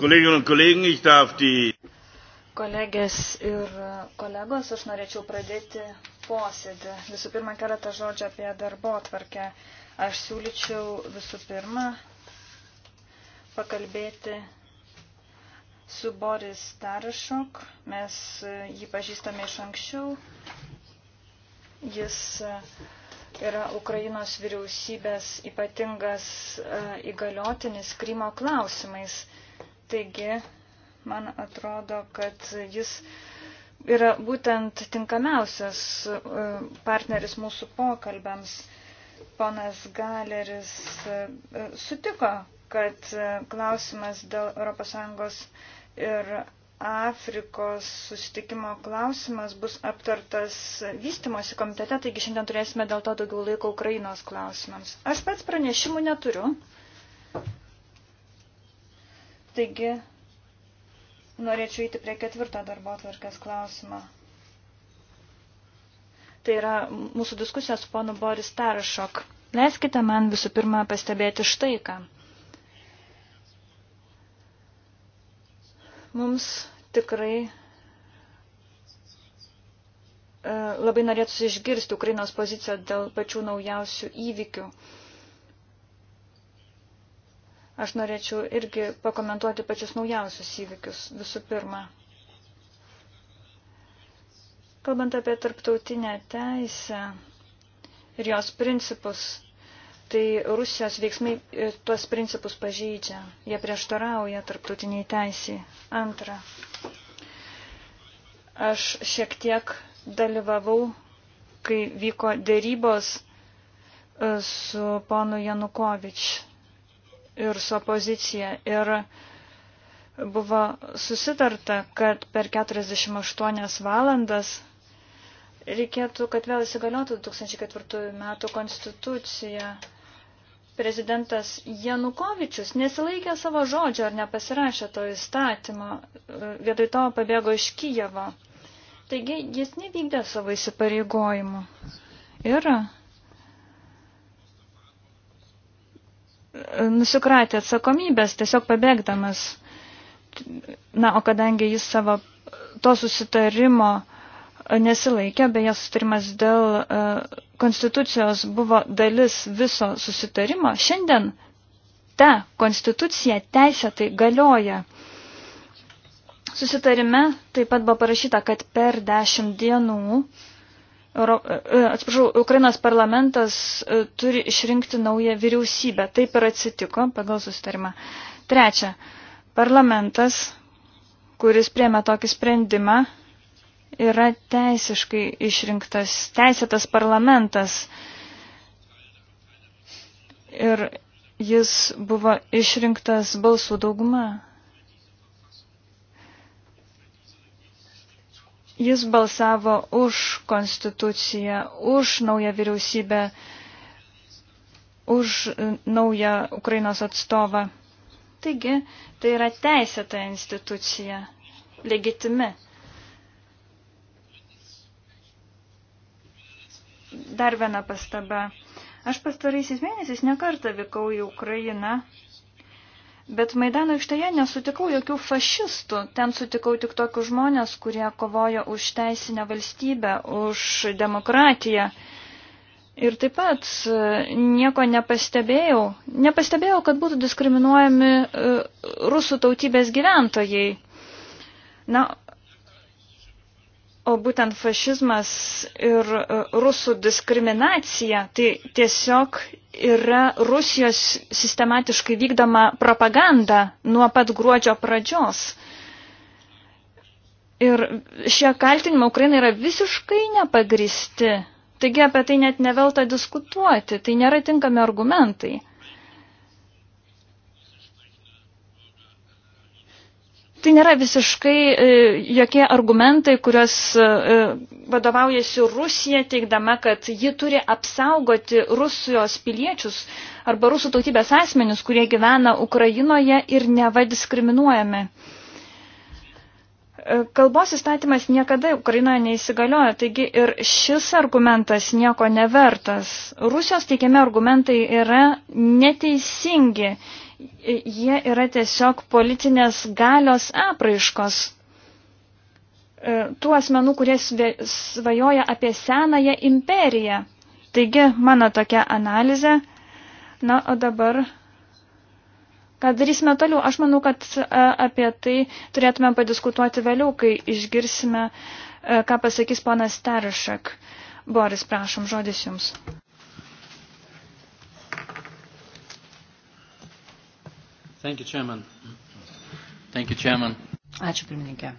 Kolleginnen und Kollegen, ich darf die kolegės ir kolegos, aš norėčiau pradėti posėdį. Visų pirma, keletą žodžių apie darbo atvarkę. Aš siūlyčiau visų pirma pakalbėti su Boris Tarašuk. Mes jį pažįstame iš anksčiau. Jis yra Ukrainos vyriausybės ypatingas e, įgaliotinis Krymo klausimais. Taigi, man atrodo, kad jis yra būtent tinkamiausias e, partneris mūsų pokalbėms. Ponas Galeris e, e, sutiko, kad klausimas dėl ES ir Afrikos susitikimo klausimas bus aptartas vystimosi komitete, taigi šiandien turėsime dėl to daugiau laiko Ukrainos klausimams. Aš pats pranešimų neturiu. Taigi, norėčiau įti prie ketvirto darbo atvarkės klausimą. Tai yra mūsų diskusija su ponu Boris Taršok. Leiskite man visų pirma pastebėti štai ką. Mums tikrai e, labai norėtųsi išgirsti Ukrainos poziciją dėl pačių naujausių įvykių. Uh, Aš norėčiau irgi pakomentuoti pačius naujausius įvykius visų pirma. Kalbant apie tarptautinę teisę ir jos principus, tai Rusijos veiksmai e, tuos principus pažeidžia. Jie prieštarauja tarptautiniai teisiai. Antra, aš šiek tiek dalyvavau, kai vyko dėrybos e, su ponu Janukovič ir su opozicija. Ir buvo susitarta, kad per 48 valandas reikėtų, kad vėl įsigaliotų 2004 metų konstitucija. Prezidentas Janukovičius nesilaikė savo žodžio ar nepasirašė to įstatymo, vietoj to pabėgo iš Kijevo. Taigi jis nevykdė savo įsipareigojimų. Ir nusikratė atsakomybės, tiesiog pabėgdamas. Na, o kadangi jis savo to susitarimo e, nesilaikė, beje, susitarimas dėl e, konstitucijos buvo dalis viso susitarimo, šiandien ta konstitucija teisė tai galioja. Susitarime taip pat buvo parašyta, kad per dešimt dienų uh, Euro, e, e, atsiprašau, Ukrainos parlamentas e, turi išrinkti naują vyriausybę. Taip ir atsitiko pagal susitarimą. Trečia, parlamentas, kuris priemė tokį sprendimą, yra teisiškai išrinktas, teisėtas parlamentas. Ir jis buvo išrinktas balsų dauguma. Jis balsavo už konstituciją, už naują vyriausybę, už e, naują Ukrainos atstovą. Taigi, tai yra teisėta institucija, legitimi. Dar viena pastaba. Aš pastaraisiais mėnesiais nekartą vykau į Ukrainą Bet Maidano aikštėje nesutikau jokių fašistų, ten sutikau tik tokius žmonės, kurie kovojo už teisinę valstybę, už demokratiją. Ir taip pat e, nieko nepastebėjau. Nepastebėjau, kad būtų diskriminuojami e, rusų tautybės gyventojai. Na, O būtent fašizmas ir e, rusų diskriminacija, tai tiesiog yra Rusijos sistematiškai vykdoma propaganda nuo pat gruodžio pradžios. Ir šie kaltinimai Ukrainai yra visiškai nepagristi. Taigi apie tai net nevelta diskutuoti, tai nėra tinkami argumentai. Tai nėra visiškai e, jokie argumentai, kurios e, e, vadovaujasi Rusija, teikdama, kad ji turi apsaugoti Rusijos piliečius arba rusų tautybės asmenius, kurie gyvena Ukrainoje ir neva diskriminuojami. Kalbos įstatymas niekada Ukrainoje neįsigalioja, taigi ir šis argumentas nieko nevertas. Rusijos teikiami argumentai yra neteisingi jie yra tiesiog politinės galios apraiškos. E, tų asmenų, kurie svajoja apie senąją imperiją. Taigi, mano tokia analizė. Na, o dabar, ką darysime toliau? Aš manau, kad e, apie tai turėtume padiskutuoti vėliau, kai išgirsime, e, ką pasakys ponas Teršek. Boris, prašom, žodis jums. Thank you, Chairman. Thank you, Chairman. Ačiū, pirmininkė.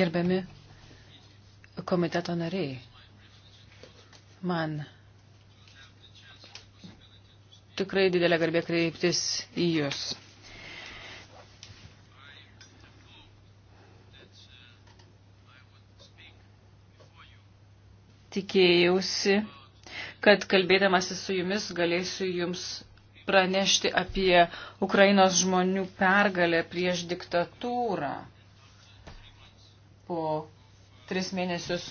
Gerbiami komiteto nariai, man tikrai didelė garbė kreiptis į Jūs. Tikėjausi, kad kalbėdamasi su Jumis galėsiu Jums pranešti apie Ukrainos žmonių pergalę prieš diktatūrą po tris mėnesius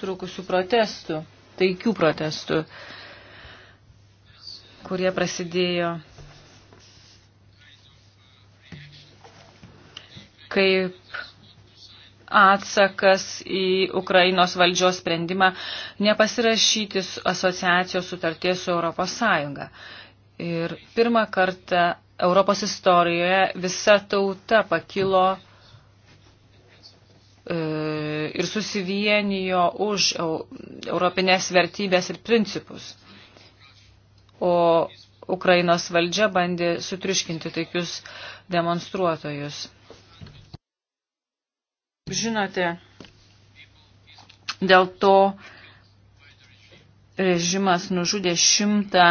trukusių protestų, taikių protestų, kurie prasidėjo, kaip atsakas į Ukrainos valdžios sprendimą nepasirašyti asociacijos sutarties su Europos Sąjunga. Ir pirmą kartą Europos istorijoje visa tauta pakilo e, ir susivienijo už europinės vertybės ir principus. O Ukrainos valdžia bandė sutriuškinti taikius demonstruotojus. Žinote, dėl to režimas nužudė šimtą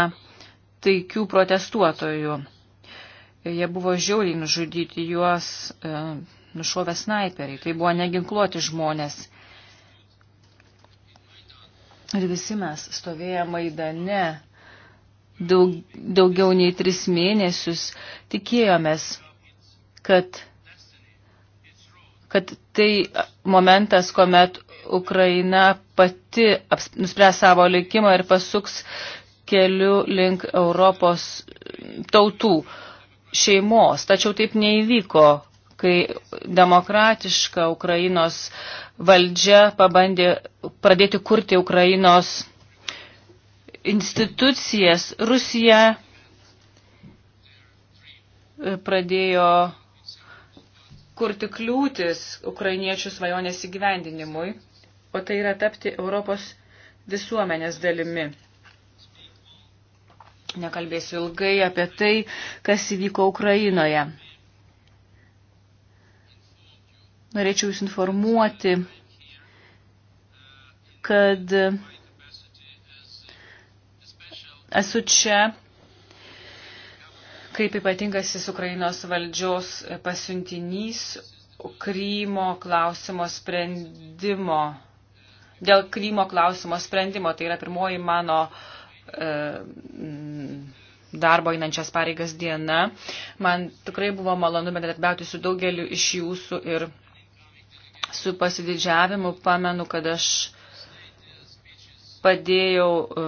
taikių protestuotojų. Jie buvo žiauriai nužudyti, juos e, nušovė snaiperiai. Tai buvo neginkluoti žmonės. Ir visi mes stovėję Maidane daug, daugiau nei tris mėnesius tikėjomės, kad, kad tai momentas, kuomet Ukraina pati nuspręs savo likimą ir pasuks keliu link Europos tautų šeimos. Tačiau taip neįvyko, kai demokratiška Ukrainos valdžia pabandė pradėti kurti Ukrainos institucijas. Rusija pradėjo kurti kliūtis ukrainiečių svajonės įgyvendinimui, o tai yra tapti Europos visuomenės dalimi. Nekalbėsiu ilgai apie tai, kas įvyko Ukrainoje. Norėčiau Jūs informuoti, kad esu čia kaip ypatingasis Ukrainos valdžios pasiuntinys Krymo klausimo sprendimo. Dėl Krymo klausimo sprendimo tai yra pirmoji mano uh, E, darbo einančias pareigas diena. Man tikrai buvo malonu bendradarbiauti su daugeliu iš jūsų ir su pasididžiavimu pamenu, kad aš padėjau, e,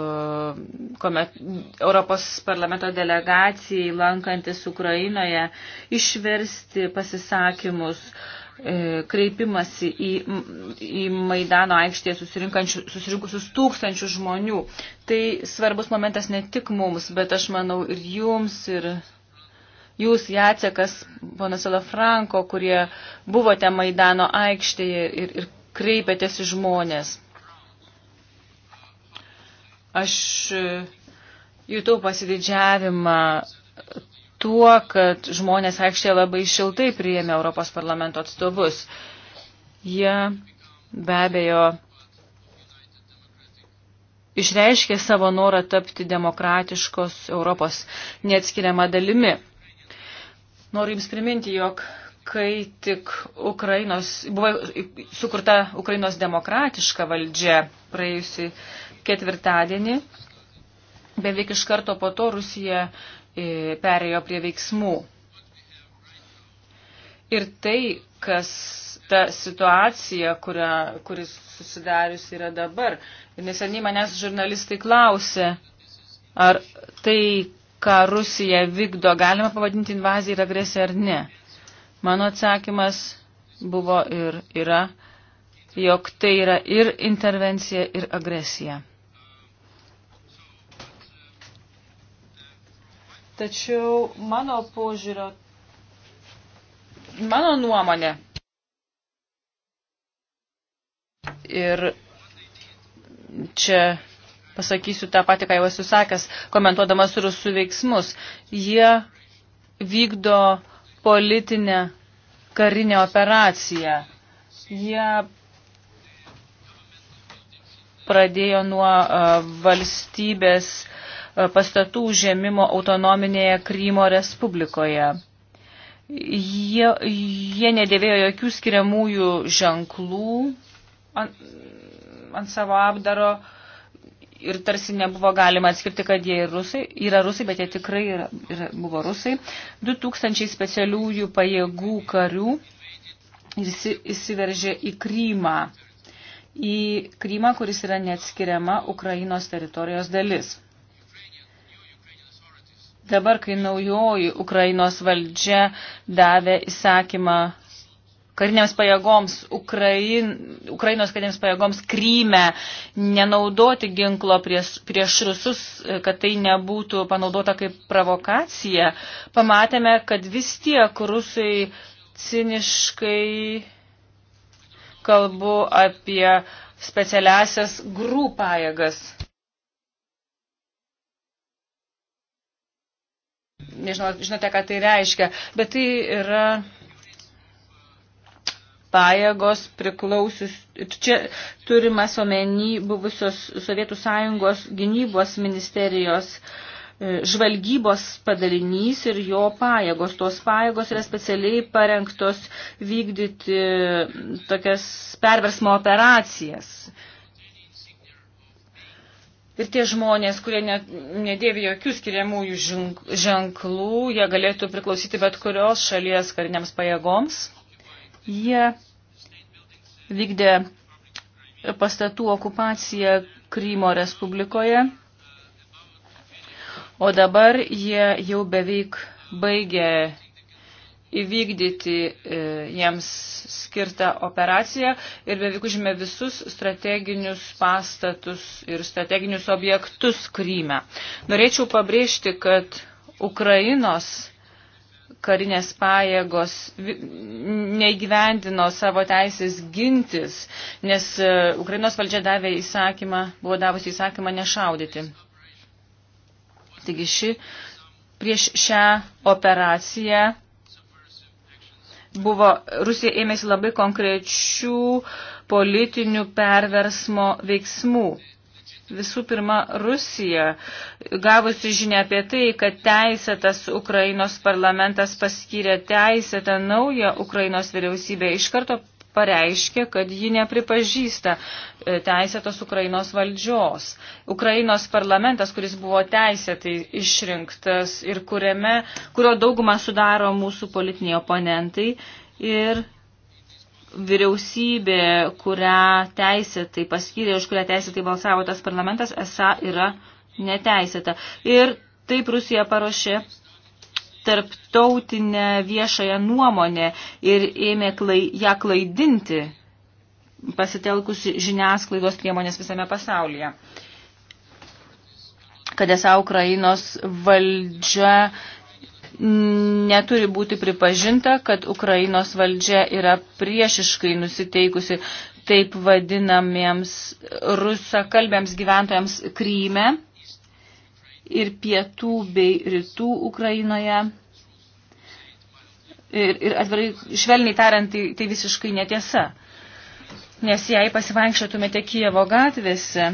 kuomet Europos parlamento delegacijai lankantis Ukrainoje, išversti pasisakymus uh, E, kreipimasi į, į Maidano aikštėje susirinkusius tūkstančių žmonių. Tai svarbus momentas ne tik mums, bet aš manau ir jums, ir jūs, Jacekas, ponas Alafranko, kurie buvote Maidano aikštėje ir, ir kreipėtės į žmonės. Aš e, jutau pasididžiavimą tuo, kad žmonės aikštėje labai šiltai priėmė Europos parlamento atstovus. Jie be abejo išreiškė savo norą tapti demokratiškos Europos neatskiriama dalimi. Noriu Jums priminti, jog kai tik Ukrainos, buvo sukurta Ukrainos demokratiška valdžia praėjusi ketvirtadienį, beveik iš karto po to Rusija E, perėjo prie veiksmų. Ir tai, kas ta situacija, kuria, kuris susidarius yra dabar. Ir neseniai manęs žurnalistai klausė, ar tai, ką Rusija vykdo, galima pavadinti invaziją ir agresiją ar ne. Mano atsakymas buvo ir yra, jog tai yra ir intervencija, ir agresija. Tačiau mano požiūrio, mano nuomonė ir čia pasakysiu tą patį, ką jau esu sakęs, komentuodamas rusų veiksmus, jie vykdo politinę karinę operaciją. Jie pradėjo nuo valstybės pastatų žemimo autonominėje Krymo Respublikoje. Jie, jie nedėvėjo jokių skiriamųjų ženklų ant, ant savo apdaro ir tarsi nebuvo galima atskirti, kad jie rusai, yra rusai, bet jie tikrai yra, yra, buvo rusai. 2000 specialiųjų pajėgų karių įsiveržė į Krymą į Krymą, kuris yra neatskiriama Ukrainos teritorijos dalis. Dabar, kai naujoji Ukrainos valdžia davė įsakymą kariniams pajėgoms, Ukrain, Ukrainos kariniams pajėgoms Kryme nenaudoti ginklo prieš, prieš rusus, kad tai nebūtų panaudota kaip provokacija, pamatėme, kad vis tiek rusai ciniškai kalbu apie specialiasias grų pajėgas. nežinau, žinote, ką tai reiškia, bet tai yra pajėgos priklausius, čia turimas omeny buvusios Sovietų Sąjungos gynybos ministerijos e, žvalgybos padalinys ir jo pajėgos. Tos pajėgos yra specialiai parengtos vykdyti tokias perversmo operacijas. Ir tie žmonės, kurie ne, nedėvi jokių skiriamųjų ženklų, jie galėtų priklausyti bet kurios šalies kariniams pajėgoms. Jie vykdė pastatų okupaciją Krymo Respublikoje, o dabar jie jau beveik baigė įvykdyti e, jiems skirtą operaciją ir beveik užėmė visus strateginius pastatus ir strateginius objektus Kryme. Norėčiau pabrėžti, kad Ukrainos karinės pajėgos neįgyvendino savo teisės gintis, nes e, Ukrainos valdžia davė įsakymą, buvo davusi įsakymą nešaudyti. Taigi ši prieš šią operaciją buvo, Rusija ėmėsi labai konkrečių politinių perversmo veiksmų. Visų pirma, Rusija, gavusi žinia apie tai, kad teisėtas Ukrainos parlamentas paskyrė teisėtą naują Ukrainos vyriausybę, iš karto pareiškė, kad ji nepripažįsta e, teisėtos Ukrainos valdžios. Ukrainos parlamentas, kuris buvo teisėtai išrinktas ir kuriame, kurio daugumą sudaro mūsų politiniai oponentai ir vyriausybė, kurią teisėtai paskyrė, už kurią teisėtai balsavo tas parlamentas, esą yra neteisėta. Ir taip Rusija paruošė tarptautinę viešąją nuomonę ir ėmė klai, ją klaidinti, pasitelkusi žiniasklaidos priemonės visame pasaulyje. Kad esą Ukrainos valdžia neturi būti pripažinta, kad Ukrainos valdžia yra priešiškai nusiteikusi taip vadinamiems rusakalbėms gyventojams Kryme ir pietų bei rytų Ukrainoje. Ir, ir atvirai, švelniai tariant, tai, tai visiškai netiesa. Nes jei pasivaikščiotumėte Kijevo gatvėse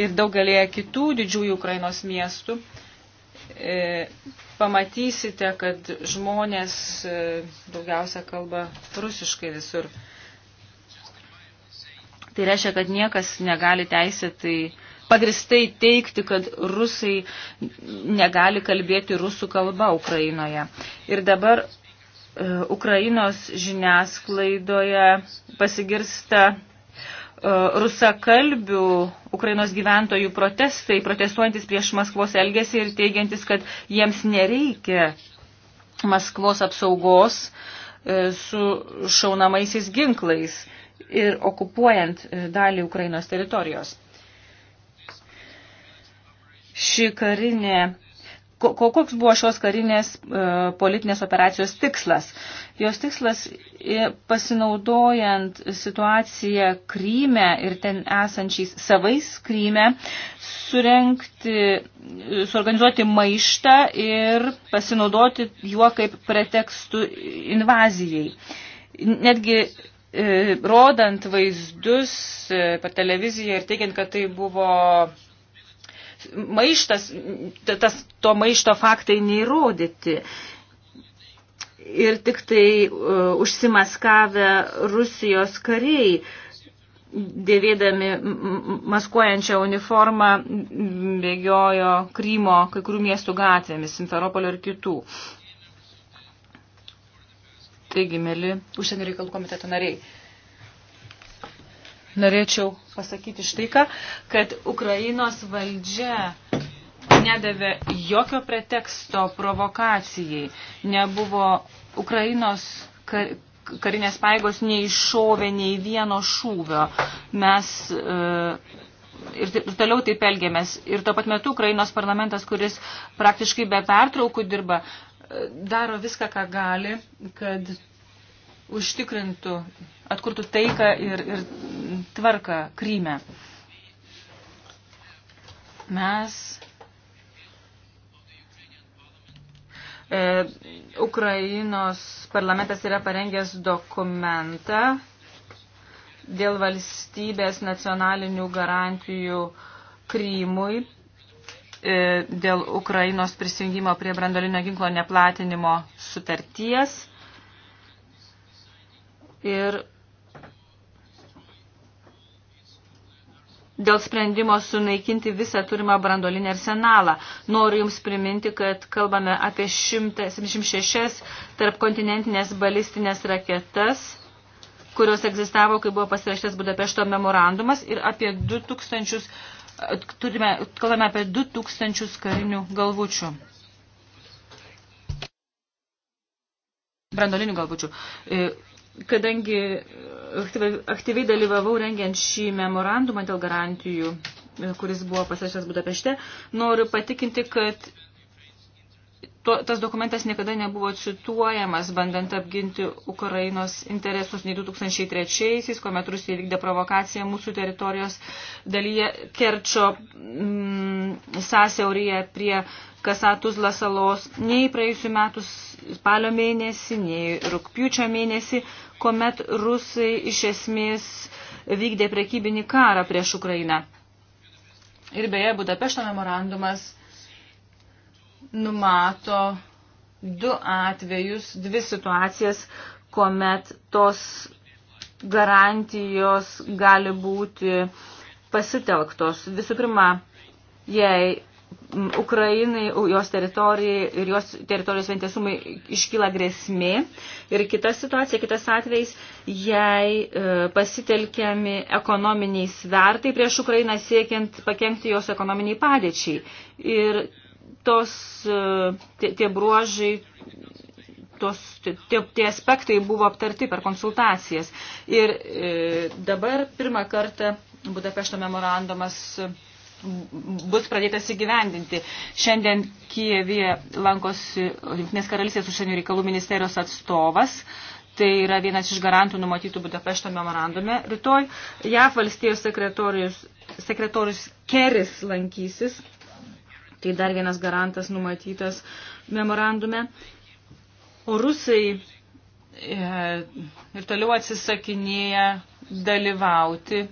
ir daugelėje kitų didžiųjų Ukrainos miestų, e, pamatysite, kad žmonės e, daugiausia kalba rusiškai visur. Tai reiškia, kad niekas negali teisėtai pagristai teikti, kad rusai negali kalbėti rusų kalba Ukrainoje. Ir dabar e, Ukrainos žiniasklaidoje pasigirsta e, rusakalbių Ukrainos gyventojų protestai, protestuojantis prieš Maskvos elgesį ir teigiantis, kad jiems nereikia Maskvos apsaugos e, su šaunamaisiais ginklais ir okupuojant dalį Ukrainos teritorijos ši karinė koks buvo šios karinės e, politinės operacijos tikslas. Jos tikslas e, pasinaudojant situaciją Kryme ir ten esančiais savais Kryme, surenkti, suorganizuoti maištą ir pasinaudoti juo kaip pretekstu invazijai. Netgi e, rodant vaizdus per televiziją ir teigiant, kad tai buvo maištas, tas, to maišto faktai neįrodyti. Ir tik tai uh, užsimaskavę Rusijos kariai uh, dėvėdami maskuojančią uniformą bėgiojo Krymo kai kurių miestų gatvėmis, Simferopolio ir kitų. Taigi, mėly užsienio reikalų komiteto nariai, norėčiau pasakyti štai ką, kad Ukrainos valdžia nedavė jokio preteksto provokacijai. Nebuvo Ukrainos kar, karinės paėgos neiššovė nei vieno šūvio. Mes e, ir, ir toliau taip elgiamės. Ir tuo pat metu Ukrainos parlamentas, kuris praktiškai be pertraukų dirba, e, daro viską, ką gali, kad užtikrintų, atkurtų taiką ir, ir tvarką Kryme. Mes e, Ukrainos parlamentas yra parengęs dokumentą dėl valstybės nacionalinių garantijų Krymui, e, dėl Ukrainos prisijungimo prie brandolinio ginklo neplatinimo sutarties. Ir dėl sprendimo sunaikinti visą turimą brandolinį arsenalą. Noriu Jums priminti, kad kalbame apie 176 tarpkontinentinės balistinės raketas kurios egzistavo, kai buvo pasirašytas Budapešto memorandumas ir apie 2000, turime, kalbame apie 2000 karinių galvučių. Brandolinių galvučių. E, kadangi aktyviai dalyvavau rengiant šį memorandumą dėl garantijų, e, kuris buvo pasirašęs Budapešte, noriu patikinti, kad to, tas dokumentas niekada nebuvo cituojamas, bandant apginti Ukrainos interesus nei 2003-aisiais, kuomet Rusija vykdė provokaciją mūsų teritorijos dalyje Kerčio mm, sąsiaurėje prie Kasatus Lasalos, nei praėjusiu metu spalio mėnesį, nei rūpjūčio mėnesį, kuomet rusai iš esmės vykdė prekybinį karą prieš Ukrainą. Ir beje, Budapešto memorandumas numato du atvejus, dvi situacijas, kuomet tos garantijos gali būti pasitelktos. Visų pirma, jei Ukrainai, jos teritorijai ir jos teritorijos vientisumai iškyla grėsmė. Ir kita situacija, kitas atvejs, jei e, pasitelkiami ekonominiai svertai prieš Ukrainą siekiant pakengti jos ekonominiai padėčiai. Ir tos, e, tie, tie bruožai, tos, tie, tie aspektai buvo aptarti per konsultacijas. Ir e, dabar pirmą kartą Budapešto memorandumas bus pradėtas įgyvendinti. Šiandien Kijevie lankosi Junktinės karalystės užsienio reikalų ministerijos atstovas. Tai yra vienas iš garantų numatytų Budapešto memorandume. Rytoj JAV valstijos sekretorius, sekretorius Keris lankysis Tai dar vienas garantas numatytas memorandume. O rusai e, ir toliau atsisakinėja dalyvauti,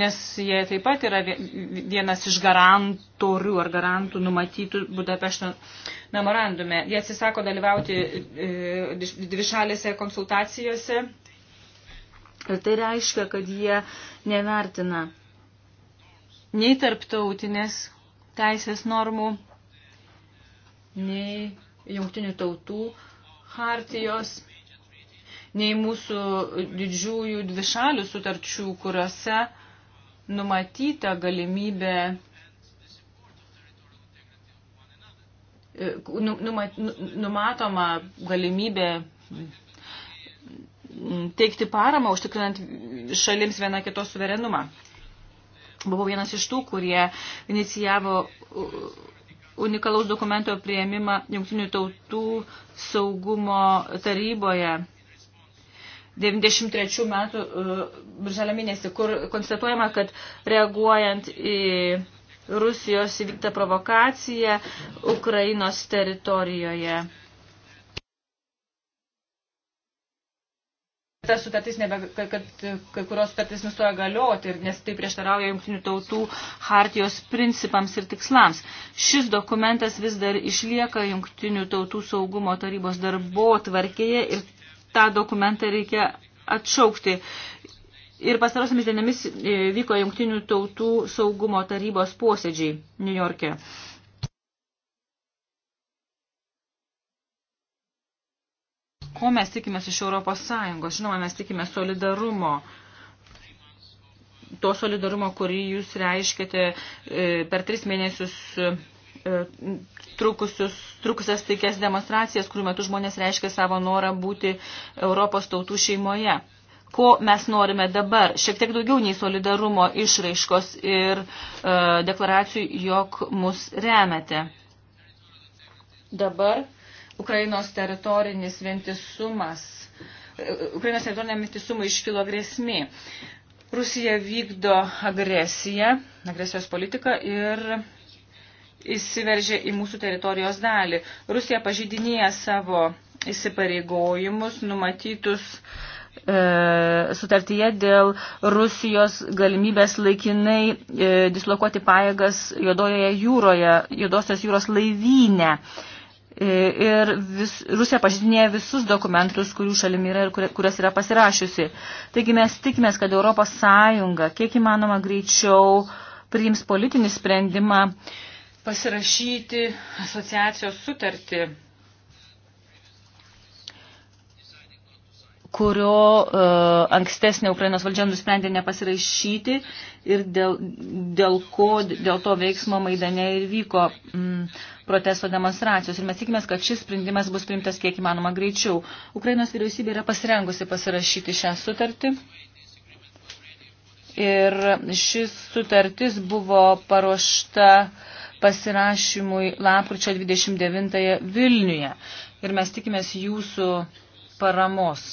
nes jie taip pat yra vienas iš garantorių ar garantų numatytų Budapešto memorandume. Jie atsisako dalyvauti e, dvišalėse konsultacijose ir tai reiškia, kad jie nevertina nei tarptautinės teisės normų, nei jungtinių tautų hartijos, nei mūsų didžiųjų dvišalių sutarčių, kuriuose numatyta galimybė nu, nu, numatoma galimybė teikti paramą, užtikrinant šalims vieną kitos suverenumą. Buvau vienas iš tų, kurie inicijavo uh, unikalaus dokumento prieimimą Junktinių tautų saugumo taryboje 93 metų uh, birželio mėnesį, kur konstatuojama, kad reaguojant į Rusijos įvyktą provokaciją Ukrainos teritorijoje ta sutartis nebe, kad kai kurios sutartis nustoja galioti, ir, nes tai prieštarauja jungtinių tautų hartijos principams ir tikslams. Šis dokumentas vis dar išlieka jungtinių tautų saugumo tarybos darbo tvarkėje ir tą dokumentą reikia atšaukti. Ir pastarosiamis dienomis e, vyko jungtinių tautų saugumo tarybos posėdžiai Niujorke. E ko mes tikimės iš Europos Sąjungos. Žinoma, mes tikime solidarumo. To solidarumo, kurį jūs reiškite e, per tris mėnesius e, trukusius, trukusias taikės demonstracijas, kurių metu žmonės reiškia savo norą būti Europos tautų šeimoje. Ko mes norime dabar? Šiek tiek daugiau nei solidarumo išraiškos ir e, deklaracijų, jog mus remete. Dabar Ukrainos teritorinis vientisumas, e, e, Ukrainos teritoriniam vientisumui iškilo grėsmė. Rusija vykdo agresiją, agresijos politiką ir įsiveržė į mūsų teritorijos dalį. Rusija pažydinėja savo įsipareigojimus numatytus e, sutartyje dėl Rusijos galimybės laikinai e, dislokuoti pajėgas Juodojoje jūroje, Juodosios jūros laivynę. E, E, ir vis, Rusija pažydinėja visus dokumentus, kurių šalimi yra ir kurias yra pasirašiusi. Taigi mes tikimės, kad Europos Sąjunga kiek įmanoma greičiau priims politinį sprendimą pasirašyti asociacijos sutartį kurio uh, ankstesnė Ukrainos valdžia nusprendė nepasirašyti ir dėl, dėl, ko, dėl to veiksmo Maidane ir vyko mm, protesto demonstracijos. Ir mes tikimės, kad šis sprendimas bus priimtas kiek įmanoma greičiau. Ukrainos vyriausybė yra pasirengusi pasirašyti šią sutartį. Ir šis sutartis buvo paruošta pasirašymui lapkričio 29 Vilniuje. Ir mes tikimės jūsų paramos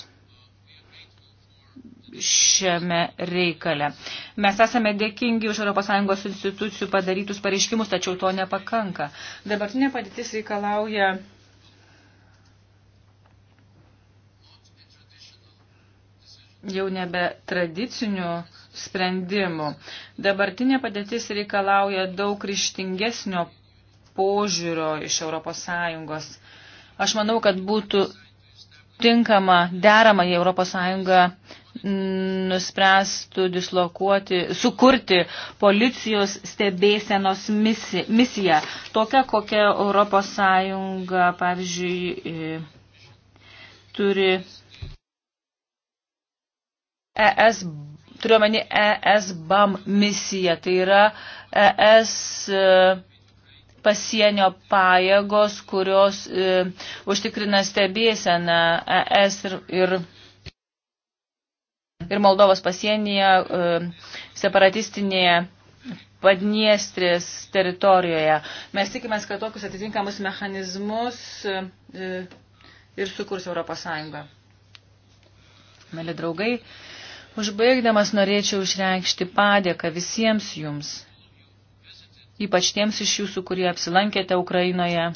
šiame reikale. Mes esame dėkingi už ES institucijų padarytus pareiškimus, tačiau to nepakanka. Dabartinė padėtis reikalauja jau nebe tradicinių sprendimų. Dabartinė padėtis reikalauja daug ryštingesnio požiūrio iš ES. Aš manau, kad būtų tinkamą, deramą į Europos Sąjungą nuspręstų dislokuoti, sukurti policijos stebėsenos misiją. Tokia, kokia Europos Sąjunga, pavyzdžiui, turi ES, turiuomenį ES BAM misiją. Tai yra ES pasienio pajėgos, kurios e, užtikrina stebėseną ES ir, ir, ir Moldovos pasienyje e, separatistinėje Padniestrės teritorijoje. Mes tikimės, kad tokius atitinkamus mechanizmus e, e ir sukurs Europos Sąjunga. Meli draugai, užbaigdamas norėčiau išreikšti padėką visiems jums ypač tiems iš jūsų, kurie apsilankėte Ukrainoje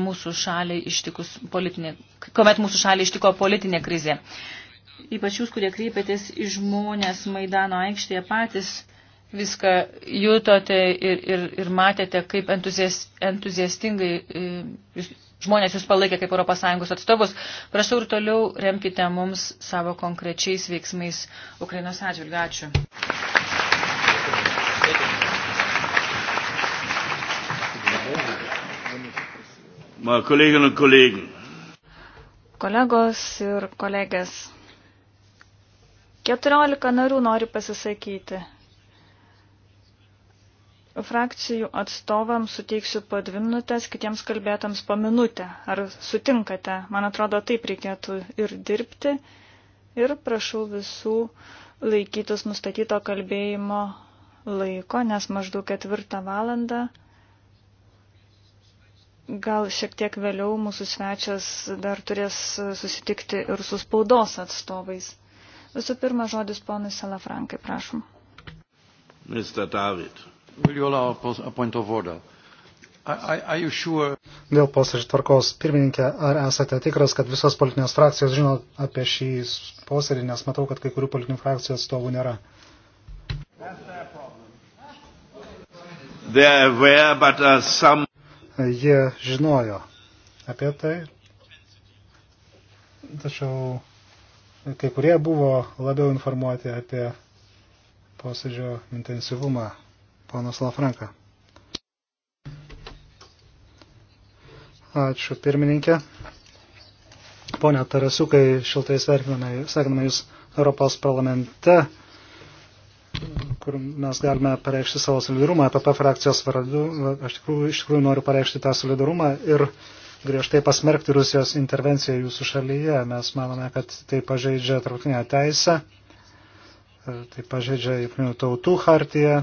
mūsų šaliai ištikus politinė, kuomet mūsų šaliai ištiko politinė krizė. Ypač jūs, kurie kreipėtės į žmonės Maidano aikštėje patys, viską jutote ir, ir, ir matėte, kaip entuziast, entuziastingai e, jūs, žmonės jūs palaikė kaip ES atstovus. Prašau ir toliau remkite mums savo konkrečiais veiksmais Ukrainos atžvilgiu. Ačiū. Kolegos ir kolegės, 14 narių nori pasisakyti. Frakcijų atstovams suteiksiu po dvi minutės, kitiems kalbėtams po minutę. Ar sutinkate? Man atrodo, taip reikėtų ir dirbti. Ir prašau visų laikytis nustatyto kalbėjimo laiko, nes maždaug ketvirtą valandą gal šiek tiek vėliau mūsų svečias dar turės susitikti ir su spaudos atstovais. Visų pirma, žodis ponui Salafrankai, prašom. Mr. David. Will you allow a point of order? Sure? Dėl posėdžio tvarkos pirmininkė, ar esate tikras, kad visos politinės frakcijos žino apie šį posėdį, nes matau, kad kai kurių politinių frakcijų atstovų nėra. There were, but, uh, some jie žinojo apie tai. Tačiau kai kurie buvo labiau informuoti apie posėdžio intensyvumą. Ponas Lafranka. Ačiū pirmininkė. Pone Tarasiukai, šiltai sveikiname Jūs Europos parlamente kur mes galime pareikšti savo solidarumą. PP e frakcijos vardu aš tikrųjų, iš tikrųjų noriu pareikšti tą solidarumą ir griežtai pasmerkti Rusijos intervenciją jūsų šalyje. Mes manome, kad tai pažeidžia tarptautinę teisę, e, tai pažeidžia jungtinių tautų hartiją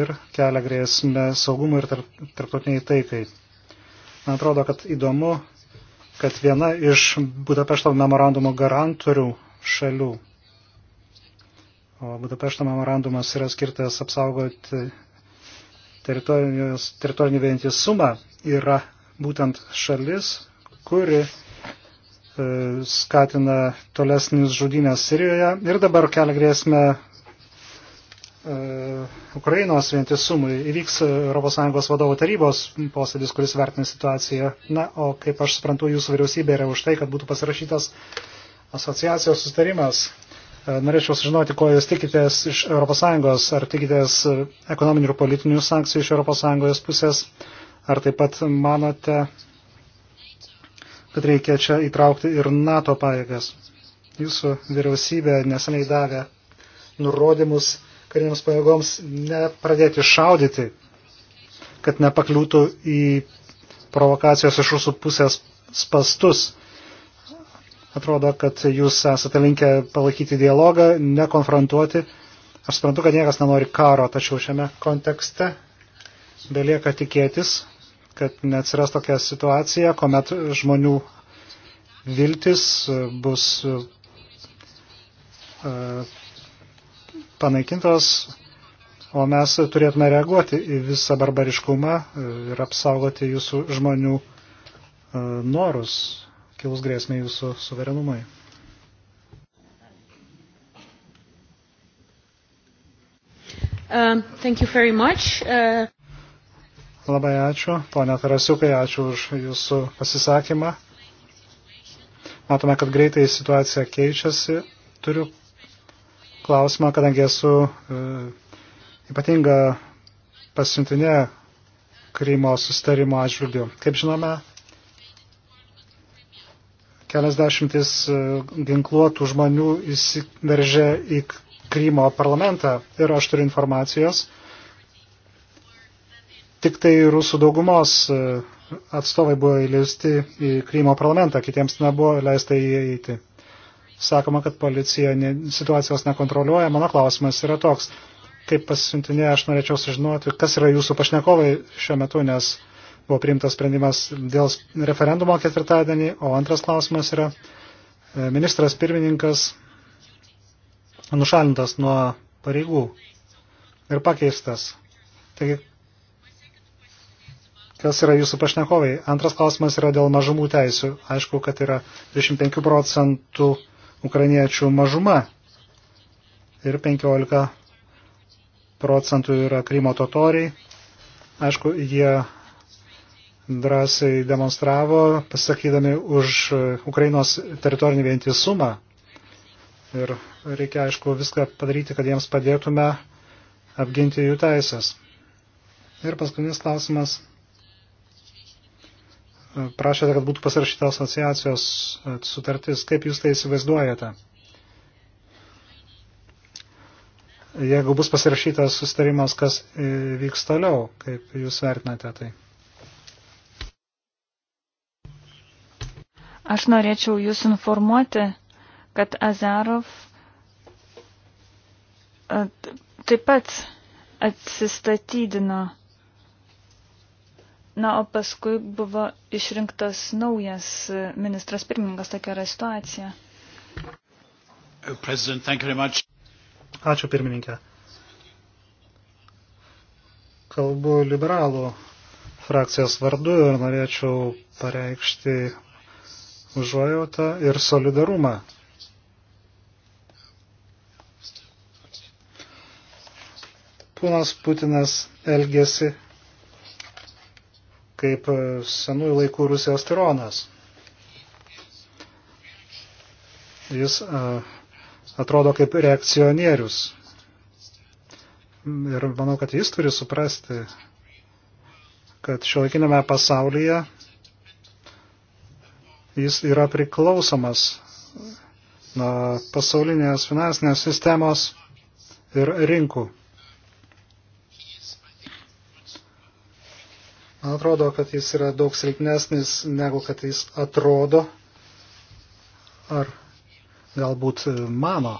ir kelia grėsmę saugumui ir tarptautiniai taikai. Man atrodo, kad įdomu, kad viena iš Budapešto memorandumo garantorių šalių o Budapešto memorandumas yra skirtas apsaugoti teritorinį vientisumą, yra būtent šalis, kuri e, skatina tolesnius žudynės Sirijoje ir dabar kelia grėsmę e, Ukrainos vientisumui. Įvyks ES vadovų tarybos posėdis, kuris vertina situaciją. Na, o kaip aš suprantu, jūsų vyriausybė yra už tai, kad būtų pasirašytas asociacijos sustarimas E, norėčiau sužinoti, ko jūs tikitės iš ES, ar tikitės e, ekonominių ir politinių sankcijų iš ES pusės, ar taip pat manote, kad reikia čia įtraukti ir NATO pajėgas. Jūsų vyriausybė neseniai davė nurodymus kariniams pajėgoms nepradėti šaudyti, kad nepakliūtų į provokacijos iš rusų pusės spastus. Atrodo, kad jūs esate linkę palaikyti dialogą, nekonfrontuoti. Aš suprantu, kad niekas nenori karo, tačiau šiame kontekste belieka tikėtis, kad neatsiras tokia situacija, kuomet žmonių viltis bus e, panaikintos, o mes turėtume reaguoti į visą barbariškumą e, ir apsaugoti jūsų žmonių e, norus kilus grėsmė jūsų suverenumai. Uh, um, uh... Labai ačiū, ponia Tarasiukai, ačiū už jūsų pasisakymą. Matome, kad greitai situacija keičiasi. Turiu klausimą, kadangi esu uh, ypatinga pasiuntinė Krymo sustarimo atžvilgių. Kaip žinome, kelias dešimtis e, ginkluotų žmonių įsiveržė į Krymo parlamentą ir aš turiu informacijos. Tik tai rusų daugumos e, atstovai buvo įleisti į Krymo parlamentą, kitiems nebuvo leista įeiti. Sakoma, kad policija ne, situacijos nekontroliuoja. Mano klausimas yra toks, kaip pasiuntinė aš norėčiau sužinoti, kas yra jūsų pašnekovai šiuo metu, nes uh, buvo priimtas sprendimas dėl referendumo ketvirtadienį, o antras klausimas yra e, ministras pirmininkas nušalintas nuo pareigų ir pakeistas. Taigi, kas yra jūsų pašnekovai? Antras klausimas yra dėl mažumų teisių. Aišku, kad yra 25 procentų ukrainiečių mažuma ir 15 procentų yra Krymo totoriai. Aišku, jie drąsiai demonstravo, pasakydami už e, Ukrainos teritorinį vientisumą. Ir reikia, aišku, viską padaryti, kad jiems padėtume apginti jų teisės. Ir paskutinis klausimas. E, prašėte, kad būtų pasirašyta asociacijos e, sutartis. Kaip jūs tai įsivaizduojate? Jeigu bus pasirašytas sustarimas, kas vyks toliau, kaip jūs vertinate tai? Aš norėčiau jūs informuoti, kad Azarov e, taip pat atsistatydino. Na, o paskui buvo išrinktas naujas ministras pirmininkas, tokia yra situacija. Uh, Ačiū pirmininkė. Kalbu liberalų frakcijos vardu ir norėčiau pareikšti užuojautą ir solidarumą. Ponas Putinas elgėsi kaip senųjų laikų Rusijos tironas. Jis atrodo kaip reakcionierius. Ir manau, kad jis turi suprasti, kad šiuolaikinėme pasaulyje jis yra priklausomas nuo pasaulinės finansinės sistemos ir rinkų. Man atrodo, kad jis yra daug silpnesnis negu kad jis atrodo ar galbūt mano.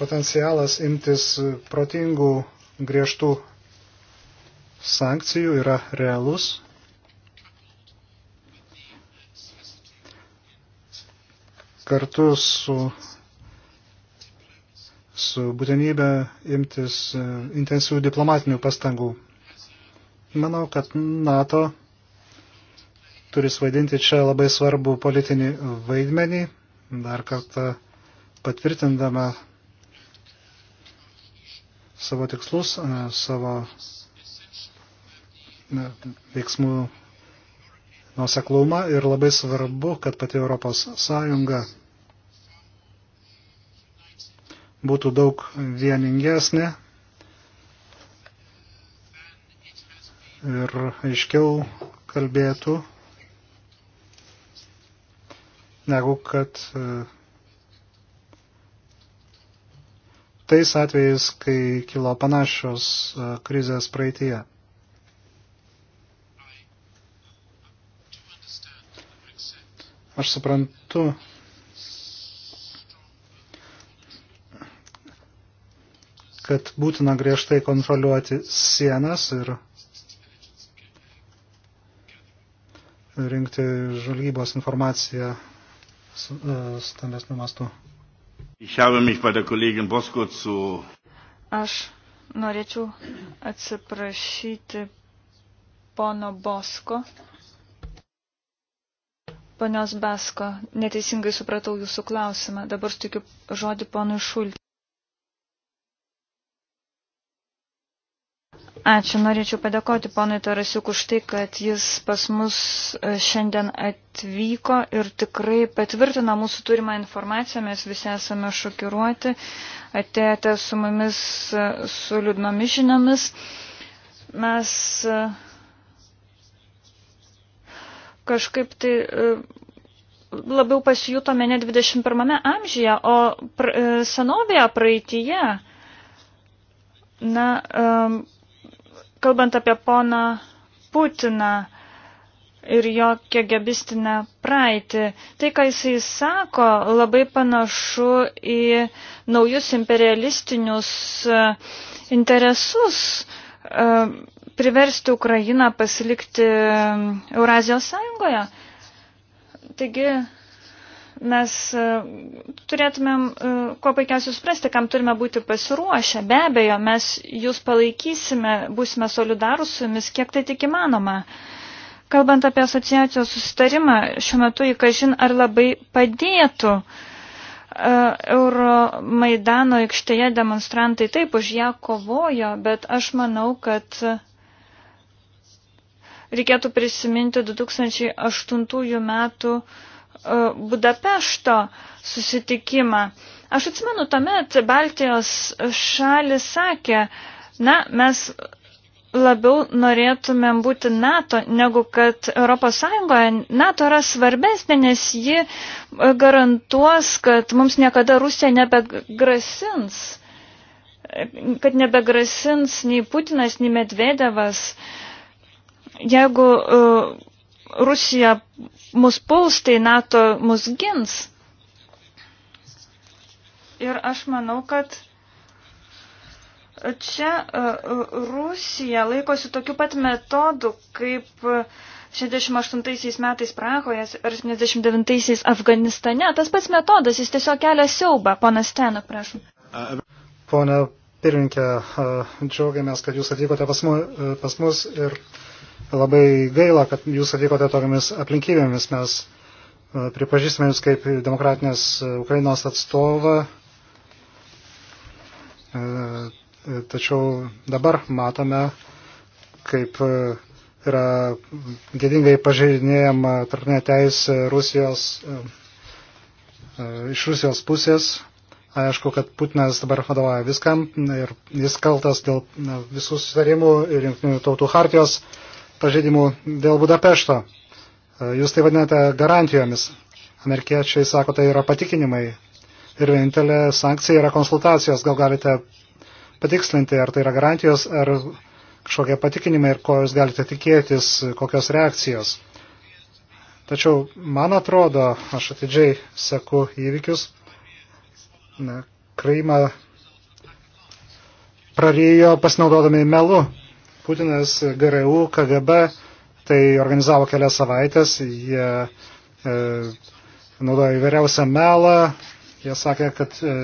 Potencialas imtis protingų griežtų sankcijų yra realus. Kartu su, su būtinybė imtis e, intensyvių diplomatinių pastangų. Manau, kad NATO turi svaidinti čia labai svarbų politinį vaidmenį, dar kartą patvirtindama savo tikslus, e, savo veiksmų nuoseklumą ir labai svarbu, kad pati Europos Sąjunga būtų daug vieningesnė ir aiškiau kalbėtų, negu kad e, tais atvejais, kai kilo panašios e, krizės praeitie. Aš suprantu, kad būtina griežtai kontroliuoti sienas ir rinkti žvalgybos informaciją e, stambesniu mastu. Aš norėčiau atsiprašyti pono Bosko Ponios Basko, neteisingai supratau jūsų klausimą. Dabar sutikiu žodį ponui Šultį. Ačiū, norėčiau padėkoti ponui Tarasiuk už tai, kad jis pas mus e, šiandien atvyko ir tikrai patvirtina mūsų turimą informaciją, mes visi esame šokiruoti, atėjote su mumis e, su liūdnomis žiniomis. Mes uh, kažkaip tai e, labiau pasijutome ne 21 amžiuje, o pr e, senovėje praeitįje. Na, e, kalbant apie poną Putiną ir jo kegebistinę praeitį, tai, ką jisai sako, labai panašu į naujus imperialistinius interesus priversti Ukrainą pasilikti Eurazijos sąjungoje. Taigi mes e, turėtumėm e, kuo paikiausiai suprasti, kam turime būti pasiruošę. Be abejo, mes jūs palaikysime, būsime solidarūs su jumis, kiek tai tik įmanoma. Kalbant apie asociacijos susitarimą, šiuo metu į kažin ar labai padėtų. E, Euromaidano aikštėje demonstrantai taip už ją kovojo, bet aš manau, kad reikėtų prisiminti 2008 metų e, Budapešto susitikimą. Aš atsimenu, tuomet Baltijos šalis sakė, na, mes labiau norėtumėm būti NATO, negu kad ES. NATO yra svarbesnė, nes ji e, garantuos, kad mums niekada Rusija nebegrasins, kad nebegrasins nei Putinas, nei Medvedevas. Uh, Jeigu uh, Rusija mus puls, tai NATO mus gins. Ir aš manau, kad čia uh, Rusija laikosi tokiu pat metodu, kaip uh, 68 metais Prahoje ir 79 Afganistane. Tas pats metodas, jis tiesiog kelia siaubą. Pana Steno, prašom. Pone pirmininkė, e, džiaugiamės, kad jūs atvykote pas, mu, pas mus ir Labai gaila, kad jūs atvykote tokiamis aplinkybėmis. Mes e, pripažįstame jūs kaip demokratinės e, Ukrainos atstovą. E, tačiau dabar matome, kaip yra gėdingai pažeidinėjama tarpinė teisė Rusijos, iš Rusijos pusės. Aišku, kad Putinas dabar vadovauja viskam ir jis kaltas dėl visų susitarimų ir jungtinių tautų hartijos pažeidimų dėl Budapešto. E, jūs tai vadinate garantijomis. Amerikiečiai sako, tai yra patikinimai. Ir vienintelė sankcija yra konsultacijos. Gal galite patikslinti, ar tai yra garantijos, ar kažkokie patikinimai ir ko jūs galite tikėtis, kokios reakcijos. Tačiau, man atrodo, aš atidžiai seku įvykius, na, Kraimą prarijo pasinaudodami melu. Putinas, GRU, KGB tai organizavo kelias savaitės, jie e, naudojo įvairiausią melą, jie sakė, kad e,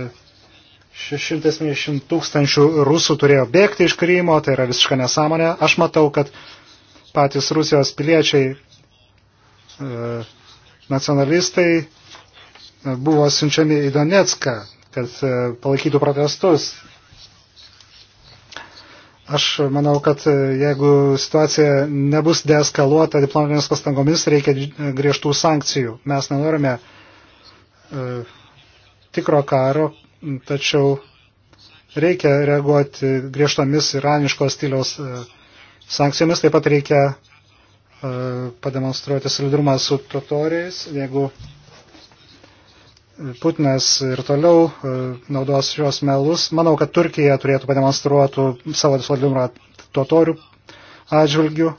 670 tūkstančių rusų turėjo bėgti iš Krymo, tai yra visiška nesąmonė. Aš matau, kad patys Rusijos piliečiai, e, nacionalistai e, buvo siunčiami į Donetską, kad e, palaikytų protestus. Aš manau, kad e, jeigu situacija nebus deeskaluota diplomatinės pastangomis, reikia e, griežtų sankcijų. Mes nenorime e, tikro karo, tačiau reikia reaguoti griežtomis iraniško stiliaus e, sankcijomis. Taip pat reikia e, pademonstruoti solidarumą su totoriais. Jeigu Putinas ir toliau e, naudos šios melus. Manau, kad Turkija turėtų pademonstruotų savo solidarumą totorių atžvilgių.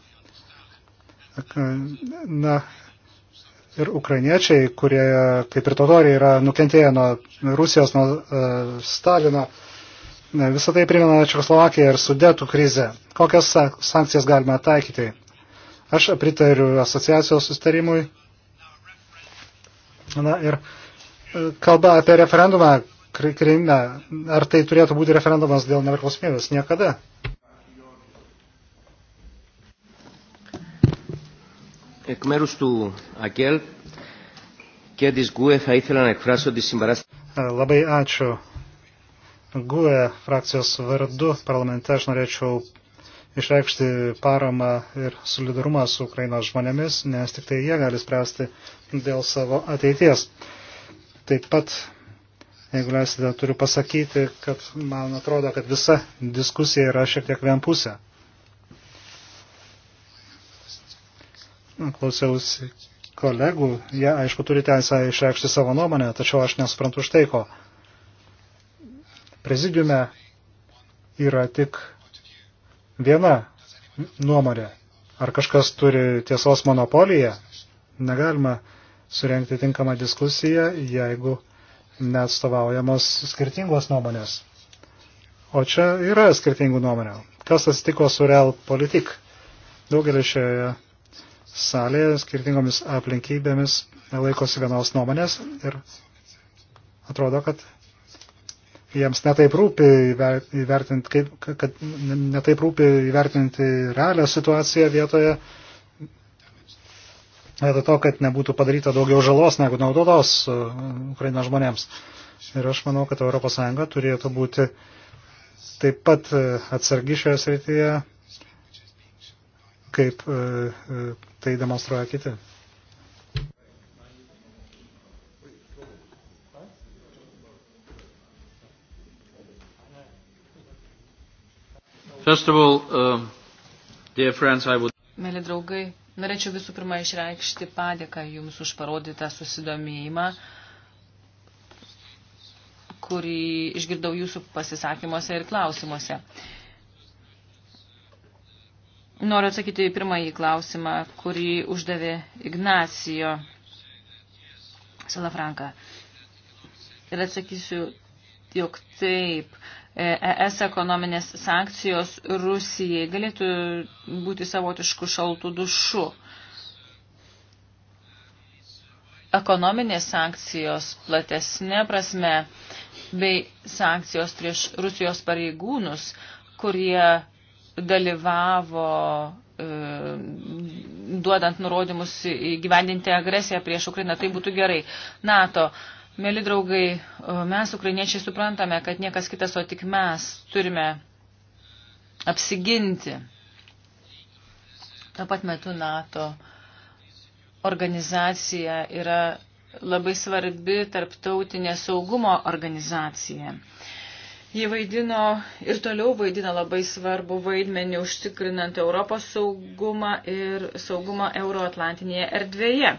Na, ir ukrainiečiai, kurie, kaip ir totoriai, yra nukentėję nuo Rusijos, nuo uh, Stalino. E, visą tai primena Čekoslovakiją ir sudetų krizę. Kokias sankcijas galima taikyti? Aš pritariu asociacijos sustarimui. Na ir uh, kalba apie referendumą Kryme, ar tai turėtų būti referendumas dėl nepriklausomybės? Niekada. Εκ μέρους του ΑΚΕΛ και της ΓΚΟΕ θα ήθελα να εκφράσω τη συμπαράσταση. Labai ačiū. GUE frakcijos vardu parlamente aš norėčiau išreikšti paramą ir solidarumą su Ukrainos žmonėmis, nes tik tai jie gali spręsti dėl savo ateities. Taip pat, jeigu leisite, turiu pasakyti, kad man atrodo, kad visa diskusija yra šiek tiek vienpusė. Klausiausi kolegų, jie aišku turi teisę išreikšti savo nuomonę, tačiau aš nesuprantu štai ko. Prezidiume yra tik viena nuomonė. Ar kažkas turi tiesos monopoliją? Negalima surenkti tinkamą diskusiją, jeigu neatstovaujamos skirtingos nuomonės. O čia yra skirtingų nuomonių. Kas atsitiko su Real Politik? Daugelis šioje salėje skirtingomis aplinkybėmis laikosi vienos nuomonės ir atrodo, kad jiems netaip rūpi įvertinti, kaip, kad netaip rūpi įvertinti realią situaciją vietoje Vietoj to, kad nebūtų padaryta daugiau žalos negu naudotos e, Ukrainos žmonėms. Ir aš manau, kad ES turėtų būti taip pat e, atsargi šioje srityje, kaip e, tai demonstruoja kiti. First of all, um, dear friends, I would... Mėly draugai, Norėčiau visų pirma išreikšti padėką Jums už parodytą susidomėjimą, kurį išgirdau Jūsų pasisakymuose ir klausimuose. Noriu atsakyti į pirmąjį klausimą, kurį uždavė Ignacijo Salafranka. Ir atsakysiu, jog taip, ES e ekonominės sankcijos Rusijai galėtų būti savotiškų šaltų dušų. Ekonominės sankcijos platesnė prasme bei sankcijos prieš Rusijos pareigūnus, kurie dalyvavo e, duodant nurodymus įgyvendinti agresiją prieš Ukrainą, tai būtų gerai. NATO Mėly draugai, mes ukrainiečiai suprantame, kad niekas kitas, o tik mes turime apsiginti. Tuo pat metu NATO organizacija yra labai svarbi tarptautinė saugumo organizacija. Ji vaidino ir toliau vaidina labai svarbu vaidmenį užtikrinant Europos saugumą ir saugumą Euroatlantinėje erdvėje.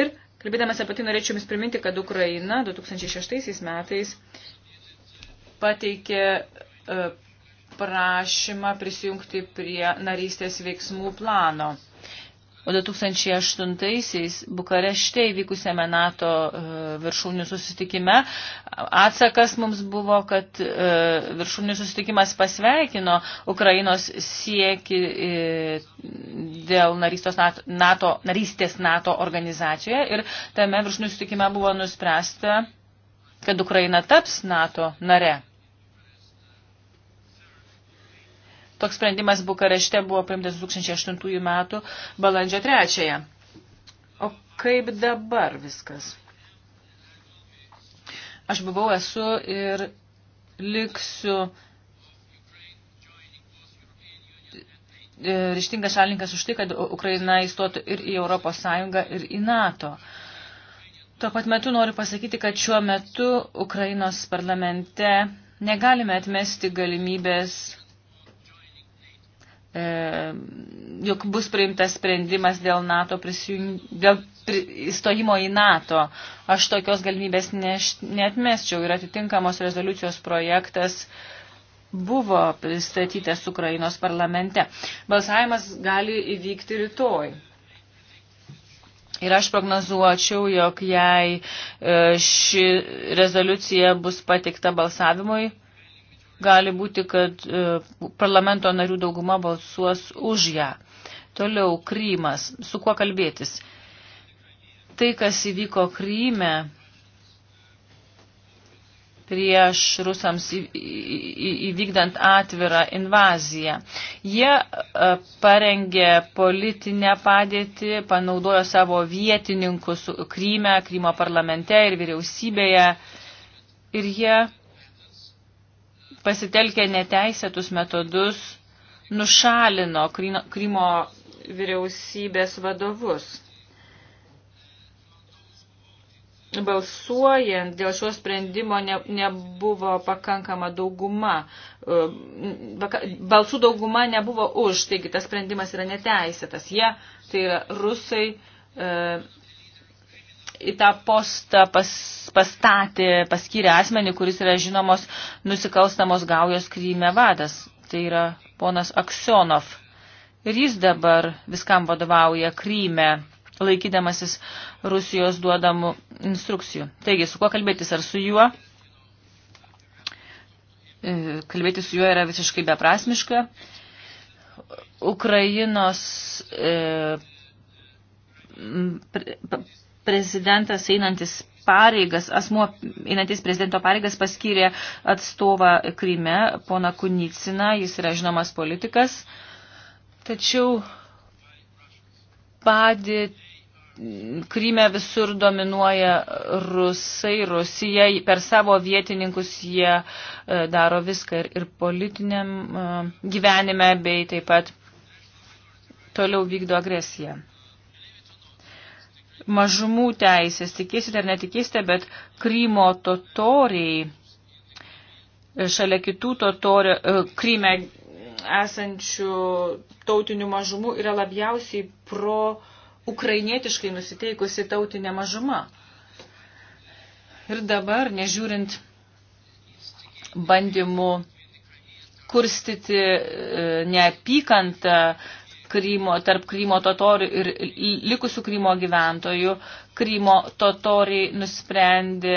Ir Kalbėdamas apie tai norėčiau Jums priminti, kad Ukraina 2006 metais pateikė e, prašymą prisijungti prie narystės veiksmų plano. O 2008-aisiais Bukarešte įvykusiame NATO e, viršūnių susitikime atsakas mums buvo, kad e, viršūnių susitikimas pasveikino Ukrainos sieki e, dėl NATO, NATO, narystės NATO organizacijoje ir tame viršūnių susitikime buvo nuspręsta, kad Ukraina taps NATO nare. Toks sprendimas Bukarešte buvo priimtas 2008 metų balandžio 3. O kaip dabar viskas? Aš buvau esu ir liksiu e, ryštingas šalininkas už tai, kad Ukraina įstotų ir į Europos Sąjungą, ir į NATO. Tuo pat metu noriu pasakyti, kad šiuo metu Ukrainos parlamente negalime atmesti galimybės E, juk bus priimtas sprendimas dėl NATO prisijung... dėl įstojimo į NATO. Aš tokios galimybės neš... neatmesčiau ir atitinkamos rezoliucijos projektas buvo pristatytas Ukrainos parlamente. Balsavimas gali įvykti rytoj. Ir aš prognozuočiau, jog jei e, ši rezoliucija bus patikta balsavimui, gali būti, kad e, parlamento narių dauguma balsuos už ją. Toliau Krymas. Su kuo kalbėtis? Tai, kas įvyko Kryme prieš rusams įvykdant atvirą invaziją. Jie e, parengė politinę padėtį, panaudojo savo vietininkus Kryme, Krymo parlamente ir vyriausybėje. Ir jie pasitelkę neteisėtus metodus nušalino Krymo vyriausybės vadovus. Balsuojant dėl šio sprendimo ne, nebuvo pakankama dauguma. E, balsų dauguma nebuvo už, taigi tas sprendimas yra neteisėtas. Jie, tai yra rusai, e, į tą postą pas, pastatė, paskyrė asmenį, kuris yra žinomos nusikalstamos gaujos kryme vadas. Tai yra ponas Aksionov. Ir jis dabar viskam vadovauja kryme, laikydamasis Rusijos duodamų instrukcijų. Taigi, su kuo kalbėtis? Ar su juo? E, Kalbėti su juo yra visiškai beprasmiška. Ukrainos e, prezidentas einantis pareigas, asmuo einantis prezidento pareigas paskyrė atstovą Kryme, pona Kunicina, jis yra žinomas politikas. Tačiau padė Kryme visur dominuoja rusai, Rusija, per savo vietininkus jie e, daro viską ir, ir politiniam e, gyvenime, bei taip pat toliau vykdo agresiją mažumų teisės, tikėsite ar netikėsite, bet Krymo totoriai e, šalia kitų totorių, e, Kryme esančių tautinių mažumų yra labiausiai pro ukrainietiškai nusiteikusi tautinė mažuma. Ir dabar, nežiūrint bandymų kurstyti e, neapykantą Krymo, tarp Krymo totorių ir likusių Krymo gyventojų. Krymo totoriai nusprendė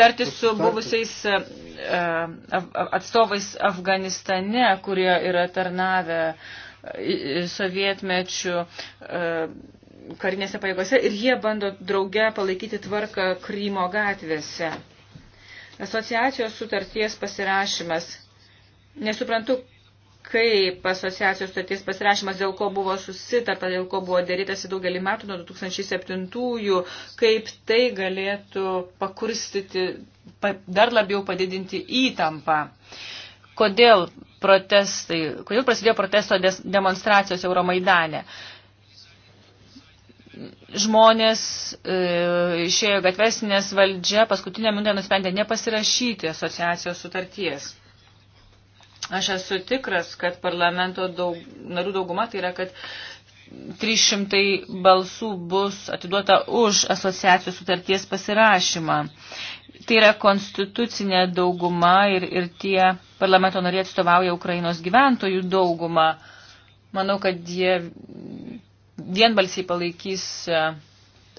tarti su buvusiais e, atstovais Afganistane, kurie yra tarnavę e, sovietmečių e, karinėse pajėgose ir jie bando drauge palaikyti tvarką Krymo gatvėse. Asociacijos sutarties pasirašymas. Nesuprantu, kaip asociacijos sutarties pasirašymas, dėl ko buvo susitarta, dėl ko buvo dėrytasi daugelį metų nuo 2007-ųjų, kaip tai galėtų pakurstyti, dar labiau padidinti įtampą. Kodėl protestai, kodėl prasidėjo protesto demonstracijos Euromaidane? žmonės e, išėjo gatves, nes valdžia paskutinę minutę nusprendė nepasirašyti asociacijos sutarties. Aš esu tikras, kad parlamento daug, narių dauguma tai yra, kad 300 balsų bus atiduota už asociacijos sutarties pasirašymą. Tai yra konstitucinė dauguma ir, ir tie parlamento nariai atstovauja Ukrainos gyventojų daugumą. Manau, kad jie vienbalsiai palaikys e,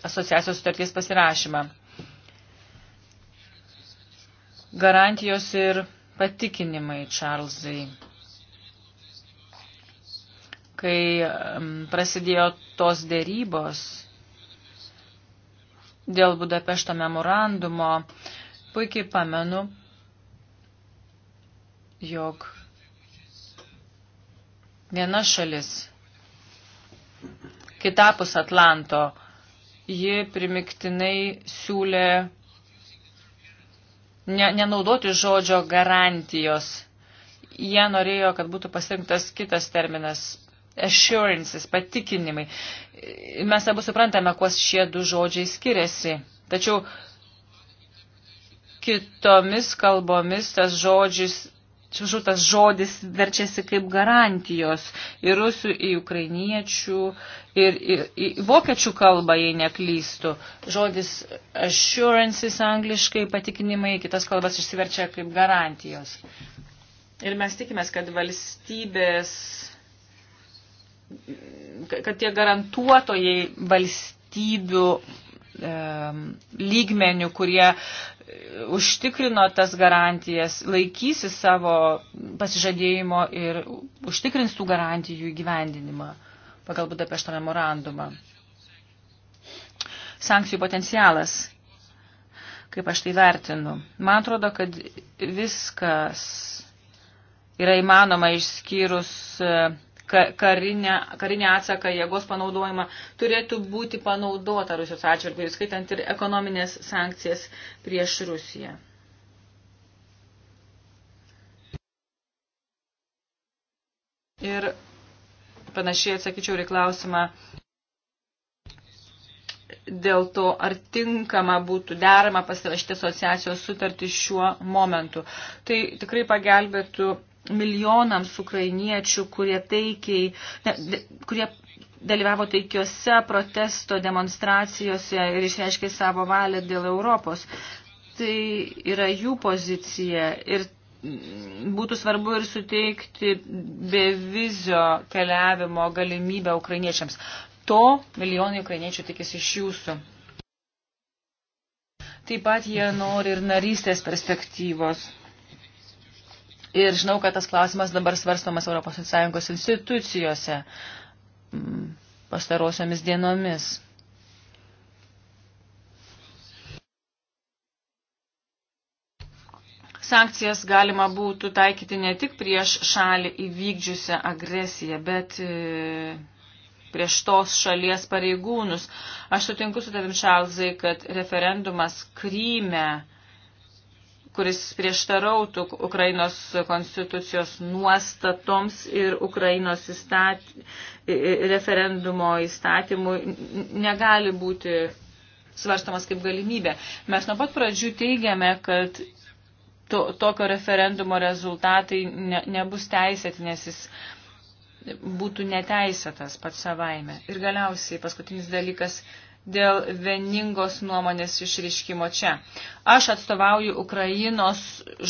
asociacijos sutarties pasirašymą. Garantijos ir patikinimai, Čarlzai. Kai prasidėjo tos dėrybos dėl Budapešto memorandumo, puikiai pamenu, jog viena šalis kitapus Atlanto. Ji primiktinai siūlė ne, nenaudoti žodžio garantijos. Jie norėjo, kad būtų pasirinktas kitas terminas assurances, patikinimai. Mes abu suprantame, kuo šie du žodžiai skiriasi. Tačiau kitomis kalbomis tas žodžis Čiūžu tas žodis verčiasi kaip garantijos į rusų, į ukrainiečių ir į, į vokiečių kalbą, jei neklystų. Žodis assurances angliškai patikinimai, kitas kalbas išsiverčia kaip garantijos. Ir mes tikimės, kad valstybės, kad tie garantuotojai valstybių lygmenių, kurie e, užtikrino tas garantijas, laikysi savo pasižadėjimo ir užtikrins tų garantijų įgyvendinimą pagal Budapešto memorandumą. Sankcijų potencialas, kaip aš tai vertinu. Man atrodo, kad viskas yra įmanoma išskyrus uh, karinę, karinę atsaką, jėgos panaudojimą turėtų būti panaudota Rusijos atžvilgiu, skaitant ir ekonominės sankcijas prieš Rusiją. Ir panašiai atsakyčiau ir klausimą dėl to, ar tinkama būtų derama pasirašyti asociacijos sutartį šiuo momentu. Tai tikrai pagelbėtų milijonams ukrainiečių, kurie taikiai, ne, de, kurie dalyvavo taikiuose protesto demonstracijose ir išreiškė savo valią dėl Europos. Tai yra jų pozicija ir būtų svarbu ir suteikti bevizio keliavimo galimybę ukrainiečiams. To milijonai ukrainiečių tikisi iš jūsų. Taip pat jie nori ir narystės perspektyvos. Ir žinau, kad tas klausimas dabar svarstomas ES institucijose mm, pastarosiomis dienomis. Sankcijas galima būtų taikyti ne tik prieš šalį įvykdžiusią agresiją, bet e, prieš tos šalies pareigūnus. Aš sutinku su tavim, Šalzai, kad referendumas Kryme kuris prieštarautų Ukrainos konstitucijos nuostatoms ir Ukrainos įstat... referendumo įstatymui, negali būti svarstamas kaip galimybė. Mes nuo pat pradžių teigiame, kad to, tokio referendumo rezultatai ne, nebus teisėti, nes jis būtų neteisėtas pats savaime. Ir galiausiai paskutinis dalykas dėl vieningos nuomonės išriškimo čia. Aš atstovauju Ukrainos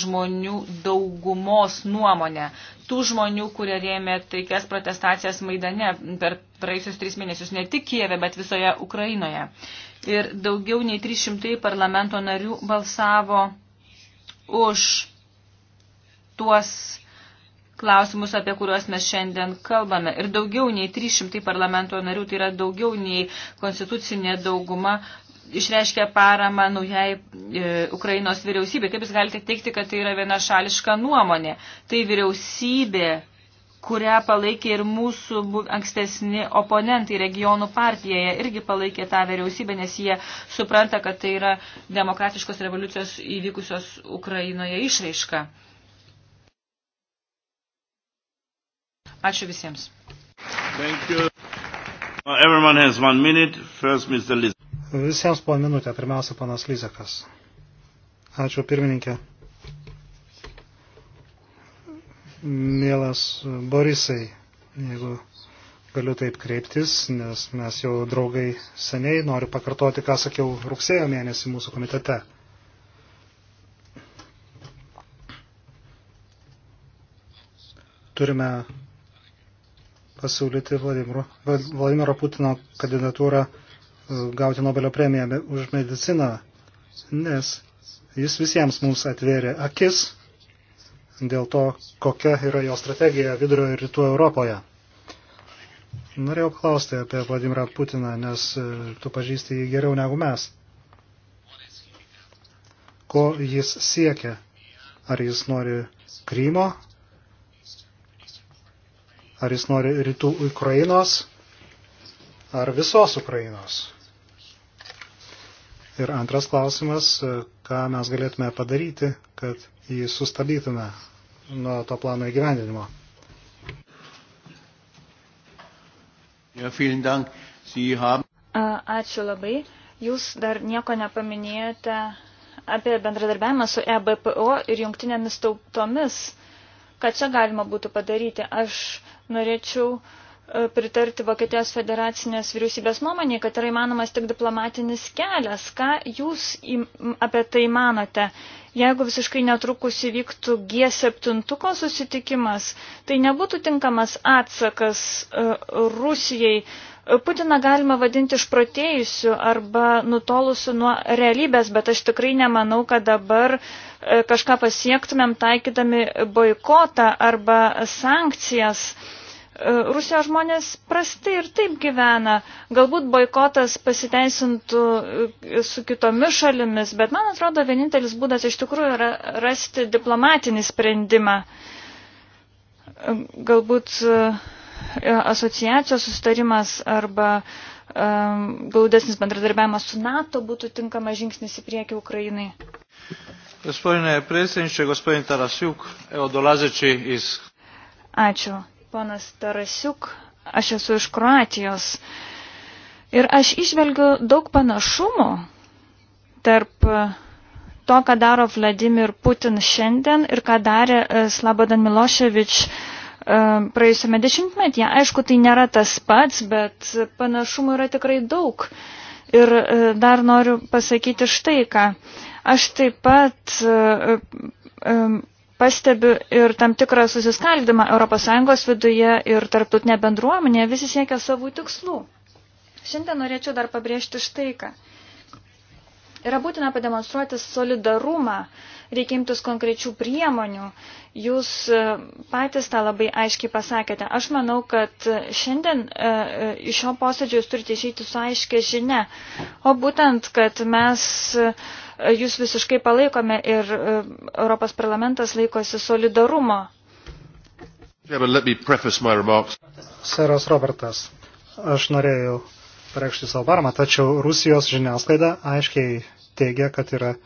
žmonių daugumos nuomonę. Tų žmonių, kurie rėmė taikias protestacijas Maidane per praėjusius tris mėnesius, ne tik Kijeve, bet visoje Ukrainoje. Ir daugiau nei 300 parlamento narių balsavo už tuos klausimus, apie kuriuos mes šiandien kalbame. Ir daugiau nei 300 parlamento narių, tai yra daugiau nei konstitucinė dauguma, išreiškia paramą naujai e, Ukrainos vyriausybė. Kaip jūs galite teikti, kad tai yra viena šališka nuomonė? Tai vyriausybė kurią palaikė ir mūsų ankstesni oponentai regionų partijoje, irgi palaikė tą vyriausybę, nes jie supranta, kad tai yra demokratiškos revoliucijos įvykusios Ukrainoje išraiška. Ačiū visiems. Uh, First, visiems po minutę. Pirmiausia, panas Lyzekas. Ačiū pirmininkė. Mielas Borisai, jeigu galiu taip kreiptis, nes mes jau draugai seniai noriu pakartoti, ką sakiau rugsėjo mėnesį mūsų komitete. Turime pasiūlyti Vladimiro, Vladimiro Putino kandidatūrą e, gauti Nobelio premiją už mediciną, nes jis visiems mums atvėrė akis dėl to, kokia yra jo strategija vidurio ir rytų Europoje. Norėjau klausti apie Vladimirą Putiną, nes e, tu pažįsti jį geriau negu mes. Ko jis siekia? Ar jis nori Krymo, Ar jis nori rytų Ukrainos, ar visos Ukrainos. Ir antras klausimas, ką mes galėtume padaryti, kad jį sustabdytume nuo to plano įgyvendinimo. Ačiū labai. Jūs dar nieko nepaminėjote apie bendradarbiavimą su EBPO ir jungtinėmis tautomis, ką čia galima būtų padaryti. Aš norėčiau e, pritarti Vokietijos federacinės vyriausybės nuomonė, kad yra įmanomas tik diplomatinis kelias. Ką jūs apie tai manote? Jeigu visiškai netrukus įvyktų G7 susitikimas, tai nebūtų tinkamas atsakas e, Rusijai. E, Putiną galima vadinti išprotėjusiu arba nutolusiu nuo realybės, bet aš tikrai nemanau, kad dabar kažką pasiektumėm taikydami boikotą arba sankcijas. Uh, E, Rusijos žmonės prastai ir taip gyvena. Galbūt boikotas pasiteisintų e, su kitomis šalimis, bet man atrodo, vienintelis būdas iš tikrųjų yra rasti diplomatinį sprendimą. E, galbūt asociacijos sustarimas arba um, glaudesnis bendradarbiavimas su NATO būtų tinkamas žingsnis į priekį Ukrainai. Gospodine predsjedniče, gospodin Tarasjuk, evo dolazeći iz... Ačiū ponas Tarasiuk, aš esu iš Kroatijos. Ir aš išvelgiu daug panašumų tarp e, to, ką daro Vladimir Putin šiandien ir ką darė e, Slabodan Miloševič e, praėjusiame dešimtmetyje. Aišku, tai nėra tas pats, bet panašumų yra tikrai daug. Ir dar noriu pasakyti štai ką. Aš taip pat pastebiu ir tam tikrą susiskaldimą ES viduje ir tarptautinė bendruomenė, visi siekia savų tikslų. Šiandien norėčiau dar pabrėžti štai ką. Yra būtina pademonstruoti solidarumą, reikia imtis konkrečių priemonių. Jūs e, patys tą labai aiškiai pasakėte. Aš manau, kad šiandien e, e, iš šio posėdžio jūs turite išeiti su aiškia žinia, o būtent, kad mes jūs visiškai palaikome ir e, Europos parlamentas laikosi solidarumo. Seras Robertas, aš norėjau pareikšti savo paramą, tačiau Rusijos žiniasklaida aiškiai teigia, kad yra e,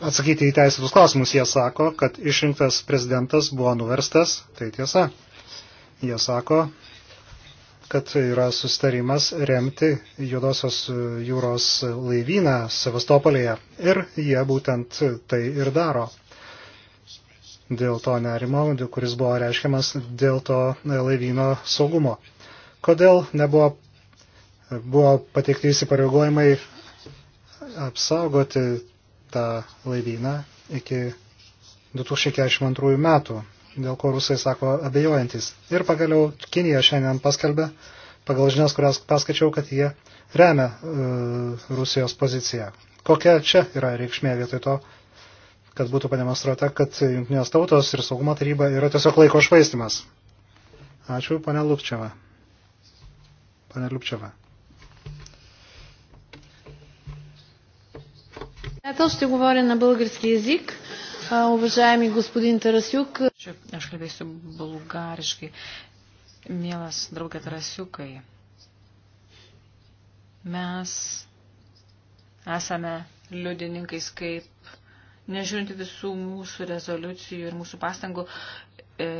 atsakyti į teisėtus klausimus. Jie sako, kad išrinktas prezidentas buvo nuverstas, tai tiesa. Jie sako, kad yra sustarimas remti Juodosios jūros laivyną Sevastopolėje. Ir jie būtent tai ir daro. Dėl to nerimo, kuris buvo reiškiamas dėl to laivyno saugumo. Kodėl nebuvo buvo pateikti įsipareigojimai apsaugoti tą laivyną iki 2042 metų dėl ko rusai sako abejojantis. Ir pagaliau Kinija šiandien paskelbė, pagal žinias, kurias paskačiau, kad jie remia uh, Rusijos poziciją. Kokia čia yra reikšmė vietoj to, kad būtų pademonstruota, kad Junktinės tautos ir saugumo taryba yra tiesiog laiko švaistimas. Ačiū, pane Lupčiava. Pane Lupčiava. Председател, ще говоря на български язик. Уважаеми господин Тарасюк. Čia aš kalbėsiu bulgariškai. Mielas draugė Tarasiukai, mes esame liudininkais, kaip, nežiūrint visų mūsų rezoliucijų ir mūsų pastangų, e,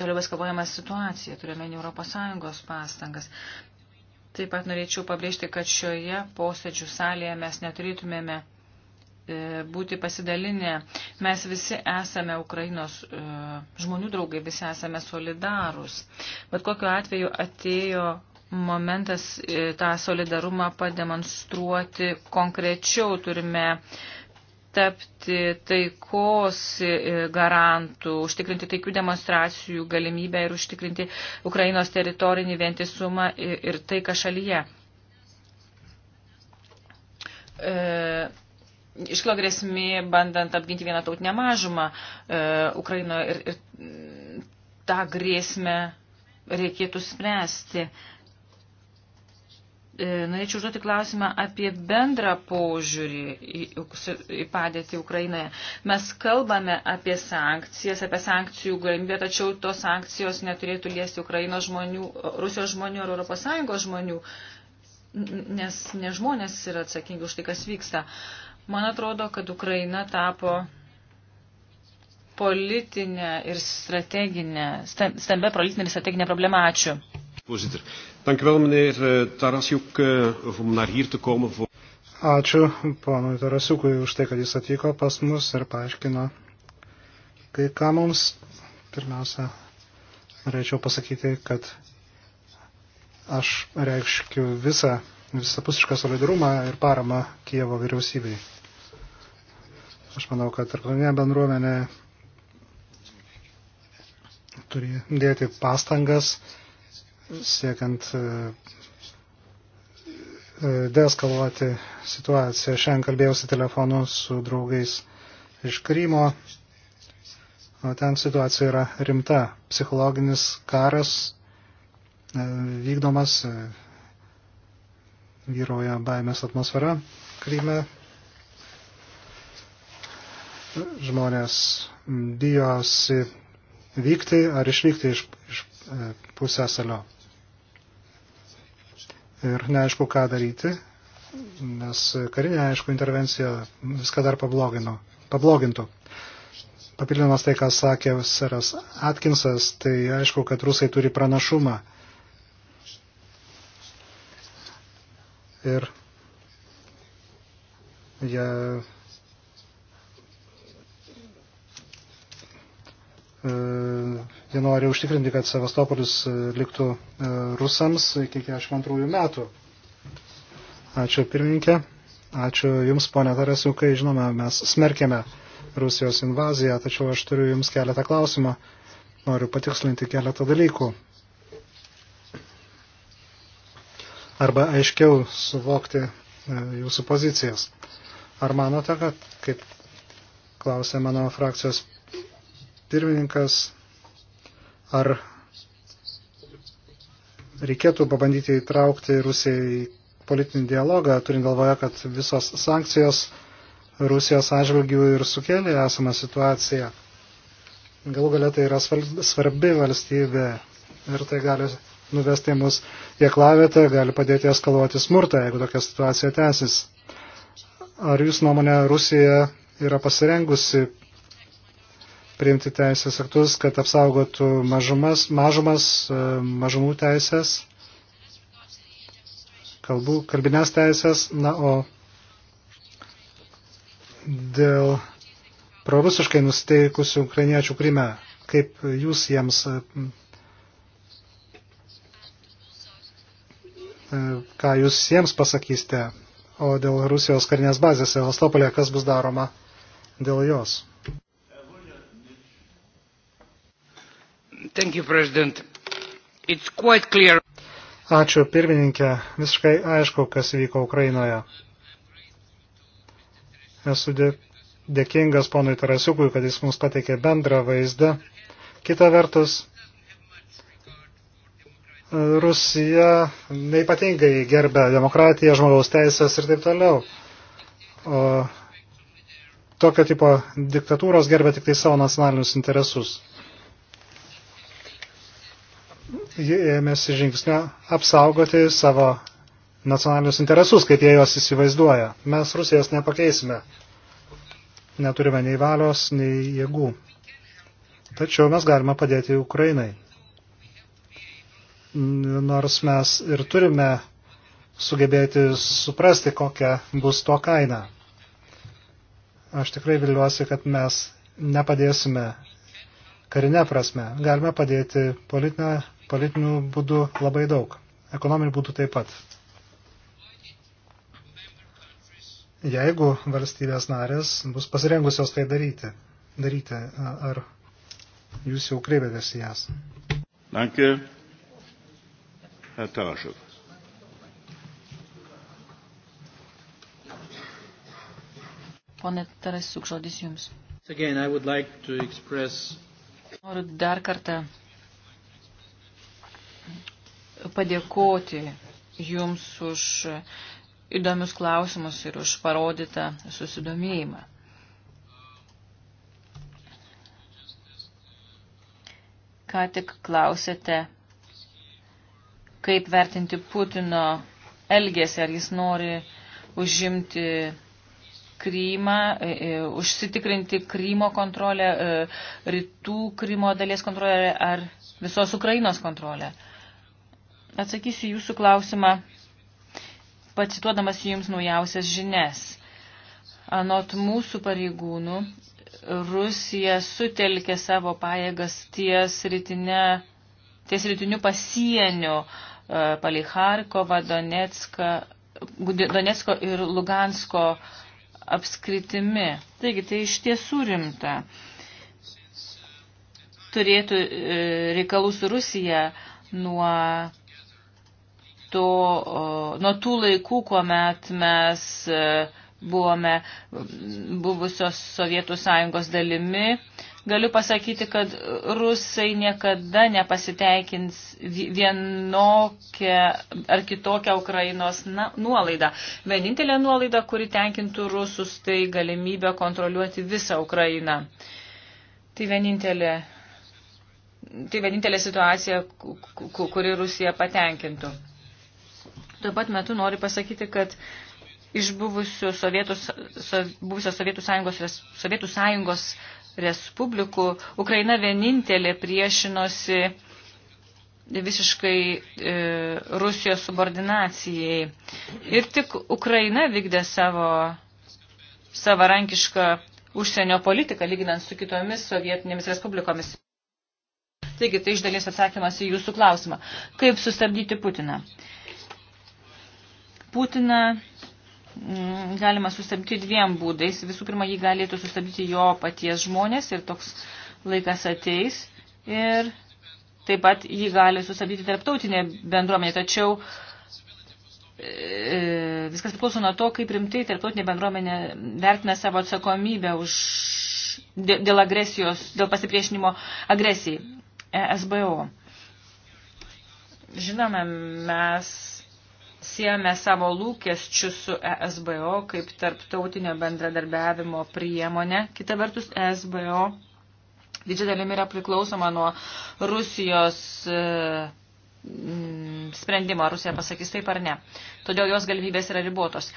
toliau eskavojama situacija, turime Europos Sąjungos pastangas. Taip pat norėčiau pabrėžti, kad šioje posėdžių salėje mes neturėtumėme E, būti pasidalinę. Mes visi esame Ukrainos e, žmonių draugai, visi esame solidarūs. Bet kokiu atveju atėjo momentas e, tą solidarumą pademonstruoti konkrečiau. Turime tapti taikos garantų, užtikrinti taikių demonstracijų galimybę ir užtikrinti Ukrainos teritorinį vientisumą ir taiką šalyje. E iškilo grėsmė, bandant apginti vieną tautinę mažumą e, Ukrainoje ir, ir tą grėsmę reikėtų spręsti. E, norėčiau užduoti klausimą apie bendrą požiūrį į, į padėtį Ukrainoje. Mes kalbame apie sankcijas, apie sankcijų galimybę, tačiau tos sankcijos neturėtų liesti Ukrainos žmonių, Rusijos žmonių ar ES žmonių, nes ne žmonės yra atsakingi už tai, kas vyksta. E, Man atrodo, kad Ukraina tapo politinė ir strateginė, stambia politinė ir strateginė problema. Ačiū. Voorzitter. Dank u wel, meneer eh, Tarasjuk, eh, om naar hier te komen. Voor... Ačiū ponui Tarasiukui už tai, kad jis atvyko pas mus ir paaiškino, kai ką mums pirmiausia norėčiau pasakyti, kad aš reikškiu visą visapusišką solidarumą ir paramą Kievo vyriausybei. Aš manau, kad tarptautinė bendruomenė turi dėti pastangas siekiant e, e, deeskaluoti situaciją. Šiandien kalbėjausi telefonu su draugais iš Krymo. O ten situacija yra rimta. Psichologinis karas e, vykdomas, vyroja baimės atmosfera Kryme žmonės bijosi vykti ar išvykti iš, iš e, pusėsalio. Ir neaišku, ką daryti, nes karinė, aišku, intervencija viską dar pablogintų. Papildinamas tai, ką sakė seras Atkinsas, tai aišku, kad rusai turi pranašumą. Ir jie E, jie nori užtikrinti, kad Sevastopolis e, liktų e, rusams iki 42 metų. Ačiū pirmininkė, ačiū Jums, ponė Tarasiukai, žinome, mes smerkėme Rusijos invaziją, tačiau aš turiu Jums keletą klausimą, noriu patikslinti keletą dalykų. Arba aiškiau suvokti Jūsų pozicijas. Ar manote, kad, kaip klausė mano frakcijos pirmininkas, ar reikėtų pabandyti įtraukti Rusiją į politinį dialogą, turint galvoje, kad visos sankcijos Rusijos atžvilgių ir sukėlė esamą situaciją. Galų galia tai yra svarbi valstybė ir tai gali nuvesti mus į aklavietę, gali padėti eskaluoti smurtą, jeigu tokia situacija tęsis. Ar jūs nuomonė Rusija yra pasirengusi priimti teisės aktus, kad apsaugotų mažumas, mažumas e, mažumų teisės, kalbų, kalbinės teisės, na, o dėl prorusiškai nusiteikusių ukrainiečių krime, kaip jūs jiems e, e, ką jūs jiems pasakysite, o dėl Rusijos karinės bazės Evastopolė, kas bus daroma dėl jos. Thank you, President. It's quite clear. Ačiū pirmininkė, visiškai aišku, kas vyko Ukrainoje. Esu dėkingas ponui Tarasiukui, kad jis mums pateikė bendrą vaizdą. Kita vertus, Rusija neipatingai gerbia demokratiją, žmogaus teisės ir taip toliau. O tokio tipo diktatūros gerbia tik tai savo nacionalinius interesus ji ėmėsi žingsnio apsaugoti savo nacionalinius interesus, kaip jie juos įsivaizduoja. Mes Rusijos nepakeisime. Neturime nei valios, nei jėgų. Tačiau mes galime padėti Ukrainai. Nors mes ir turime sugebėti suprasti, kokia bus to kaina. Aš tikrai viliuosi, kad mes nepadėsime karinę prasme. Galime padėti politinę politinių būdų labai daug, ekonominių būdų taip pat. Jeigu valstybės narės bus pasirengusios tai daryti, daryti ar jūs jau kreipėtės į jas? Danke, Herr Tarašov. Pone Tarasiuk, žodis Jums. Again, like express... Noriu dar kartą padėkoti Jums už įdomius klausimus ir už parodytą susidomėjimą. Ką tik klausėte, kaip vertinti Putino elgesį, ar jis nori užimti Krymą, e, e, užsitikrinti Krymo kontrolę, e, rytų Krymo dalies kontrolę ar visos Ukrainos kontrolę. Atsakysiu jūsų klausimą, pacituodamas jums naujausias žinias. Anot mūsų pareigūnų, Rusija sutelkė savo pajėgas ties, rytinė, ties rytiniu pasieniu e, palei Harkovą, Donetską, Donetsko ir Lugansko apskritimi. Taigi tai iš tiesų rimta. Turėtų e, reikalų su Rusija nuo metų, nuo tų laikų, kuomet mes e, buvome buvusios Sovietų sąjungos dalimi, galiu pasakyti, kad rusai niekada nepasiteikins vienokią ar kitokią Ukrainos nuolaidą. Vienintelė nuolaida, kuri tenkintų rusus, tai galimybė kontroliuoti visą Ukrainą. Tai vienintelė, tai vienintelė situacija, kuri Rusija patenkintų. Tuo pat metu noriu pasakyti, kad iš buvusių Sovietų, so, buvusios Sovietų Sąjungos, res, Sovietų Sąjungos respublikų Ukraina vienintelė priešinosi visiškai e, Rusijos subordinacijai. Ir tik Ukraina vykdė savo savarankišką užsienio politiką, lyginant su kitomis sovietinėmis respublikomis. Taigi, tai iš dalies atsakymas į jūsų klausimą. Kaip sustabdyti Putiną? E, Putiną mm, galima sustabdyti dviem būdais. Visų pirma, jį galėtų sustabdyti jo paties žmonės ir toks laikas ateis. Ir taip pat jį gali sustabdyti tarptautinė bendruomenė. Tačiau e, viskas priklauso nuo to, kaip rimtai tarptautinė bendruomenė vertina savo atsakomybę už, dėl agresijos, dėl pasipriešinimo agresijai. ESBO. Žinome, mes siejame savo lūkesčius su ESBO kaip tarptautinio bendradarbiavimo priemonė. Kita vertus, ESBO didžiai dalimi yra priklausoma nuo Rusijos e, sprendimo, ar Rusija pasakys taip ar ne. Todėl jos galimybės yra ribotos.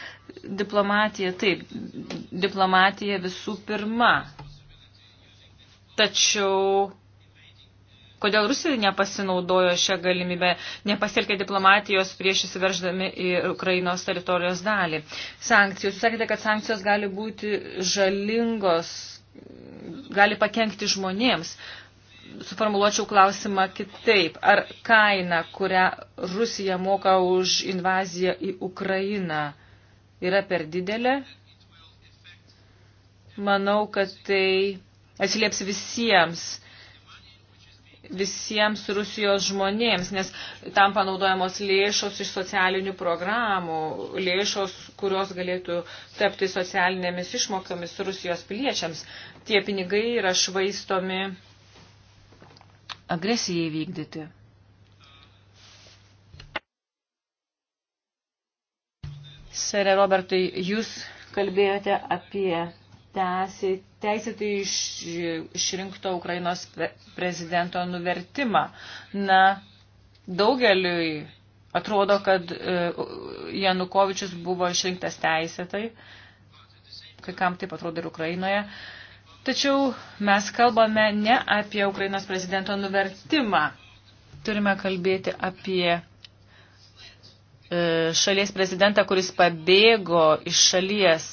Diplomatija taip, diplomatija visų pirma. Tačiau Kodėl Rusija nepasinaudojo šią galimybę, nepasielkė diplomatijos prieš įsiverždami į Ukrainos teritorijos dalį? Sankcijos. Jūs sakėte, kad sankcijos gali būti žalingos, gali pakengti žmonėms. Suformuluočiau klausimą kitaip. Ar kaina, kurią Rusija moka už invaziją į Ukrainą, yra per didelė? Manau, kad tai atsilieps visiems visiems Rusijos žmonėms, nes tam panaudojamos lėšos iš socialinių programų, lėšos, kurios galėtų tapti socialinėmis išmokomis Rusijos piliečiams. Tie pinigai yra švaistomi agresijai vykdyti. Sere Robertai, jūs kalbėjote apie teisėtai iš, išrinkto Ukrainos prezidento nuvertimą. Na, daugeliui atrodo, kad e, Janukovičius buvo išrinktas teisėtai, kai kam taip atrodo ir Ukrainoje. Tačiau mes kalbame ne apie Ukrainos prezidento nuvertimą. Turime kalbėti apie e, šalies prezidentą, kuris pabėgo iš šalies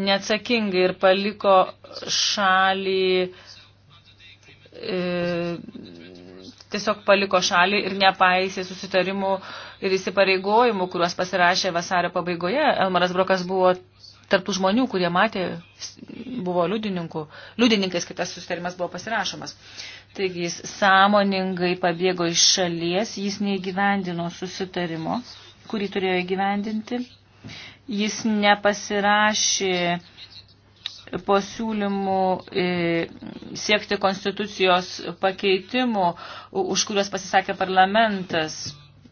neatsakingai ir paliko šalį, e, tiesiog paliko šalį ir nepaisė susitarimų ir įsipareigojimų, kuriuos pasirašė vasario pabaigoje. Elmaras Brokas buvo tarptų žmonių, kurie matė, buvo liudininkų, liudininkais, kai tas susitarimas buvo pasirašomas. Taigi jis sąmoningai pabėgo iš šalies, jis neįgyvendino susitarimo, kurį turėjo įgyvendinti Jis nepasirašė po siūlymų e, siekti konstitucijos pakeitimų, už kuriuos pasisakė parlamentas.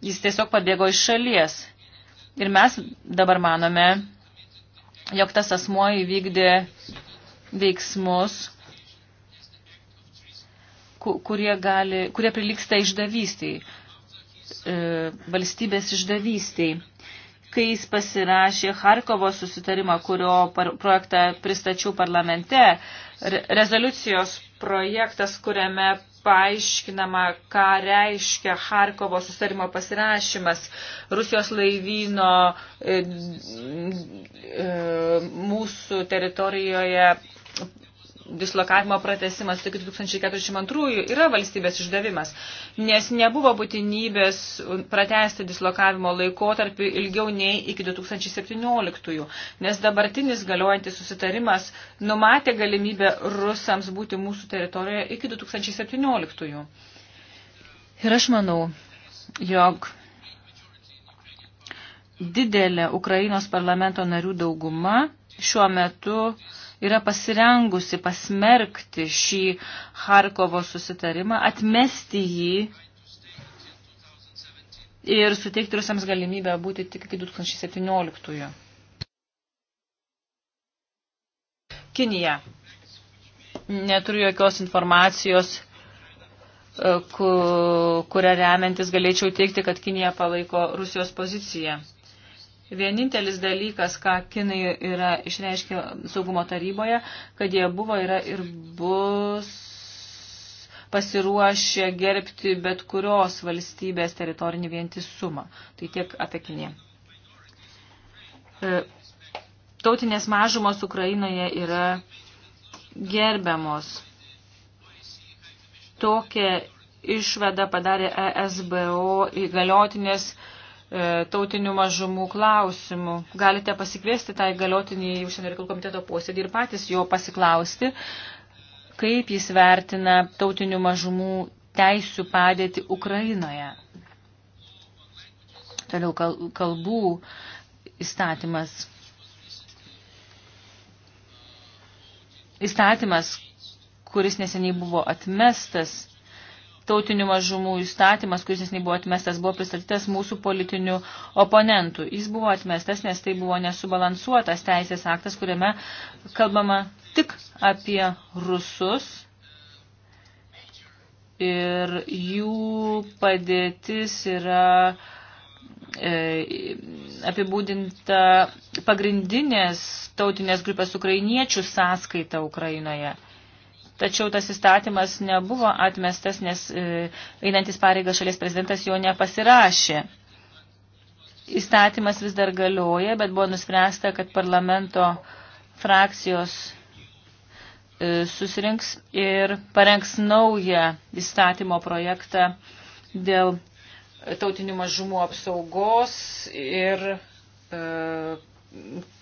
Jis tiesiog pabėgo iš šalies. Ir mes dabar manome, jog tas asmuo įvykdė veiksmus, kurie, gali, kurie priliksta išdavystiai, e, valstybės išdavystiai kai jis pasirašė Harkovo susitarimą, kurio par, projektą pristačiau parlamente, re, rezoliucijos projektas, kuriame paaiškinama, ką reiškia Harkovo susitarimo pasirašymas, Rusijos laivyno e, e, mūsų teritorijoje dislokavimo pratesimas iki 2042 yra valstybės išdavimas, nes nebuvo būtinybės pratesti dislokavimo laikotarpį ilgiau nei iki 2017, nes dabartinis galiojantis susitarimas numatė galimybę rusams būti mūsų teritorijoje iki 2017. Ir aš manau, jog didelė Ukrainos parlamento narių dauguma šiuo metu uh, yra pasirengusi pasmerkti šį Harkovo susitarimą, atmesti jį ir suteikti rusams galimybę būti tik iki 2017-ųjų. Kinija. Neturiu jokios informacijos, e, kurią remiantis galėčiau teikti, kad Kinija palaiko Rusijos poziciją. Vienintelis dalykas, ką kinai yra išreiškę saugumo taryboje, kad jie buvo yra ir bus pasiruošę gerbti bet kurios valstybės teritorinį vientisumą. Tai tiek apie Kiniją. E, tautinės mažumos Ukrainoje yra gerbiamos. Tokią išvadą padarė ESBO įgaliotinės E, tautinių mažumų klausimų. Galite pasikviesti tą įgaliotinį į užsienio reikalų komiteto posėdį ir patys jo pasiklausti, kaip jis vertina tautinių mažumų teisių padėti Ukrainoje. Toliau kalbų įstatymas. Įstatymas, kuris neseniai buvo atmestas, tautinių mažumų įstatymas, kuris nesiniai buvo atmestas, buvo pristatytas mūsų politinių oponentų. Jis buvo atmestas, nes tai buvo nesubalansuotas teisės aktas, kuriame kalbama tik apie rusus ir jų padėtis yra e, apibūdinta pagrindinės tautinės grupės ukrainiečių sąskaita Ukrainoje. Tačiau tas įstatymas nebuvo atmestas, nes e, einantis pareigas šalies prezidentas jo nepasirašė. Įstatymas vis dar galioja, bet buvo nuspręsta, kad parlamento frakcijos e, susirinks ir parengs naują įstatymo projektą dėl tautinių mažumų apsaugos ir e,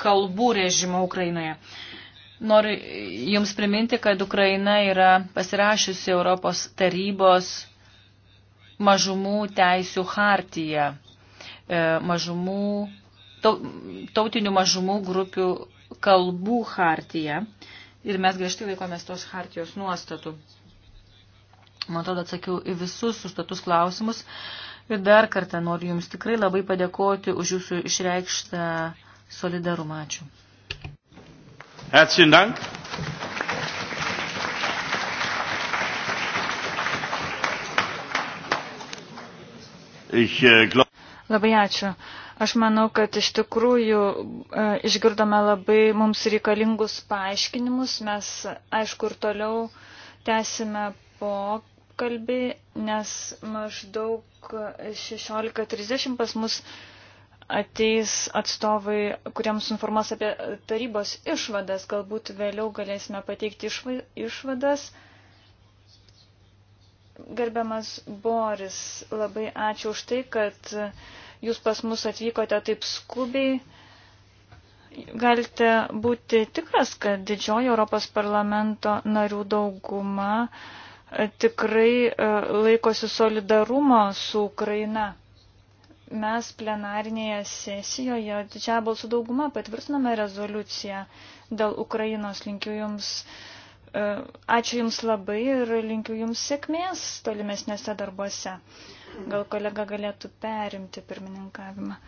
kalbų režimo Ukrainoje. Noriu Jums priminti, kad Ukraina yra pasirašiusi Europos tarybos mažumų teisių hartiją, e, mažumų, tautinių mažumų grupių kalbų hartiją. Ir mes griežtai laikomės tos hartijos nuostatų. Man atrodo, atsakiau į visus užstatus klausimus. Ir dar kartą noriu Jums tikrai labai padėkoti už Jūsų išreikštą solidarumą. Ačiū. Herzlichen Dank. Ich, äh, glaub... Labai ačiū. Aš manau, kad iš tikrųjų e, išgirdome labai mums reikalingus paaiškinimus. Mes, aišku, ir toliau tęsime pokalbį, nes maždaug 16.30 pas mus ateis atstovai, kuriems informuos apie tarybos išvadas. Galbūt vėliau galėsime pateikti išvadas. Gerbiamas Boris, labai ačiū už tai, kad jūs pas mus atvykote taip skubiai. Galite būti tikras, kad didžioji Europos parlamento narių dauguma tikrai e, laikosi solidarumo su Ukraina mes plenarinėje sesijoje didžiąją balsų daugumą patvirtinome rezoliuciją dėl Ukrainos. Linkiu Jums, e, ačiū Jums labai ir linkiu Jums sėkmės tolimesnėse darbuose. Gal kolega galėtų perimti pirmininkavimą.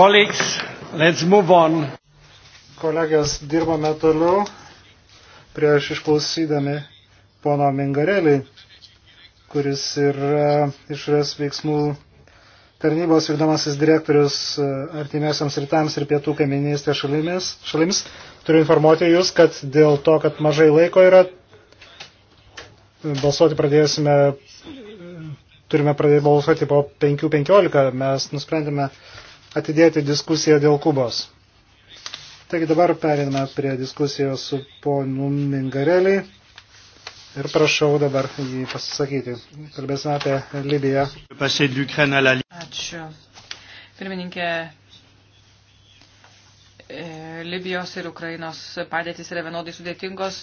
Colleagues, let's move on. Kolegės, dirbame toliau prieš išklausydami pono Mingarelį, kuris yra išorės veiksmų tarnybos vykdomasis direktorius e, artimiesiams rytams ir pietų kaiminystės šalimis, šalims. Turiu informuoti Jūs, kad dėl to, kad mažai laiko yra, balsuoti pradėsime, turime pradėti balsuoti po 5.15. Mes nusprendėme atidėti diskusiją dėl Kubos. Taigi dabar periname prie diskusijos su ponu Mingarelį ir prašau dabar jį pasisakyti. Kalbėsime apie Libiją. Ačiū. Pirmininkė, e, Libijos ir Ukrainos padėtis yra vienodai sudėtingos,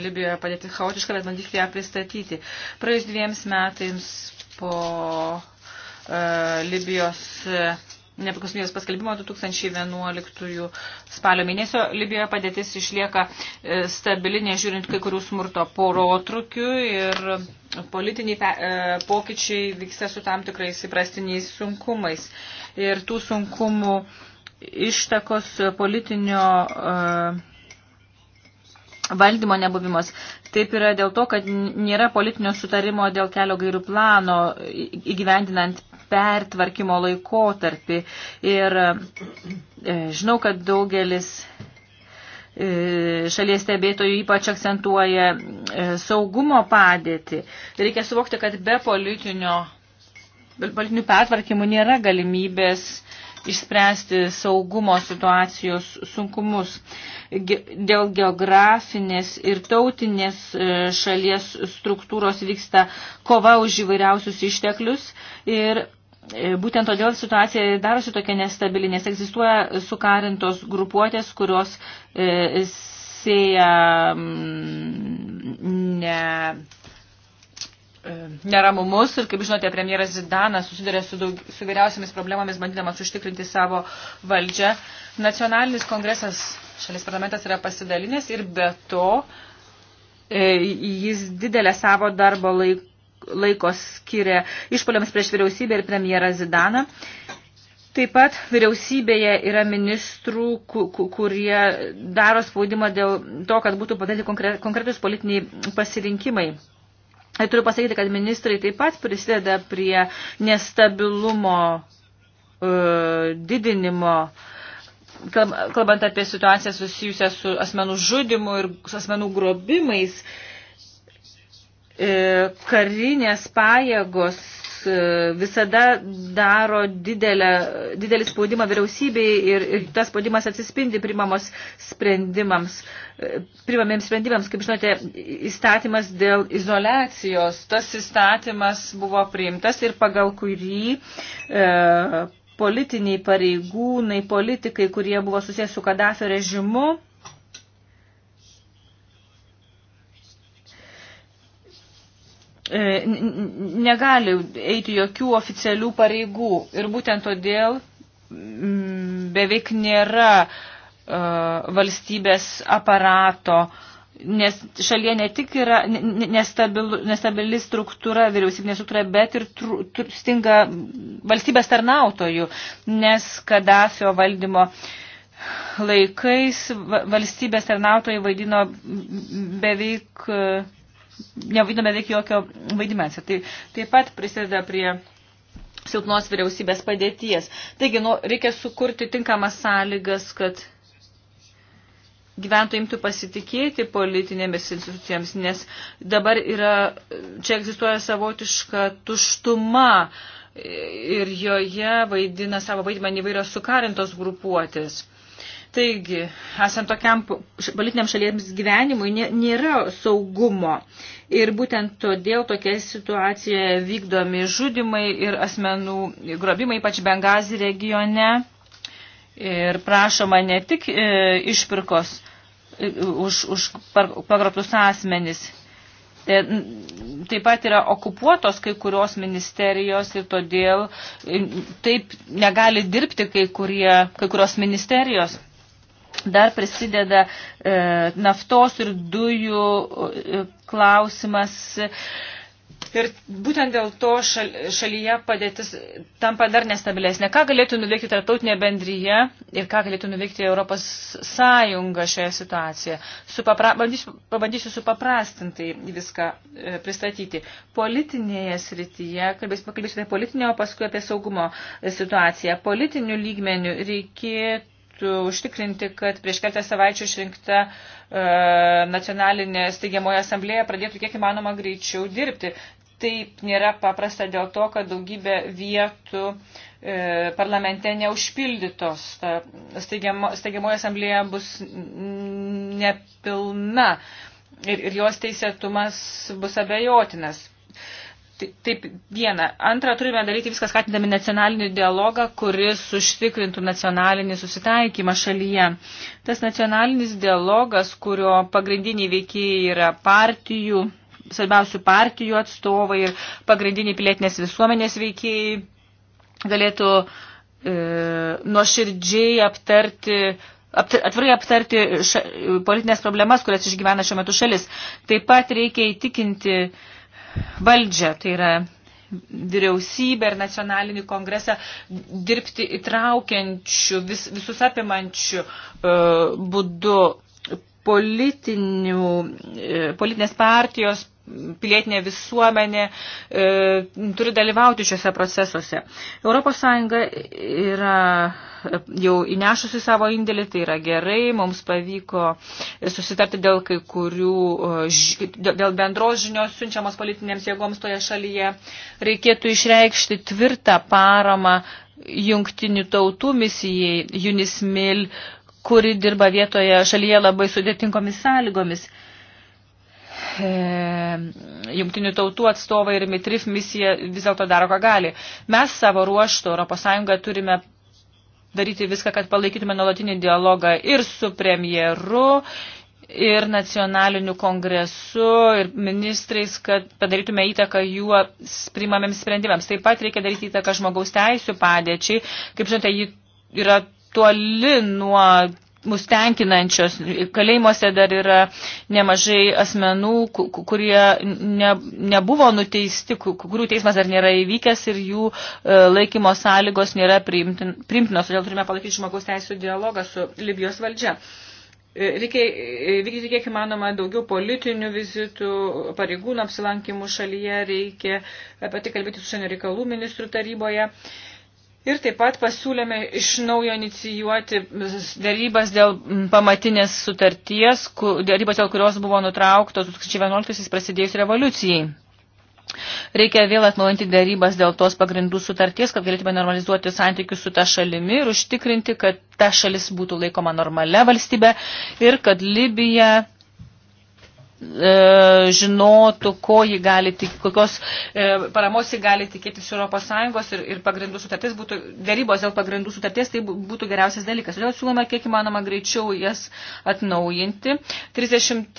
Libijoje padėtis chaotiška, bet bandysiu ją pristatyti. Praėjus dviems metams po uh, Libijos uh, nepriklausomybės paskelbimo 2011 spalio mėnesio Libijoje padėtis išlieka e, stabili, nežiūrint kai kurių smurto porotrukių ir politiniai e, pokyčiai vyksta su tam tikrais įprastiniais sunkumais. Ir tų sunkumų ištakos politinio e, valdymo nebuvimas. Taip yra dėl to, kad nėra politinio sutarimo dėl kelio gairių plano įgyvendinant pertvarkymo laikotarpį. Ir e, žinau, kad daugelis e, šalies stebėtojų ypač akcentuoja e, saugumo padėtį. Reikia suvokti, kad be politinio, be politinių pertvarkymų nėra galimybės išspręsti saugumo situacijos sunkumus. Ge dėl geografinės ir tautinės šalies struktūros vyksta kova už įvairiausius išteklius ir E, būtent todėl situacija darosi tokia nestabili, nes egzistuoja sukarintos grupuotės, kurios e, sėja mm, ne, e, neramumus ir, kaip žinote, premjeras Zidanas susiduria su, daug, su vyriausiamis problemomis, bandydamas užtikrinti savo valdžią. Nacionalinis kongresas, šalies parlamentas yra pasidalinęs ir be to e, jis didelę savo darbo laiką laiko skiria išpoliams prieš vyriausybę ir premjerą Zidaną. Taip pat vyriausybėje yra ministrų, kurie daro spaudimą dėl to, kad būtų padaryti konkretus politiniai pasirinkimai. Ir turiu pasakyti, kad ministrai taip pat prisideda prie nestabilumo uh, didinimo, kalbant apie situaciją susijusią su asmenų žudimu ir su asmenų grobimais. Uh, E, karinės pajėgos e, visada daro didelę, didelį spaudimą vyriausybei ir, ir tas spaudimas atsispindi primamos sprendimams. E, Primamiems sprendimams, kaip žinote, įstatymas dėl izolacijos, tas įstatymas buvo priimtas ir pagal kurį e, politiniai pareigūnai, politikai, kurie buvo susijęs su Kadafio režimu, E, negali eiti jokių oficialių pareigų. Ir būtent todėl mm, beveik nėra e, valstybės aparato, nes šalyje ne tik yra nestabil, nestabili struktūra, vyriausybinė struktūra, bet ir tru, tru, stinga valstybės tarnautojų, nes Kadafio valdymo laikais valstybės tarnautojai vaidino beveik nevaidome veik jokio vaidmens. Tai taip pat prisideda prie silpnos vyriausybės padėties. Taigi, nu, reikia sukurti tinkamas sąlygas, kad gyventojai imtų pasitikėti politinėmis institucijomis, nes dabar yra, čia egzistuoja savotiška tuštuma ir joje vaidina savo vaidmenį įvairios sukarintos grupuotės. Taigi, esant tokiam politiniam šalies gyvenimui, nėra saugumo. Ir būtent todėl tokia situacija vykdomi žudimai ir asmenų grobimai, ypač Bengazi regione. Ir prašoma ne tik e, išpirkos e, už, už pagrobtus asmenis. E, taip pat yra okupuotos kai kurios ministerijos ir todėl taip negali dirbti kai, kurie, kai kurios ministerijos. Dar prisideda e, naftos ir dujų e, klausimas. Ir būtent dėl to šal, šalyje padėtis tampa dar nestabilesnė. Ką galėtų nuveikti tarptautinė bendryje ir ką galėtų nuveikti Europos Sąjunga šioje situacijoje? Supapra, bandysiu, pabandysiu supaprastintai viską e, pristatyti. Politinėje srityje, kalbėsiu, pakalbėsiu apie politinę, o paskui apie saugumo situaciją. Politinių lygmenių reikėtų užtikrinti, kad prieš keltą savaičių išrinkta e, nacionalinė steigiamoje asamblėje pradėtų kiek įmanoma greičiau dirbti. Taip nėra paprasta dėl to, kad daugybė vietų e, parlamente neužpildytos. Ta steigiamo, steigiamoje asamblėje bus nepilna ir, ir jos teisėtumas bus abejotinas. Taip, viena. Antra, turime daryti viską skatindami nacionalinį dialogą, kuris užtikrintų nacionalinį susitaikymą šalyje. Tas nacionalinis dialogas, kurio pagrindiniai veikėjai yra partijų, svarbiausių partijų atstovai ir pagrindiniai pilietinės visuomenės veikėjai, galėtų e, nuoširdžiai aptarti atvirai aptarti ša, politinės problemas, kurias išgyvena šiuo metu šalis. Taip pat reikia įtikinti uh, valdžią, tai yra vyriausybę ir nacionalinį kongresą dirbti įtraukiančių, vis, visus apimančių e, būdu politinių, e, politinės partijos pilietinė visuomenė e, turi dalyvauti šiuose procesuose. ES yra jau įnešusi savo indėlį, tai yra gerai, mums pavyko susitarti dėl kai kurių, e, dėl bendros žinios siunčiamos politinėms jėgoms toje šalyje. Reikėtų išreikšti tvirtą paramą jungtinių tautų misijai UNISMIL, kuri dirba vietoje šalyje labai sudėtingomis sąlygomis e, jungtinių tautų atstovai ir Mitrif misija vis dėlto daro, ką gali. Mes savo ruoštų ES turime daryti viską, kad palaikytume nuolatinį dialogą ir su premjeru, ir nacionaliniu kongresu, ir ministrais, kad padarytume įtaką juo primamiems sprendimams. Taip pat reikia daryti įtaką žmogaus teisų padėčiai. Kaip žinote, ji yra toli nuo mus tenkinančios. Kalėjimuose dar yra nemažai asmenų, kurie ne, nebuvo nuteisti, kurių teismas dar nėra įvykęs ir jų e, laikymo sąlygos nėra priimtinos. Todėl turime palaikyti žmogaus teisų dialogą su Libijos valdžia. E, reikia e, vykdyti kiek įmanoma daugiau politinių vizitų, pareigūnų apsilankimų šalyje, reikia apie tai kalbėti su šiandien reikalų ministrų taryboje. E, Ir taip pat pasiūlėme iš naujo inicijuoti darybas dėl pamatinės sutarties, darybas dėl kurios buvo nutrauktos 2011 prasidėjus revoliucijai. Reikia vėl atnaujinti darybas dėl tos pagrindų sutarties, kad galėtume normalizuoti santykius su ta šalimi ir užtikrinti, kad ta šalis būtų laikoma normale valstybė ir kad Libija E, žinotų, ko jį gali tik, kokios e, paramos jį gali tikėtis Europos Sąjungos ir, ir pagrindų sutartis būtų, darybos dėl pagrindų sutarties, tai būtų geriausias dalykas. Todėl siūloma, kiek įmanoma greičiau jas atnaujinti. 30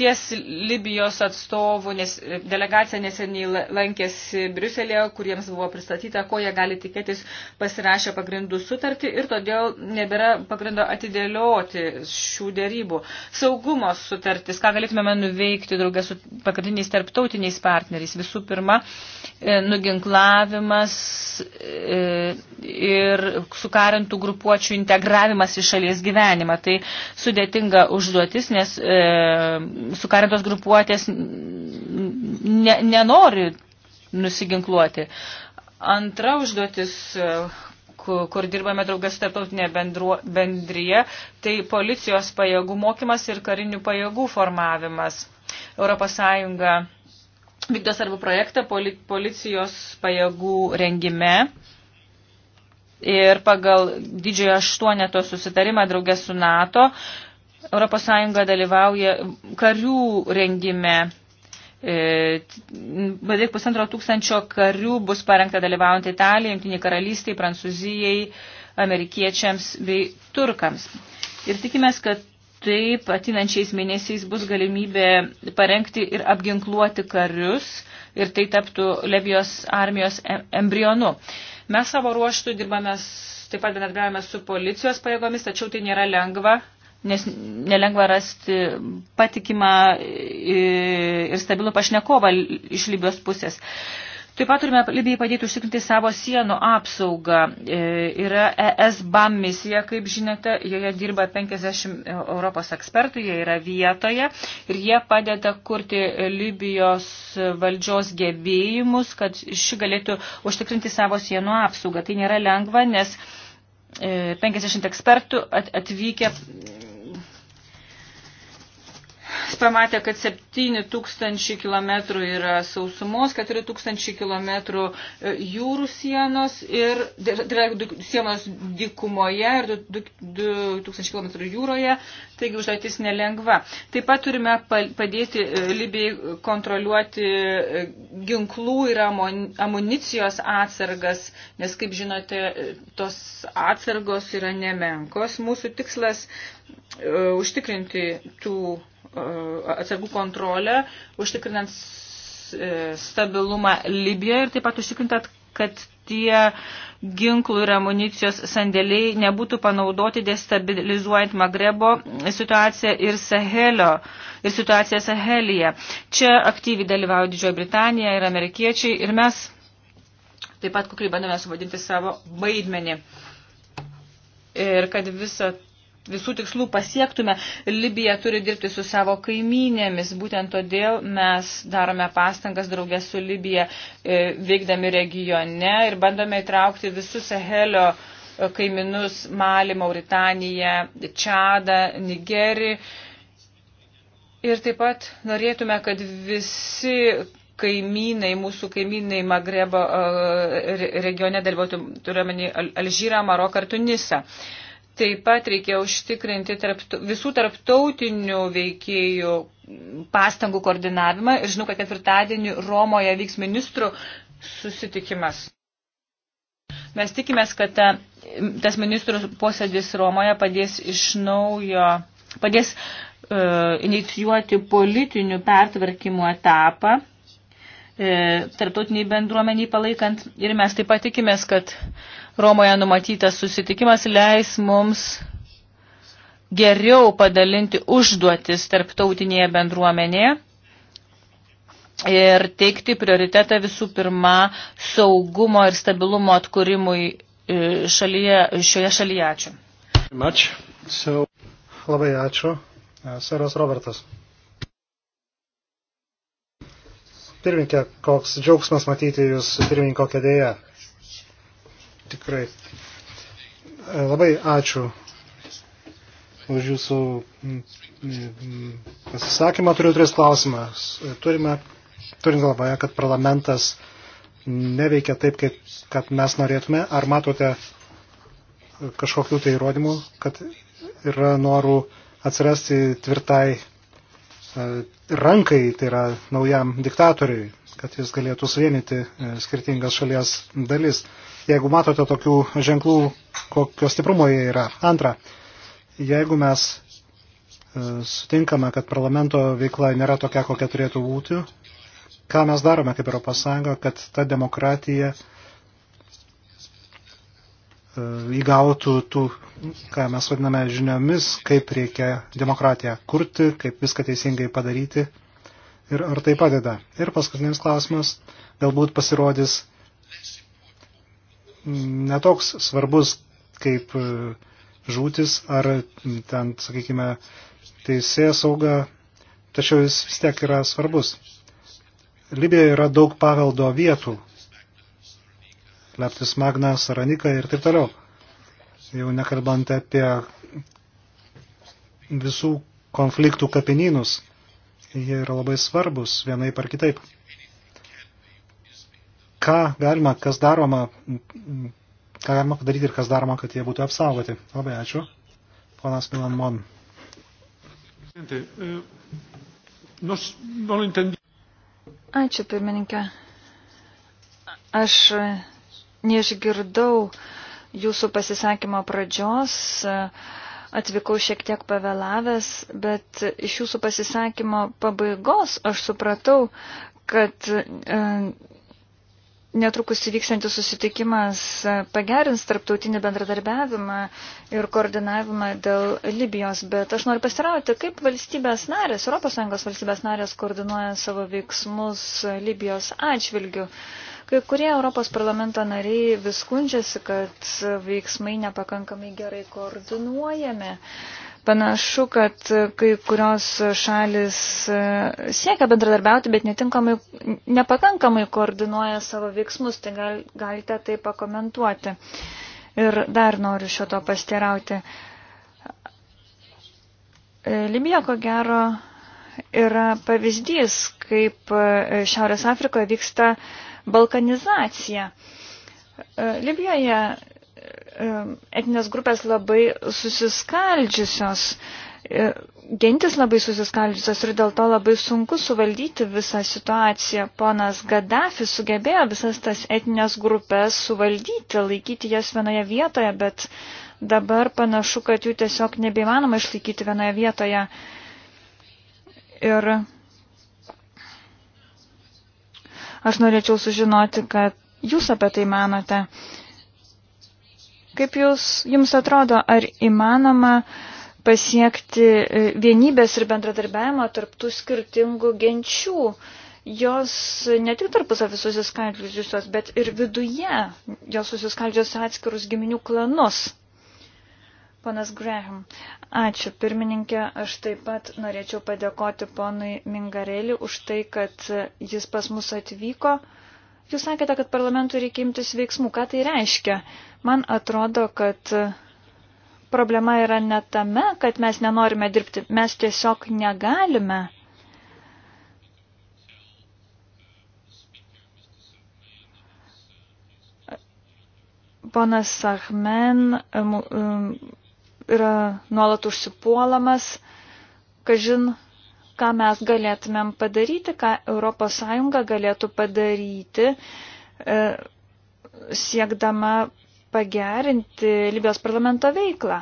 Libijos atstovų nes, delegacija neseniai lankėsi Briuselėje, kuriems buvo pristatyta, ko jie gali tikėtis pasirašę pagrindų sutartį ir todėl nebėra pagrindo atidėlioti šių darybų. Saugumo sutartis, ką galėtumėme nuveikti dirbti draugę su pagrindiniais tarptautiniais partneriais. Visų pirma, e, nuginklavimas e, ir sukarintų grupuočių integravimas į šalies gyvenimą. Tai sudėtinga užduotis, nes e, sukarintos grupuotės ne, nenori nusiginkluoti. Antra užduotis, kur dirbame draugas su tarptautinė bendryje, tai policijos pajėgų mokymas ir karinių pajėgų formavimas. ES vykdo svarbų projektą policijos pajėgų rengime. Ir pagal didžiojo aštuoneto susitarimą draugės su NATO ES dalyvauja karių rengime E, beveik pusantro tūkstančio karių bus parengta dalyvaujant Italijai, Junktinė karalystiai, Prancūzijai, amerikiečiams bei turkams. Ir tikimės, kad taip atinančiais mėnesiais bus galimybė parengti ir apginkluoti karius ir tai taptų Levijos armijos embrionu. Mes savo ruoštų dirbame, taip pat bendradarbiavame su policijos pajėgomis, tačiau tai nėra lengva, nes nelengva rasti patikimą ir stabilų pašnekovą iš Libijos pusės. Taip pat turime Libijai padėti užtikrinti savo sienų apsaugą. E, yra ES BAM misija, kaip žinote, joje dirba 50 Europos ekspertų, jie yra vietoje ir jie padeda kurti Libijos valdžios gebėjimus, kad ši galėtų užtikrinti savo sienų apsaugą. Tai nėra lengva, nes 50 e, ekspertų atvykę pamatė, kad 7 tūkstančiai kilometrų yra sausumos, 4 tūkstančiai kilometrų e, jūrų sienos ir tai tai sienos dykumoje ir 2 tūkstančiai kilometrų jūroje, taigi užduotis nelengva. Taip pat turime padėti e, Libijai kontroliuoti e, ginklų ir amunicijos atsargas, nes, kaip žinote, tos atsargos yra nemenkos. Mūsų tikslas užtikrinti tų E, atsargų kontrolę, užtikrinant e, stabilumą Libijoje ir taip pat užtikrintant, kad tie ginklų ir amunicijos sandėliai nebūtų panaudoti destabilizuojant Magrebo situaciją ir, Sahelio, ir situaciją Sahelyje. Čia aktyviai dalyvauja Didžioji Britanija ir amerikiečiai ir mes taip pat kukliai bandome suvadinti savo vaidmenį. Ir kad visa visų tikslų pasiektume, Libija turi dirbti su savo kaimynėmis. Būtent todėl mes darome pastangas draugės su Libija e, veikdami regione ir bandome įtraukti visus Sahelio e, kaiminus Malį, Mauritaniją, Čadą, Nigerį. Ir taip pat norėtume, kad visi kaimynai, mūsų kaimynai Magrebo e, regione dalyvautų, turiuomenį Alžyrą, Maroką ir Tunisą. Uh, Taip pat reikia užtikrinti tarptu, visų tarptautinių veikėjų pastangų koordinavimą ir žinau, kad ketvirtadienį Romoje vyks ministrų susitikimas. Mes tikimės, kad ta, tas ministrų posėdis Romoje padės iš naujo, padės e, inicijuoti politinių pertvarkymų etapą e, tarptautiniai bendruomeniai palaikant ir mes taip pat tikimės, kad e, Romoje numatytas susitikimas leis mums geriau padalinti užduotis tarptautinėje bendruomenėje ir teikti prioritetą visų pirma saugumo ir stabilumo atkūrimui e, šalyje, šioje šalyje. Ačiū. Much. So, labai ačiū. E, seras Robertas. Pirminkė, koks džiaugsmas matyti Jūs pirmininko kėdėje. Tikrai. E, labai ačiū už jūsų pasisakymą. Turiu tris klausimus. E, turime, turint galvoje, kad parlamentas neveikia taip, kaip kad mes norėtume. Ar matote kažkokių tai įrodymų, kad yra norų atsirasti tvirtai e, rankai, tai yra naujam diktatoriui, kad jis galėtų suvienyti skirtingas šalies dalis jeigu matote tokių ženklų, kokio stiprumo jie yra. Antra, jeigu mes e, sutinkame, kad parlamento veikla nėra tokia, kokia turėtų būti, ką mes darome kaip Europos Sąjunga, kad ta demokratija e, įgautų tų, ką mes vadiname žiniomis, kaip reikia demokratiją kurti, kaip viską teisingai padaryti ir ar tai padeda. Ir paskutinis klausimas, galbūt pasirodys netoks svarbus kaip žūtis ar ten, sakykime, teisė sauga, tačiau jis vis tiek yra svarbus. Libijoje yra daug paveldo vietų. Leptis Magna, Saranika ir taip toliau. Jau nekalbant apie visų konfliktų kapinynus. Jie yra labai svarbus vienai par kitaip ką galima, kas daroma, ką galima padaryti ir kas daroma, kad jie būtų apsaugoti. Labai ačiū. Ponas Milan Mon. Eh, ačiū, pirmininkė. Aš eh, neišgirdau jūsų pasisakymo pradžios, atvykau šiek tiek pavėlavęs, bet iš jūsų pasisakymo pabaigos aš supratau, kad eh, netrukus įvyksiantis susitikimas pagerins tarptautinį bendradarbiavimą ir koordinavimą dėl Libijos, bet aš noriu pasirauti, kaip valstybės narės, ES valstybės narės koordinuoja savo veiksmus Libijos atžvilgių. Kai kurie Europos parlamento nariai vis skundžiasi, kad veiksmai nepakankamai gerai koordinuojami. Panašu, kad kai kurios šalis e, siekia bendradarbiauti, bet netinkamai, nepakankamai koordinuoja savo veiksmus, tai gal, galite tai pakomentuoti. Ir dar noriu šio to pasteirauti. E, Libija, ko gero, yra pavyzdys, kaip e, Šiaurės Afrikoje vyksta balkanizacija. Libijoje etinės grupės labai susiskaldžiusios, e, gentis labai susiskaldžiusios ir dėl to labai sunku suvaldyti visą situaciją. Ponas Gaddafi sugebėjo visas tas etinės grupės suvaldyti, laikyti jas vienoje vietoje, bet dabar panašu, kad jų tiesiog nebeįmanoma išlaikyti vienoje vietoje. Ir aš norėčiau sužinoti, kad jūs apie tai manote. Uh, Kaip jūs, jums atrodo, ar įmanoma pasiekti e, vienybės ir bendradarbiavimo tarptų skirtingų genčių? Jos ne tik tarpusavį susiskaldžiusios, bet ir viduje jos susiskaldžios atskirus giminių klanus. Ponas Graham, ačiū pirmininkė, aš taip pat norėčiau padėkoti ponui Mingarelį už tai, kad jis pas mus atvyko. Uh, Jūs sakėte, kad parlamentui reikia imtis veiksmų. Ką tai reiškia? Man atrodo, kad problema yra ne tame, kad mes nenorime dirbti, mes tiesiog negalime. Ponas Sahmen um, um, yra nuolat užsipuolamas, kažin ką mes galėtumėm padaryti, ką ES galėtų padaryti, e, siekdama pagerinti Libijos parlamento veiklą.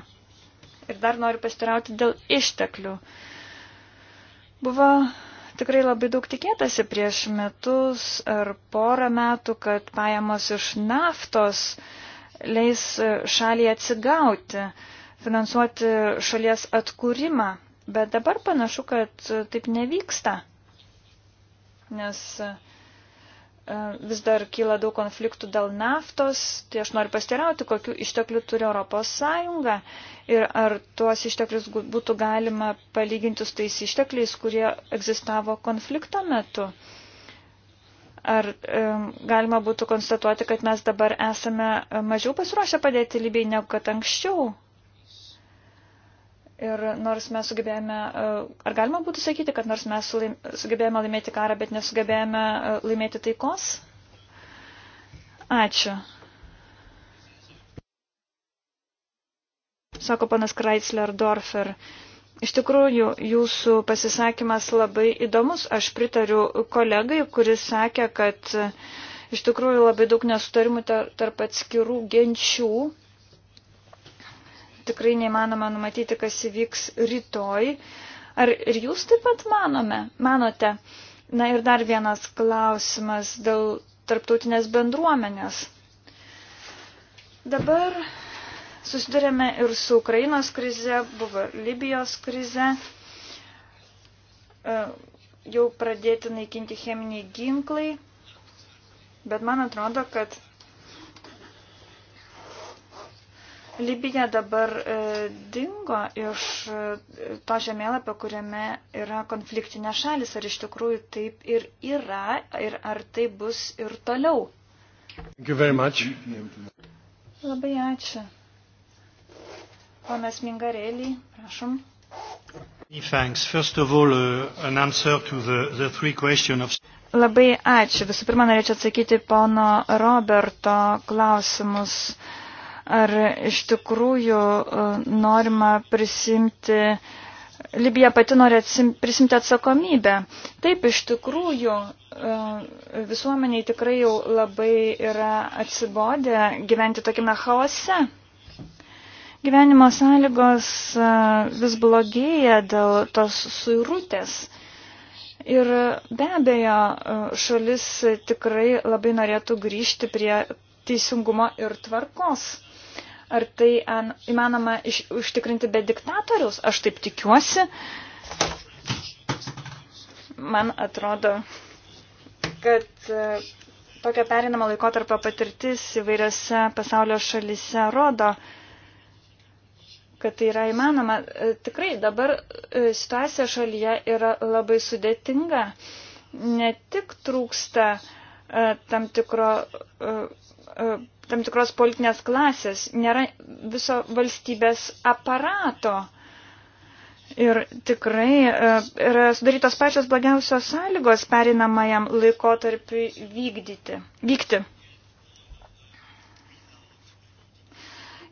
Ir dar noriu pastirauti dėl išteklių. Buvo tikrai labai daug tikėtasi prieš metus ar porą metų, kad pajamos iš naftos leis šaliai atsigauti, finansuoti šalies atkūrimą. Bet dabar panašu, kad taip nevyksta, nes e, vis dar kyla daug konfliktų dėl naftos, tai aš noriu pastirauti, kokiu išteklių turi Europos Sąjunga ir ar tuos išteklius būtų galima palyginti su tais ištekliais, kurie egzistavo konflikto metu. Ar um, galima būtų konstatuoti, kad mes dabar esame mažiau pasiruošę padėti Libijai negu kad anksčiau, Ir nors mes sugebėjome, e, ar galima būtų sakyti, kad nors mes sugebėjome laimėti karą, bet nesugebėjome e, laimėti taikos? Ačiū. Sako panas Kreisler Dorfer. Iš tikrųjų, jūsų pasisakymas labai įdomus. Aš pritariu kolegai, kuris sakė, kad e, iš tikrųjų labai daug nesutarimų tarp atskirų genčių tikrai neįmanoma numatyti, kas įvyks rytoj. Ar ir jūs taip pat manome, manote? Na ir dar vienas klausimas dėl tarptautinės bendruomenės. Dabar susidurėme ir su Ukrainos krize, buvo Libijos krize, e, jau pradėti naikinti cheminiai ginklai, bet man atrodo, kad Libija dabar e, dingo iš e, to žemėlapio, kuriame yra konfliktinė šalis. Ar iš tikrųjų taip ir yra, ir ar tai bus ir toliau? Labai ačiū. Ponas Mingarelį, prašom. Thanks. First of all, uh, an answer to the, the three questions of... Labai ačiū. Visų pirma, norėčiau atsakyti pono Roberto klausimus. Uh, ar iš tikrųjų e, norima prisimti, Libija pati nori prisimti atsakomybę. Taip, iš tikrųjų, e, visuomeniai tikrai jau labai yra atsibodę gyventi tokiame chaose. Gyvenimo sąlygos e, vis blogėja dėl tos suirutės. Ir be abejo, šalis tikrai labai norėtų grįžti prie teisingumo ir tvarkos. Ar tai an, įmanoma iš, užtikrinti be diktatoriaus? Aš taip tikiuosi. Man atrodo, kad e, tokio perinamo laikotarpio patirtis įvairiose pasaulio šalise rodo, kad tai yra įmanoma. E, tikrai dabar e, situacija šalyje yra labai sudėtinga. Ne tik trūksta tam tikro tam tikros politinės klasės, nėra viso valstybės aparato. Ir tikrai e, yra sudarytos pačios blogiausios sąlygos perinamajam laikotarpiui vykdyti, vykti.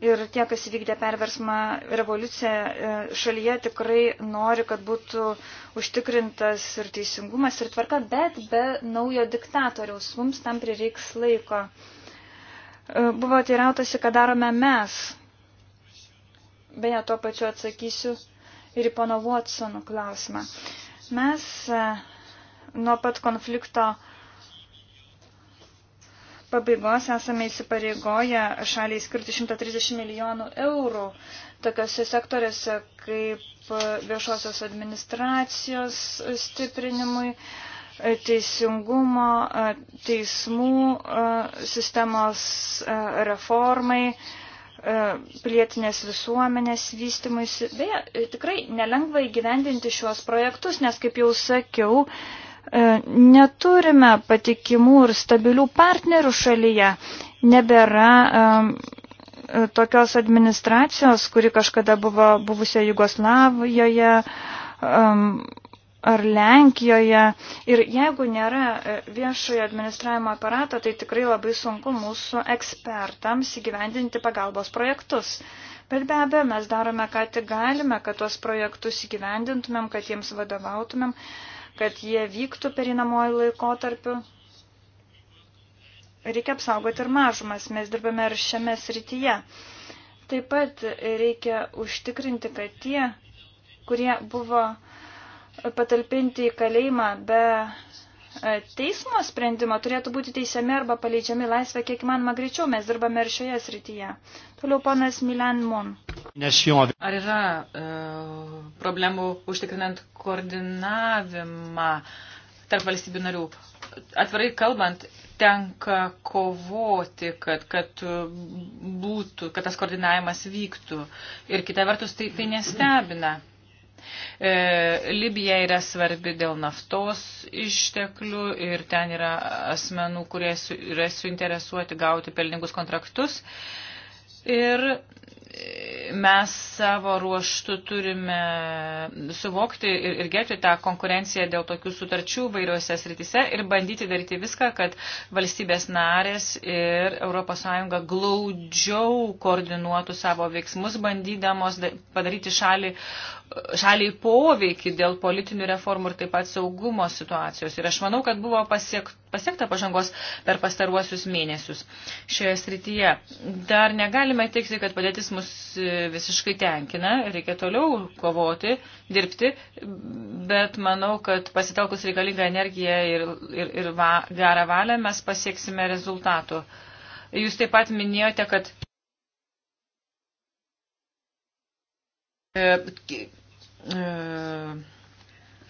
Ir tie, kas įvykdė perversmą revoliuciją e, šalyje, tikrai nori, kad būtų užtikrintas ir teisingumas ir tvarka, bet be naujo diktatoriaus mums tam prireiks laiko. E, buvo teirautasi, ką darome mes. Beje, tuo pačiu atsakysiu ir į pono Watsonų klausimą. Mes e, nuo pat konflikto pabaigos esame įsipareigoję šaliai skirti 130 milijonų eurų tokiuose sektoriuose kaip e, viešosios administracijos stiprinimui, uh, teisingumo, teismų sistemos reformai, pilietinės visuomenės vystimuisi. Beje, tikrai nelengva įgyvendinti šiuos projektus, nes, kaip jau sakiau, neturime patikimų ir stabilių partnerių šalyje. Nebėra tokios administracijos, kuri kažkada buvo buvusioje Jugoslavijoje, um, ar Lenkijoje. Ir jeigu nėra e, viešojo administravimo aparato, tai tikrai labai sunku mūsų ekspertams įgyvendinti pagalbos projektus. Bet be abejo, mes darome, ką tik galime, kad tuos projektus įgyvendintumėm, kad jiems vadovautumėm, kad jie vyktų perinamojo laikotarpiu. Reikia apsaugoti ir mažumas, mes dirbame ir šiame srityje. Taip pat reikia užtikrinti, kad tie, kurie buvo uh, patalpinti į kalėjimą be e, teismo sprendimo turėtų būti teisiami arba paleidžiami laisvę kiek įmanoma greičiau. Mes dirbame ir šioje srityje. Toliau ponas Milan Mon. Ar yra e, problemų užtikrinant koordinavimą tarp valstybių narių? Atvarai kalbant, tenka kovoti, kad, kad būtų, kad tas koordinavimas vyktų. Ir kita vertus, tai, tai nestebina. E, Libija yra svarbi dėl naftos išteklių ir ten yra asmenų, kurie yra suinteresuoti gauti pelningus kontraktus. Ir mes savo ruoštų turime suvokti ir, ir gerti tą konkurenciją dėl tokių sutarčių vairiuose srityse ir bandyti daryti viską, kad valstybės narės ir ES glaudžiau koordinuotų savo veiksmus, bandydamos padaryti šalį šaliai poveikį dėl politinių reformų ir taip pat saugumo situacijos. Ir aš manau, kad buvo pasiek, pasiekta pažangos per pastaruosius mėnesius šioje srityje. Dar negalime teikti, kad padėtis mus e, visiškai tenkina, reikia toliau kovoti, dirbti, bet manau, kad pasitelkus reikalingą energiją ir, ir, ir va, gerą valią mes pasieksime rezultatų. Jūs taip pat minėjote, kad e, E,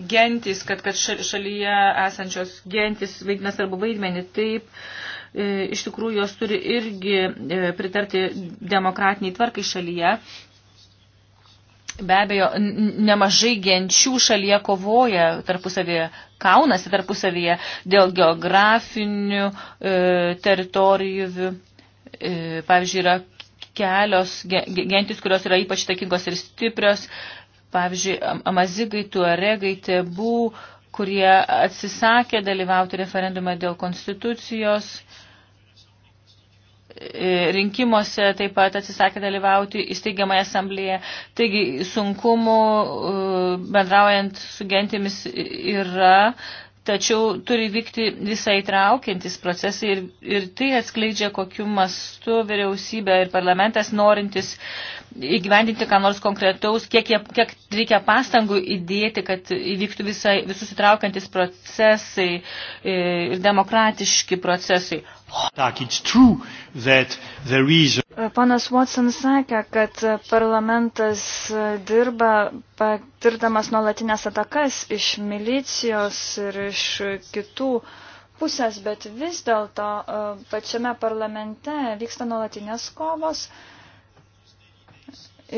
gentys, kad, kad šalyje esančios gentys vaidina svarbu vaidmenį, taip e, iš tikrųjų jos turi irgi e, pritarti demokratiniai tvarkai šalyje. Be abejo, nemažai genčių šalyje kovoja tarpusavėje, kaunasi tarpusavėje dėl geografinių e, teritorijų. E, pavyzdžiui, yra kelios gentis, kurios yra ypač takingos ir stiprios. E, pavyzdžiui, amazigai, tuaregai, tebų, kurie atsisakė dalyvauti referendumą dėl konstitucijos, e, rinkimuose taip pat atsisakė dalyvauti įsteigiamąją asamblėje. Taigi sunkumų e, bendraujant su gentimis yra, Tačiau turi vykti visai traukiantis procesai ir, ir tai atskleidžia, kokiu mastu vyriausybė ir parlamentas norintis įgyvendinti ką nors konkretaus, kiek, jie, kiek reikia pastangų įdėti, kad įvyktų visai, visus įtraukiantis procesai e, ir demokratiški procesai. Panas Watson sakė, kad parlamentas dirba patirdamas nuolatinės atakas iš milicijos ir iš kitų pusės, bet vis dėlto e, pačiame parlamente vyksta nuolatinės kovos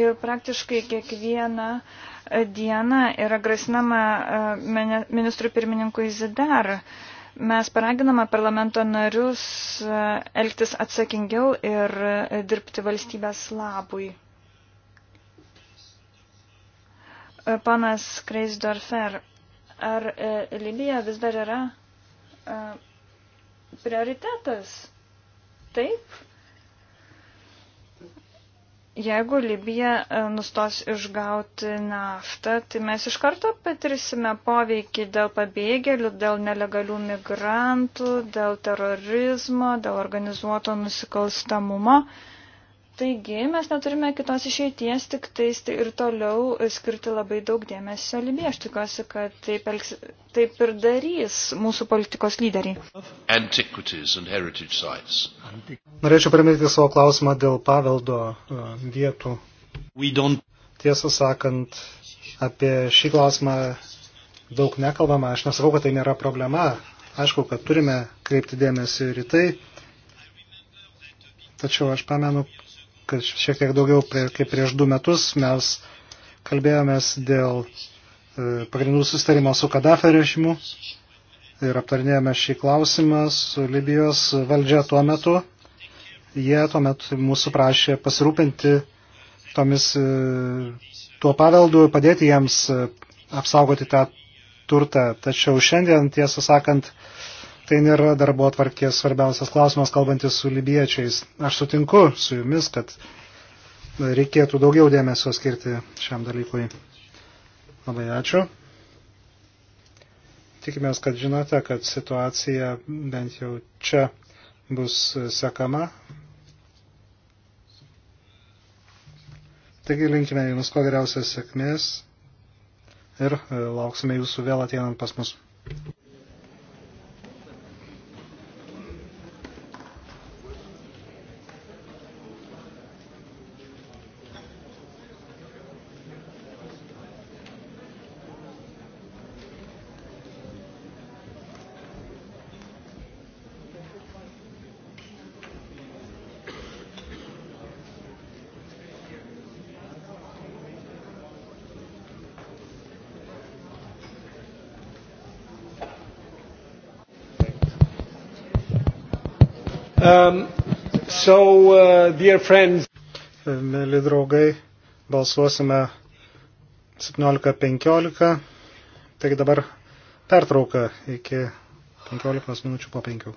ir praktiškai kiekvieną dieną yra grasinama e, ministrų pirmininkui Zidar. Mes paraginame parlamento narius e, elgtis atsakingiau ir e, dirbti valstybės labui. E, Panas Kreisdorfer, ar Libija vis dar yra prioritetas? Taip, Jeigu Libija e, nustos išgauti naftą, tai mes iš karto patirsime poveikį dėl pabėgėlių, dėl nelegalių migrantų, dėl terorizmo, dėl organizuoto nusikalstamumo. Uh, Taigi mes neturime kitos išeities, tik tais tai ir toliau skirti labai daug dėmesio Libijai. Aš tikiuosi, kad taip, elgs, taip ir darys mūsų politikos lyderiai. Norėčiau priminti savo klausimą dėl paveldo e, vietų. Tiesą sakant, apie šį klausimą daug nekalbama. Aš nesakau, kad tai nėra problema. Aišku, kad turime kreipti dėmesį ir į tai. Tačiau aš pamenu, kad šiek tiek daugiau kaip prieš du metus mes kalbėjomės dėl e, pagrindų sustarimo su Kadafio režimu ir aptarnėjome šį klausimą su Libijos valdžia tuo metu. Jie tuomet mūsų prašė pasirūpinti tomis e, tuo paveldu, padėti jiems e, apsaugoti tą turtą. Tačiau šiandien, tiesą sakant, tai nėra darbo atvarkės svarbiausias klausimas, kalbantis su libiečiais. Aš sutinku su jumis, kad reikėtų daugiau dėmesio skirti šiam dalykui. Labai ačiū. Tikimės, kad žinote, kad situacija bent jau čia bus sekama. Taigi linkime Jums kuo geriausios sėkmės ir lauksime Jūsų vėl ateinant pas mus. Mėly draugai, balsuosime 17.15. Taigi dabar pertrauka iki 15 minučių po 5.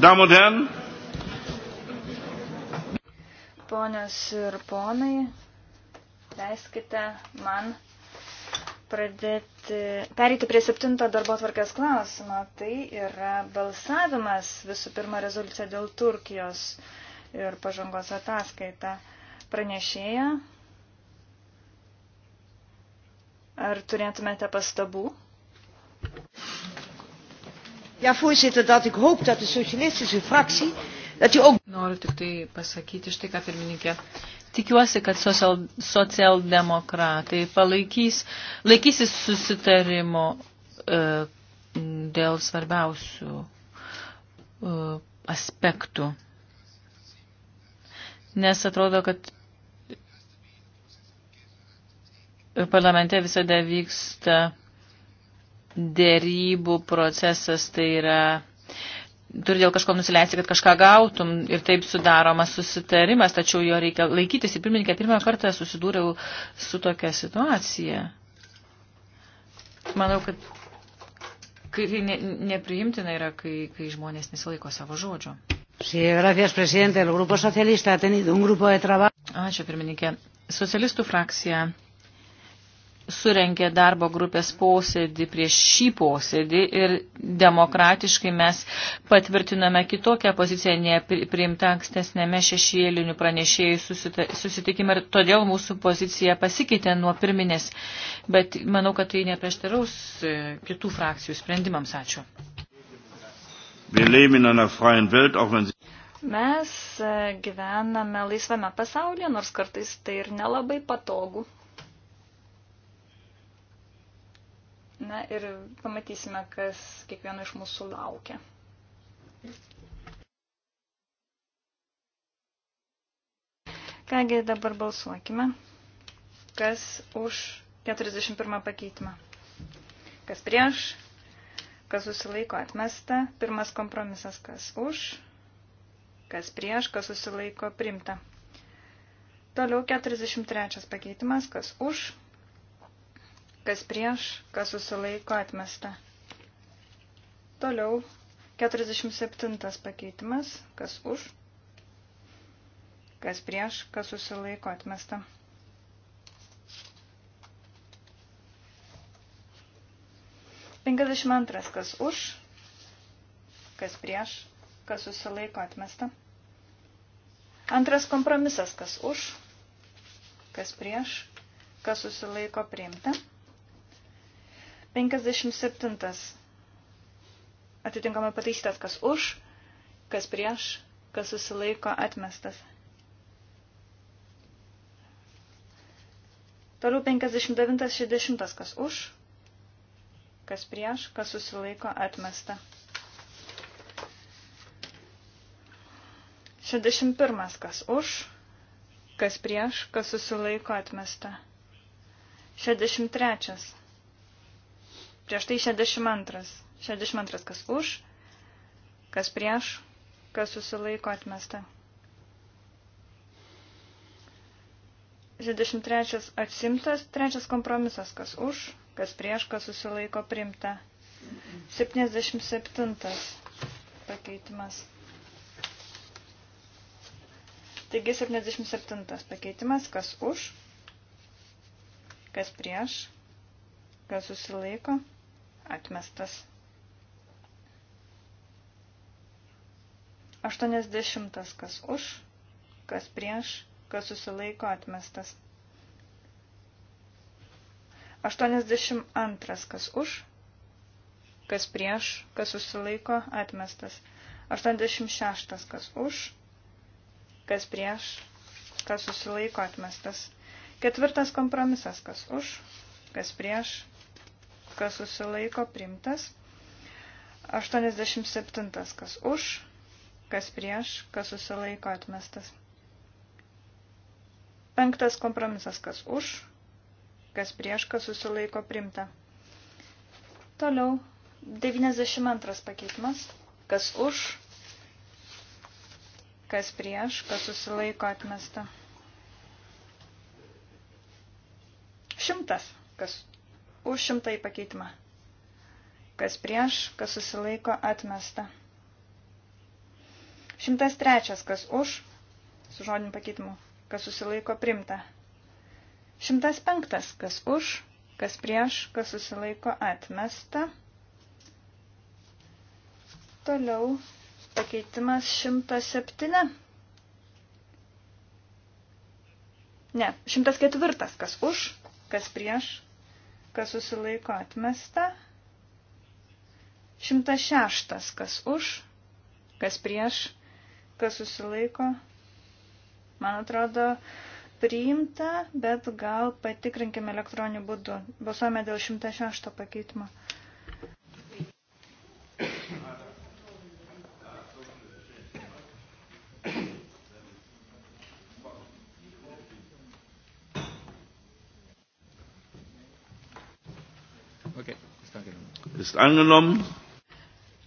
Damen und Herren. Ponios ir ponai, leiskite man pradėti, pereiti prie septinto darbo tvarkės klausimo. Tai yra balsavimas visų pirma rezoliucija dėl Turkijos ir pažangos ataskaita. Pranešėja, ar turėtumėte pastabų? Ja, voorzitter, dat ik hoop dat de socialistische fractie. Dat ook... Noriu tik tai pasakyti štai ką, pirmininkė. Tikiuosi, kad social, socialdemokratai palaikys, laikysis susitarimo e, dėl svarbiausių e, aspektų. Nes atrodo, kad parlamente visada vyksta dėrybų procesas tai yra turi dėl kažko nusileisti, kad kažką gautum ir taip sudaromas susitarimas, tačiau jo reikia laikytis. Ir pirmininkė, pirmą kartą susidūriau su tokia situacija. Manau, kad kai tai ne, nepriimtina yra, kai, kai žmonės nesilaiko savo žodžio. Sí, gracias, presidente. El Grupo Socialista ha tenido un grupo de trabajo. Ačiū, pirmininkė. Socialistų frakcija surengė darbo grupės posėdį prieš šį posėdį ir demokratiškai mes patvirtiname kitokią poziciją nepriimta ankstesnėme šešėlinių pranešėjų susitikime ir todėl mūsų pozicija pasikeitė nuo pirminės, bet manau, kad tai neprieštaraus e, kitų frakcijų sprendimams. Ačiū. Mes e, gyvename laisvame pasaulyje, nors kartais tai ir nelabai patogu. Na ir pamatysime, kas kiekvieno iš mūsų laukia. Kągi dabar balsuokime, kas už 41 pakeitimą. Kas prieš, kas susilaiko atmesta, pirmas kompromisas, kas už, kas prieš, kas susilaiko primta. Toliau 43 pakeitimas, kas už, kas prieš, kas susilaiko atmesta. Toliau 47 pakeitimas, kas už, kas prieš, kas susilaiko atmesta. Penkiasdešimt antras, kas už, kas prieš, kas susilaiko atmesta. Antras kompromisas, kas už, kas prieš, kas susilaiko priimta. 57. Atitinkamai pataisytas, kas už, kas prieš, kas susilaiko atmestas. Toliau 59-60, kas už, kas prieš, kas susilaiko atmesta. 61, kas už, kas prieš, kas susilaiko atmesta. 63 Prieš tai 62. 62 kas už, kas prieš, kas susilaiko atmesta. 63 atsimtas, trečias kompromisas, kas už, kas prieš, kas susilaiko primta. 77 pakeitimas. Taigi 77 pakeitimas, kas už, kas prieš, kas susilaiko atmestas. 80 kas už, kas prieš, kas susilaiko atmestas. 82 kas už, kas prieš, kas susilaiko atmestas. 86 kas už, kas prieš, kas susilaiko atmestas. Ketvirtas kompromisas kas už, kas prieš, kas susilaiko primtas. 87 kas už, kas prieš, kas susilaiko atmestas. Penktas kompromisas kas už, kas prieš, kas susilaiko primta. Toliau 92 pakeitimas, kas už, kas prieš, kas susilaiko atmesta. Šimtas, kas už šimtą į pakeitimą. Kas prieš, kas susilaiko, atmesta. Šimtas trečias, kas už, su žodiniu pakeitimu, kas susilaiko, primta. Šimtas penktas, kas už, kas prieš, kas susilaiko, atmesta. Toliau pakeitimas 107. Ne, 104. Kas už, kas prieš, kas susilaiko atmesta. 106. Kas už, kas prieš, kas susilaiko. Man atrodo, priimta, bet gal patikrinkime elektroniniu būdu. Balsuojame dėl 106 pakeitimo. Ist angenommen.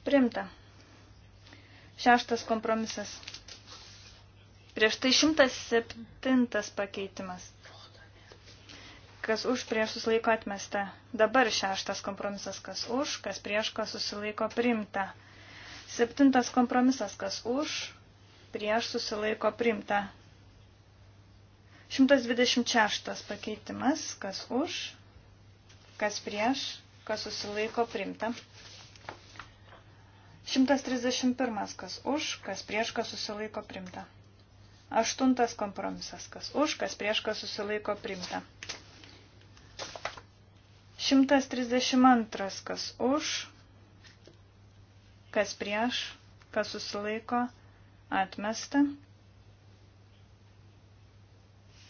Primta. Šeštas kompromisas. Prieš tai 107 pakeitimas. Kas už prieš susilaiko atmesta. Dabar šeštas kompromisas, kas už, kas prieš, kas susilaiko primta. Septintas kompromisas, kas už, prieš susilaiko primta. 126 pakeitimas, kas už, kas prieš, kas susilaiko primta. 131. Kas už, kas prieš, kas susilaiko primta. 8. Kompromisas. Kas už, kas prieš, kas susilaiko primta. 132. Kas už, kas prieš, kas susilaiko atmesta.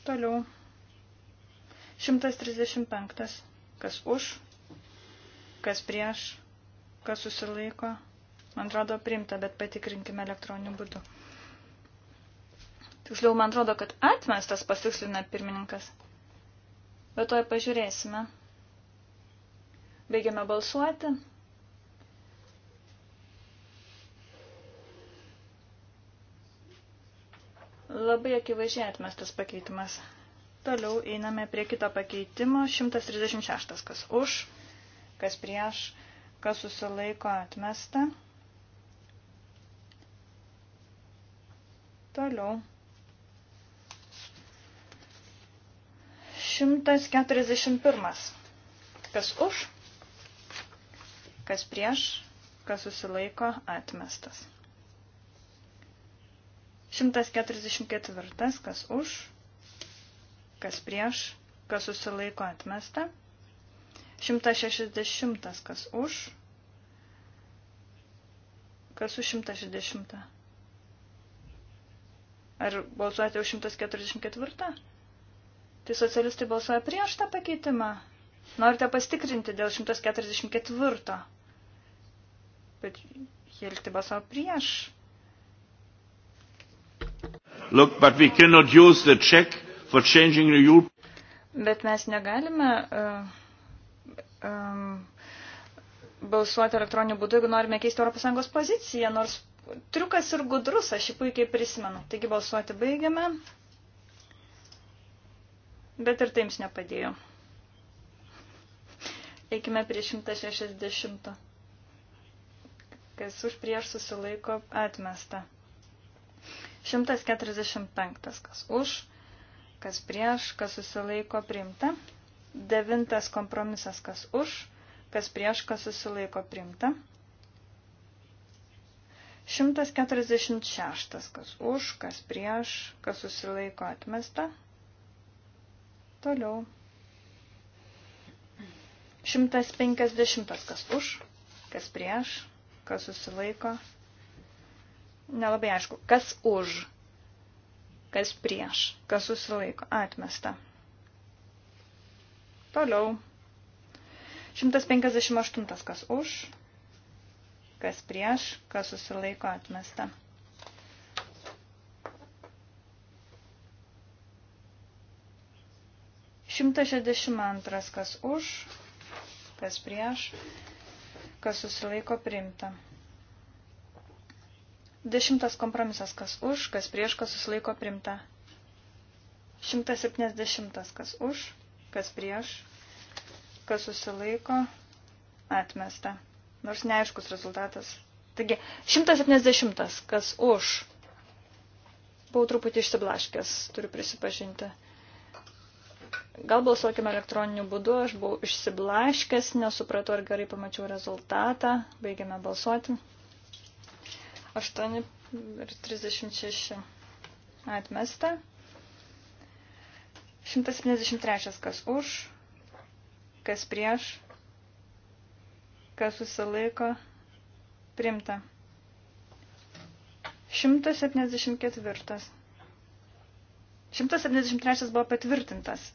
Toliau. 135. Kas už, kas prieš, kas susilaiko. Man atrodo primta, bet patikrinkime elektroniniu būdu. Tiksliau, man atrodo, kad atmestas pasikslina pirmininkas. Bet toj pažiūrėsime. Baigiame balsuoti. Labai akivaizdžiai atmestas pakeitimas. Toliau einame prie kito pakeitimo. 136. Kas už? kas prieš, kas susilaiko atmesta. Toliau. 141. Kas už, kas prieš, kas susilaiko atmestas. 144. Kas už, kas prieš, kas susilaiko atmesta. 160 kas už, kas už 160. Ar balsuojate už 144? Tai socialistai balsuoja prieš tą pakeitimą. Norite pastikrinti dėl 144. Bet Hilti balsavo prieš. Look, but we cannot use the check for changing the Europe. Bet mes negalime uh, um, balsuoti elektroniniu būdu, jeigu norime keisti ES poziciją, nors triukas ir gudrus, aš jį puikiai prisimenu. Taigi balsuoti baigiame, bet ir tai jums nepadėjo. Eikime prie 160. Kas už prieš susilaiko atmesta. 145. Kas už, kas prieš, kas susilaiko priimta. Devintas kompromisas, kas už, kas prieš, kas susilaiko priimta. 146, kas už, kas prieš, kas susilaiko atmesta. Toliau. 150, kas už, kas prieš, kas susilaiko. Nelabai aišku, kas už, kas prieš, kas susilaiko, atmesta. Toliau. 158. Kas už, kas prieš, kas susilaiko atmesta. Šimtas šedešimt antras, kas už, kas prieš, kas susilaiko priimta. Dešimtas kompromisas, kas už, kas prieš, kas susilaiko priimta. Šimtas septynesdešimtas, kas už, kas prieš, kas susilaiko, atmesta. Nors neaiškus rezultatas. Taigi, 170, kas už. Buvau truputį išsiblaškęs, turiu prisipažinti. Gal balsuokime elektroniniu būdu, aš buvau išsiblaškęs, nesupratau, ar gerai pamačiau rezultatą. Baigiame balsuoti. 8 ir 36 atmesta. 173. Kas už, kas prieš, kas susilaiko, primta. 174. 173 buvo patvirtintas.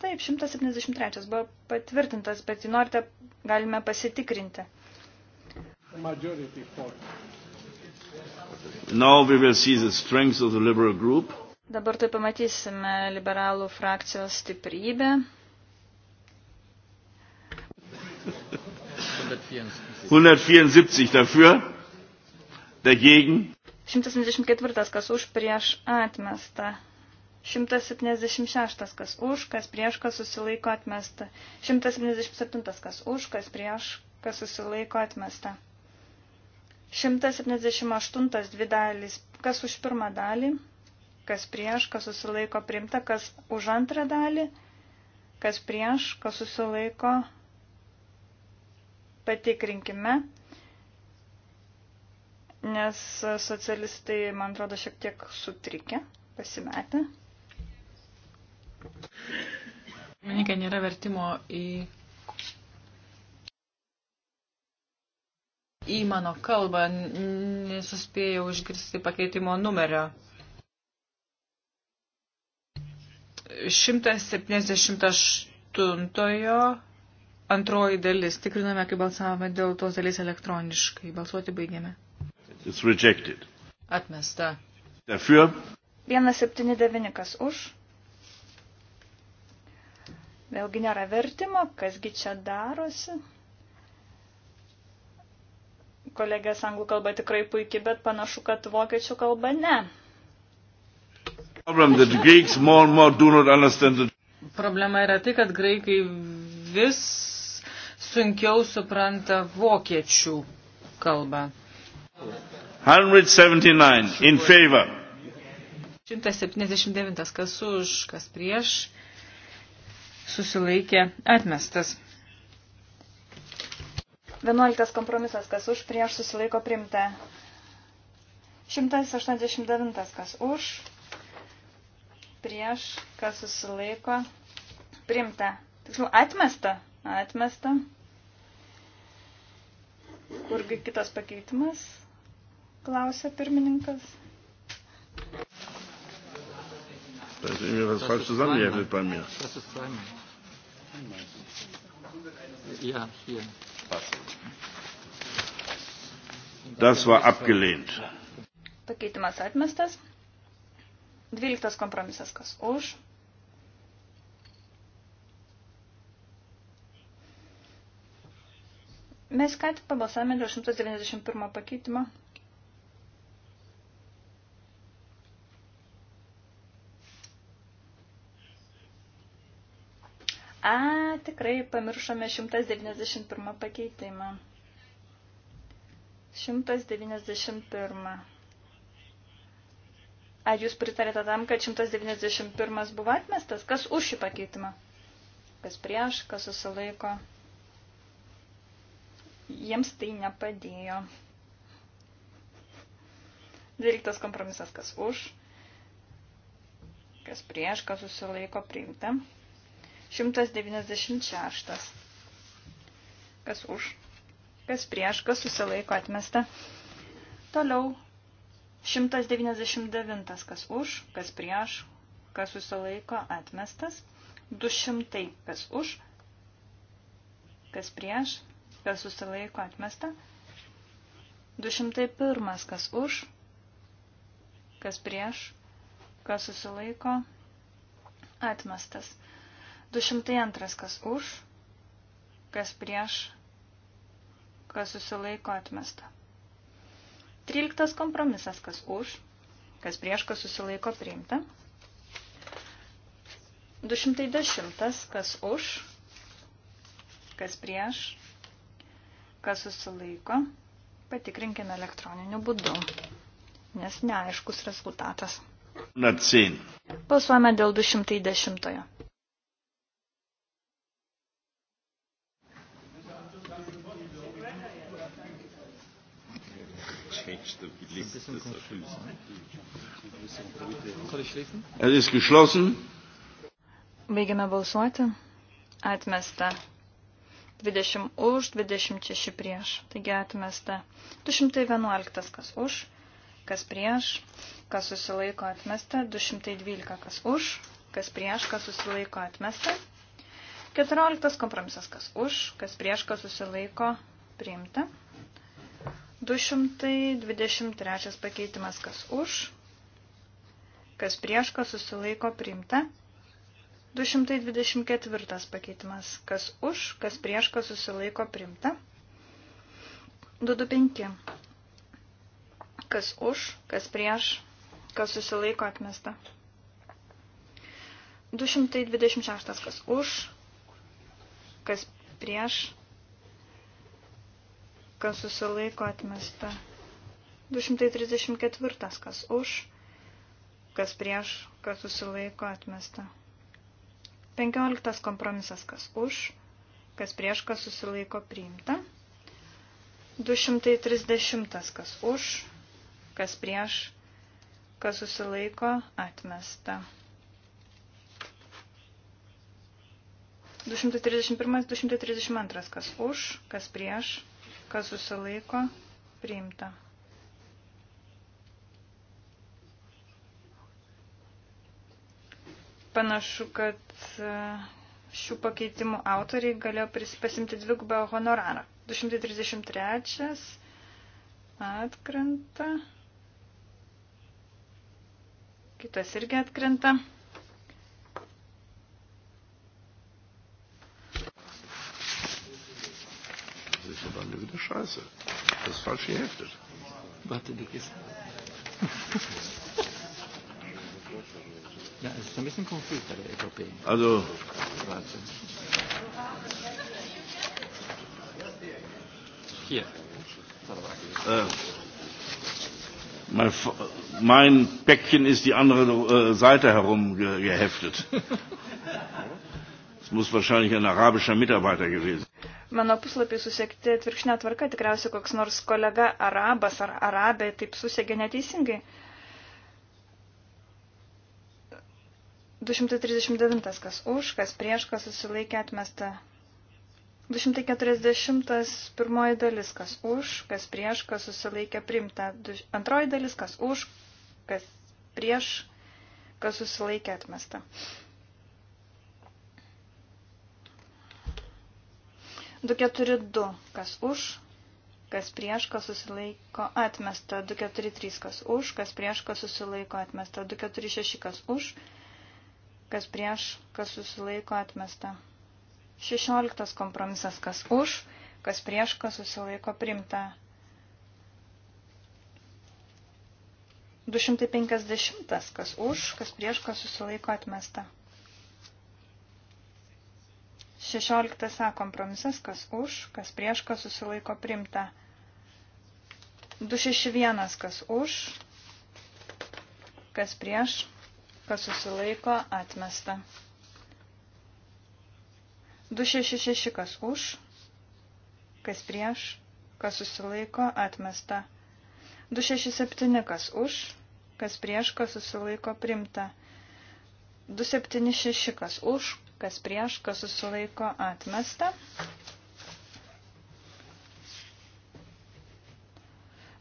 Taip, 173 buvo patvirtintas, bet jį norite, galime pasitikrinti. Majority for. Dabar tai pamatysime liberalų frakcijos stiprybę. dafür, dagegen. 174 kas už prieš atmestą. 176 kas už, kas prieš, kas susilaiko atmestą. 177 kas už, kas prieš, kas susilaiko atmestą. 178 dvi dalys. Kas už pirmą dalį, kas prieš, kas susilaiko primta, kas už antrą dalį, kas prieš, kas susilaiko. Patikrinkime, nes socialistai, man atrodo, šiek tiek sutrikę, pasimetę. Manikė nėra vertimo į į mano kalbą, nesuspėjau išgirsti pakeitimo numerio. 178 antroji dalis. Tikriname, kaip balsavome dėl tos dalies elektroniškai. Balsuoti baigėme. It's rejected. Atmesta. Dafür. 179 kas už. Vėlgi nėra vertimo, kasgi čia darosi kolegės anglų kalba tikrai puikiai, bet panašu, kad vokiečių kalba ne. Problema yra tai, kad graikai vis sunkiau supranta vokiečių kalbą. 179 in favor. 179 kas už, kas prieš, susilaikė atmestas. 11 kompromisas, kas už, prieš susilaiko primta. 189 kas už, prieš, kas susilaiko primta. Tiksliau, atmesta. Atmesta. Kurgi kitas pakeitimas? Klausia pirmininkas. Da ist irgendwie was falsch zusammengeheftet bei mir. Das ist zweimal. Ja, hier. Das war abgelehnt. Pakeitimas atmestas. Dvyliktas kompromisas kas už. Mes ką tik pabalsavome dėl 191 pakeitimo. A, tikrai pamiršome 191 pakeitimą. 191. Ar jūs pritarėte tam, kad 191 buvo atmestas? Kas už šį pakeitimą? Kas prieš, kas susilaiko? Jiems tai nepadėjo. Dvyliktas kompromisas, kas už, kas prieš, kas susilaiko priimta. 196. Kas už, kas prieš, kas susilaiko atmesta. Toliau 199. Kas už, kas prieš, kas susilaiko atmestas. 200. Kas už, kas prieš, kas susilaiko atmesta. 201. Kas už, kas prieš, kas susilaiko atmestas. 202 kas už, kas prieš, kas susilaiko atmesta. 13 kompromisas kas už, kas prieš, kas susilaiko priimta. 210 kas už, kas prieš, kas susilaiko. Patikrinkime elektroniniu būdu, nes neaiškus rezultatas. Balsuojame dėl 210. -ojo. Er ist geschlossen. Baigiame balsuoti. Atmesta. 20 už, 26 prieš. Taigi atmesta. 211 kas už, kas prieš, kas susilaiko atmesta. 212 kas už, kas prieš, kas susilaiko atmesta. 14 kompromisas kas už, kas prieš, kas susilaiko priimta. 223 pakeitimas kas už, kas prieš, kas susilaiko priimta. 224 pakeitimas kas už, kas prieš, kas susilaiko priimta. 225 kas už, kas prieš, kas susilaiko atmesta. 226 kas už, kas prieš, kas susilaiko atmesta. 234, kas už, kas prieš, kas susilaiko atmesta. 15 kompromisas, kas už, kas prieš, kas susilaiko priimta. 230, kas už, kas prieš, kas susilaiko atmesta. 231, 232, kas už, kas prieš, kas susilaiko, priimta. Panašu, kad e, šių pakeitimų autoriai galėjo pasimti dvigubą honorarą. 233 atkrenta. Kitas irgi atkrenta. wieder, wieder scheiße. Das ist falsch geheftet. Warte, du gehst. ja, es ist ein bisschen konfus bei der EVP. Also. Warte. Hier. Äh, mein, mein Päckchen ist die andere äh, Seite herum ge geheftet. Das muss wahrscheinlich ein arabischer Mitarbeiter gewesen sein. Mano puslapiai susiekti atvirkšnė tvarka, tikriausiai koks nors kolega arabas ar arabė taip susiekė neteisingai. 239. Kas už, kas prieš, kas susilaikė atmesta. 241 dalis, kas už, kas prieš, kas susilaikė primta. Antroji dalis, kas už, kas prieš, kas susilaikė atmesta. 242, kas už, kas prieš, kas susilaiko atmesta, 243, kas už, kas prieš, kas susilaiko atmesta, 246, kas už, kas prieš, kas susilaiko atmesta. 16 kompromisas, kas už, kas prieš, kas susilaiko primta. 250, kas už, kas prieš, kas susilaiko atmesta. 16a kompromisas, kas už, kas prieš, kas susilaiko primta. 261, kas už, kas prieš, kas susilaiko atmesta. 266, kas už, kas prieš, kas susilaiko atmesta. 267, kas už, kas prieš, kas susilaiko primta. 276, kas už, kas prieš, kas susilaiko atmesta.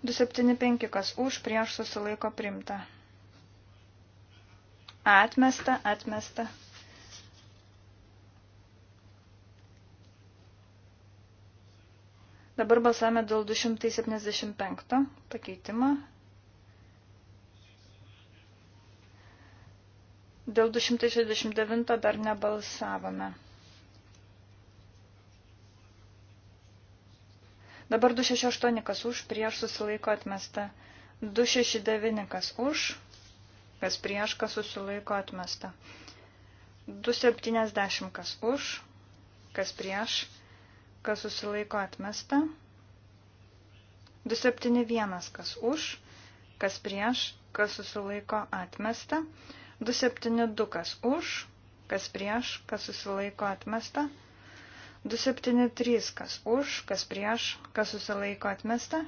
275, kas už, prieš susilaiko primta. Atmesta, atmesta. Dabar balsavome dėl 275 pakeitimo. Dėl 269 dar nebalsavome. Dabar 268 kas už, prieš susilaiko atmesta. 269 kas už, kas prieš, kas susilaiko atmesta. 270 kas už, kas prieš, kas susilaiko atmesta. 271 kas už, kas prieš, kas susilaiko atmesta. 272 272 kas už, kas prieš, kas susilaiko atmesta. 273 kas už, kas prieš, kas susilaiko atmesta.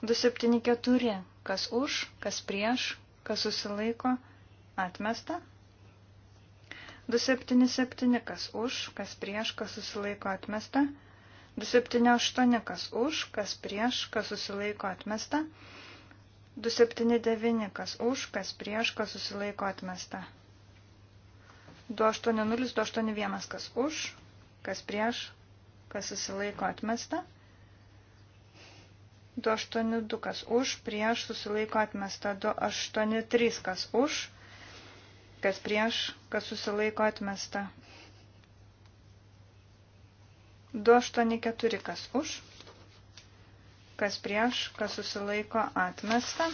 274 kas už, kas prieš, kas susilaiko atmesta. 277 kas už, kas prieš, kas susilaiko atmesta. 278 kas už, kas prieš, kas susilaiko atmesta. 279, 279, kas už, kas prieš, kas susilaiko atmesta. 280, 281, kas už, kas prieš, kas susilaiko atmesta. 282, kas už, prieš, susilaiko atmesta. 283, kas už, kas prieš, kas susilaiko atmesta. 284, kas už kas prieš, kas susilaiko atmesta.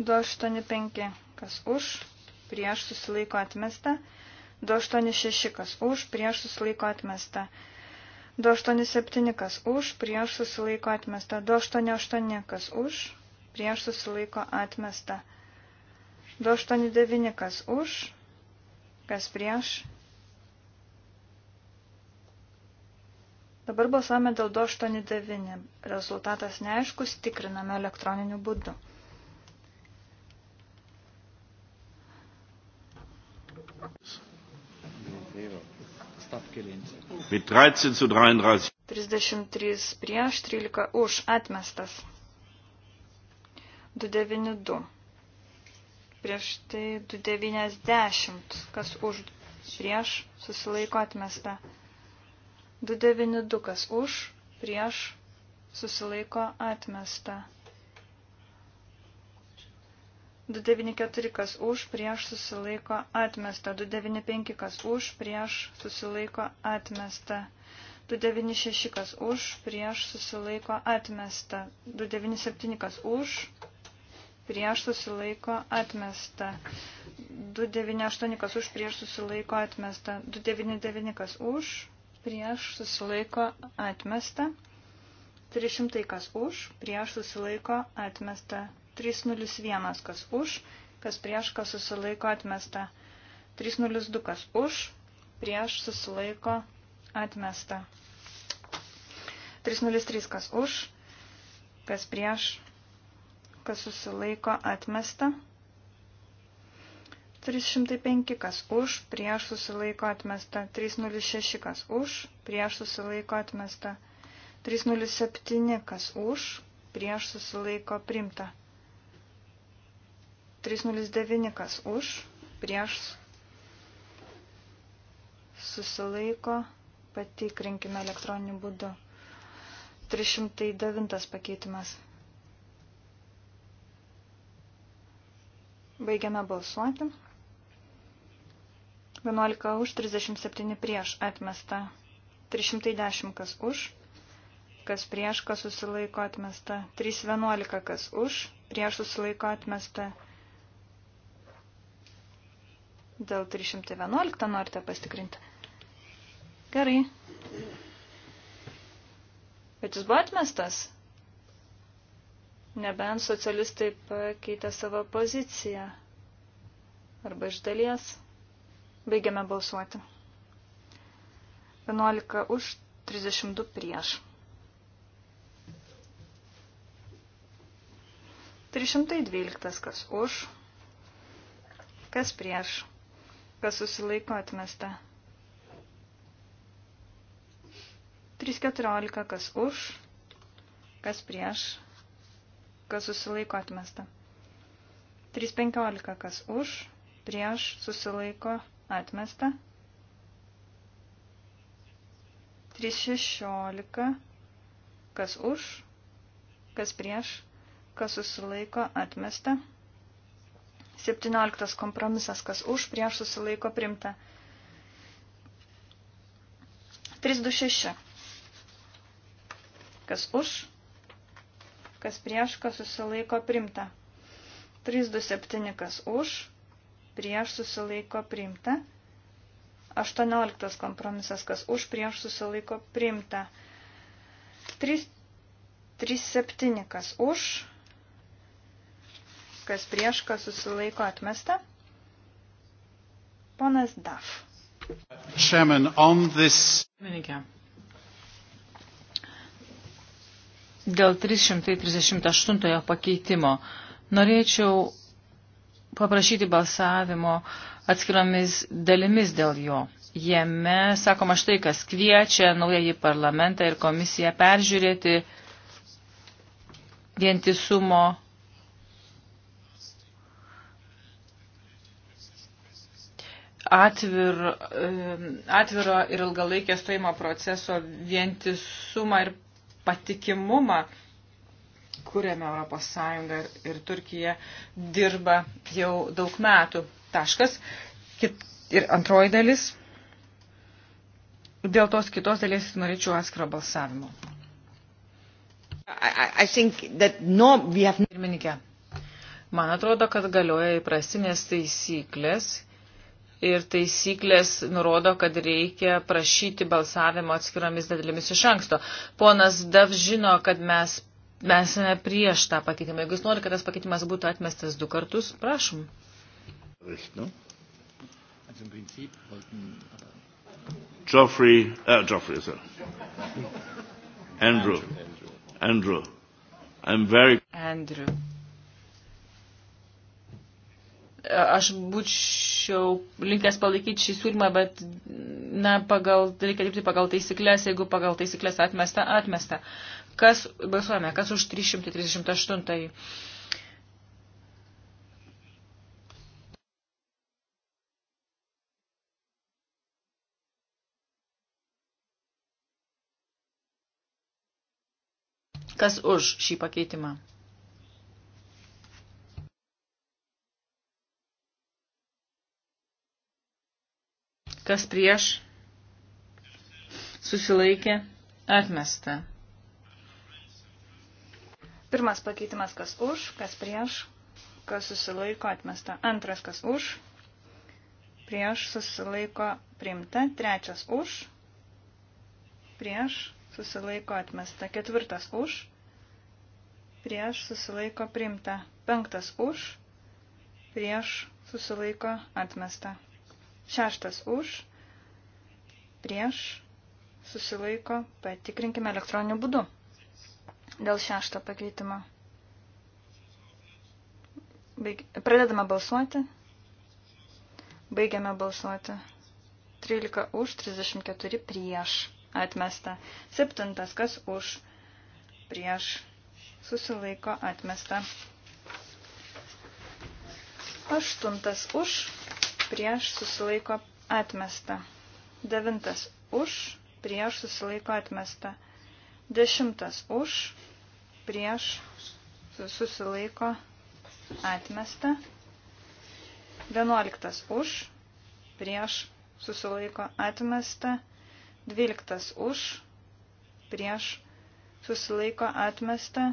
285, kas už, prieš susilaiko atmesta. 286, kas už, prieš susilaiko atmesta. 287, kas už, prieš susilaiko atmesta. 288, kas už, prieš susilaiko atmesta. 289, kas už, kas prieš Dabar balsuojame dėl 289. Rezultatas neaiškus, tikriname elektroniniu būdu. Mit 13 zu 33. 33 prieš, 13 už, atmestas. 292. Prieš tai 290, kas už, prieš, susilaiko atmesta. 292 kas už, prieš, susilaiko atmesta. 294 kas už, prieš susilaiko atmesta. 295 kas už, prieš susilaiko atmesta. 296 kas už, prieš susilaiko atmesta. 297 kas už, prieš susilaiko atmesta. 298 kas už, prieš susilaiko atmesta. 299 kas už, prieš susilaiko atmesta. 300 kas už, prieš susilaiko atmesta. 301 kas už, kas prieš, kas susilaiko atmesta. 302 kas už, prieš susilaiko atmesta. 303 kas už, kas prieš, kas susilaiko atmesta. 304 305 kas už, prieš susilaiko atmesta. 306 kas už, prieš susilaiko atmesta. 307 kas už, prieš susilaiko primta. 309 kas už, prieš susilaiko, patikrinkime elektroniniu būdu. 309 pakeitimas. Baigiame balsuoti. 11 už, 37 prieš atmesta. 310 kas už, kas prieš, kas susilaiko atmesta. 311 kas už, prieš susilaiko atmesta. Dėl 311 norite pastikrinti. Gerai. Bet jis buvo atmestas. Nebent socialistai pakeitė savo poziciją. Arba iš dalies. Baigiame balsuoti. 11 už, 32 prieš. 312 kas už, kas prieš, kas susilaiko atmesta. 314 kas už, kas prieš, kas susilaiko atmesta. 3.15, kas už, prieš, susilaiko, Atmesta. 316. Kas už, kas prieš, kas susilaiko, atmesta. 17. Kompromisas, kas už, prieš susilaiko, primta. 326. Kas už, kas prieš, kas susilaiko, primta. 327. Kas už, prieš susilaiko priimta. 18 kompromisas, kas už prieš susilaiko priimta. 37 kas už, kas prieš, kas susilaiko atmesta. Ponas Daf. Chairman, on this... Minikė. Dėl 338 pakeitimo norėčiau paprašyti balsavimo atskiromis dalimis dėl jo. Jame sakoma štai, kas kviečia naująjį parlamentą ir komisiją peržiūrėti vientisumo atvir, atviro ir ilgalaikio stojimo proceso vientisumą ir patikimumą kuriame Europos Sąjunga ir Turkija dirba jau daug metų. Taškas. Kit, ir antroji dalis. Dėl tos kitos dalies norėčiau atskiro balsavimo. I, I no, have... Pirmininkė, man atrodo, kad galioja įprastinės taisyklės ir taisyklės nurodo, kad reikia prašyti balsavimo atskiromis dalimis iš anksto. Ponas Dav žino, kad mes mes esame prieš tą pakeitimą. Jeigu jis nori, kad tas pakeitimas būtų atmestas du kartus, prašom. Äh, Geoffrey, uh, Geoffrey, sir. Andrew. Andrew. I'm very... Andrew. Aš būčiau linkęs palaikyti šį siūlymą, bet na, pagal, reikia dirbti pagal taisyklės, jeigu pagal taisyklės atmesta, atmesta. Kas, balsuojame, kas už 338. Kas už šį pakeitimą? Kas prieš? Susilaikė? Atmesta. Pirmas pakeitimas, kas už, kas prieš, kas susilaiko atmesta. Antras, kas už, prieš susilaiko priimta. Trečias už, prieš susilaiko atmesta. Ketvirtas už, prieš susilaiko priimta. Penktas už, prieš susilaiko atmesta. Šeštas už, prieš susilaiko patikrinkime elektroniniu būdu dėl šešto pakeitimo. Baig... Pradedame balsuoti. Baigiame balsuoti. 13 už, 34 prieš. Atmesta. Septintas, kas už, prieš. Susilaiko atmesta. Aštuntas už, prieš susilaiko atmesta. Devintas už, prieš susilaiko atmesta. Dešimtas už, prieš susilaiko atmesta. 11 už prieš susilaiko atmesta. 12 už prieš susilaiko atmesta.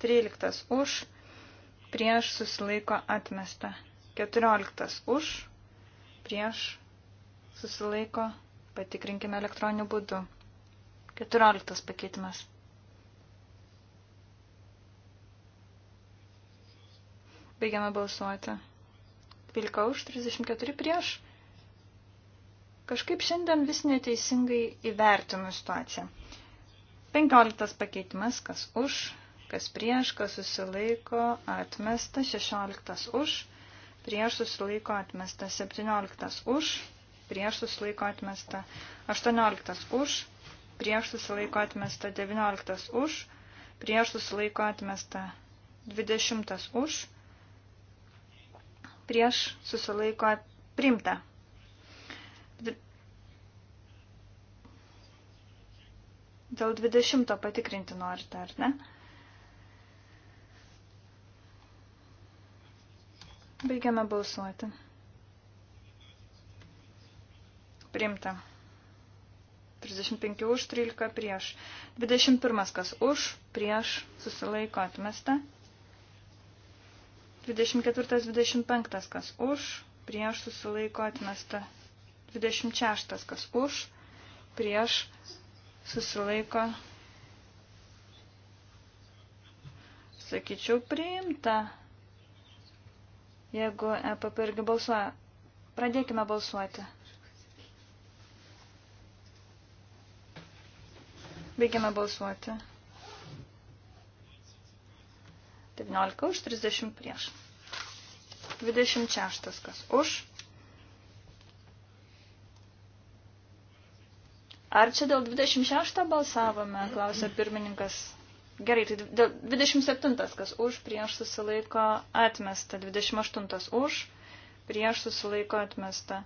13 už prieš susilaiko atmesta. 14 už prieš susilaiko patikrinkime elektroniniu būdu. 14 pakeitimas. Baigiame balsuoti. 12 už, 34 prieš. Kažkaip šiandien vis neteisingai įvertinu situaciją. 15 pakeitimas, kas už, kas prieš, kas susilaiko, atmesta, 16 už, prieš susilaiko atmesta, 17 už, prieš susilaiko atmesta, 18 už, prieš susilaiko atmesta 19 už, prieš susilaiko atmesta 20 už, prieš susilaiko primta. 20. Dėl 20 patikrinti norite, ar ne? Baigiame balsuoti. Primta. 35 už, 13 prieš. 21 kas už, prieš, susilaiko atmesta. 24-25 kas už, prieš susilaiko atmesta. 26 kas už, prieš susilaiko. Sakyčiau, priimta. Jeigu EPP irgi balsuoja, pradėkime balsuoti. Baigiame balsuoti. 19 už, 30 prieš. 26 kas už. Ar čia dėl 26 balsavome, klausė pirmininkas. Gerai, tai dėl 27 kas už, prieš susilaiko atmesta. 28 už, prieš susilaiko atmesta.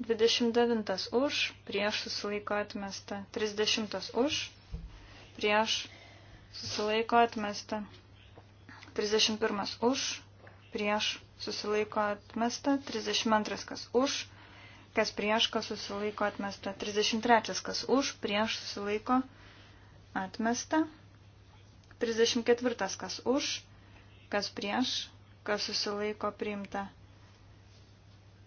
29 už, prieš susilaiko atmesta. 30 už, prieš susilaiko atmesta. 31 už, prieš susilaiko atmesta, 32 kas už, kas prieš, kas susilaiko atmesta, 33 kas už, prieš susilaiko atmesta, 34 kas už, kas prieš, kas susilaiko priimta.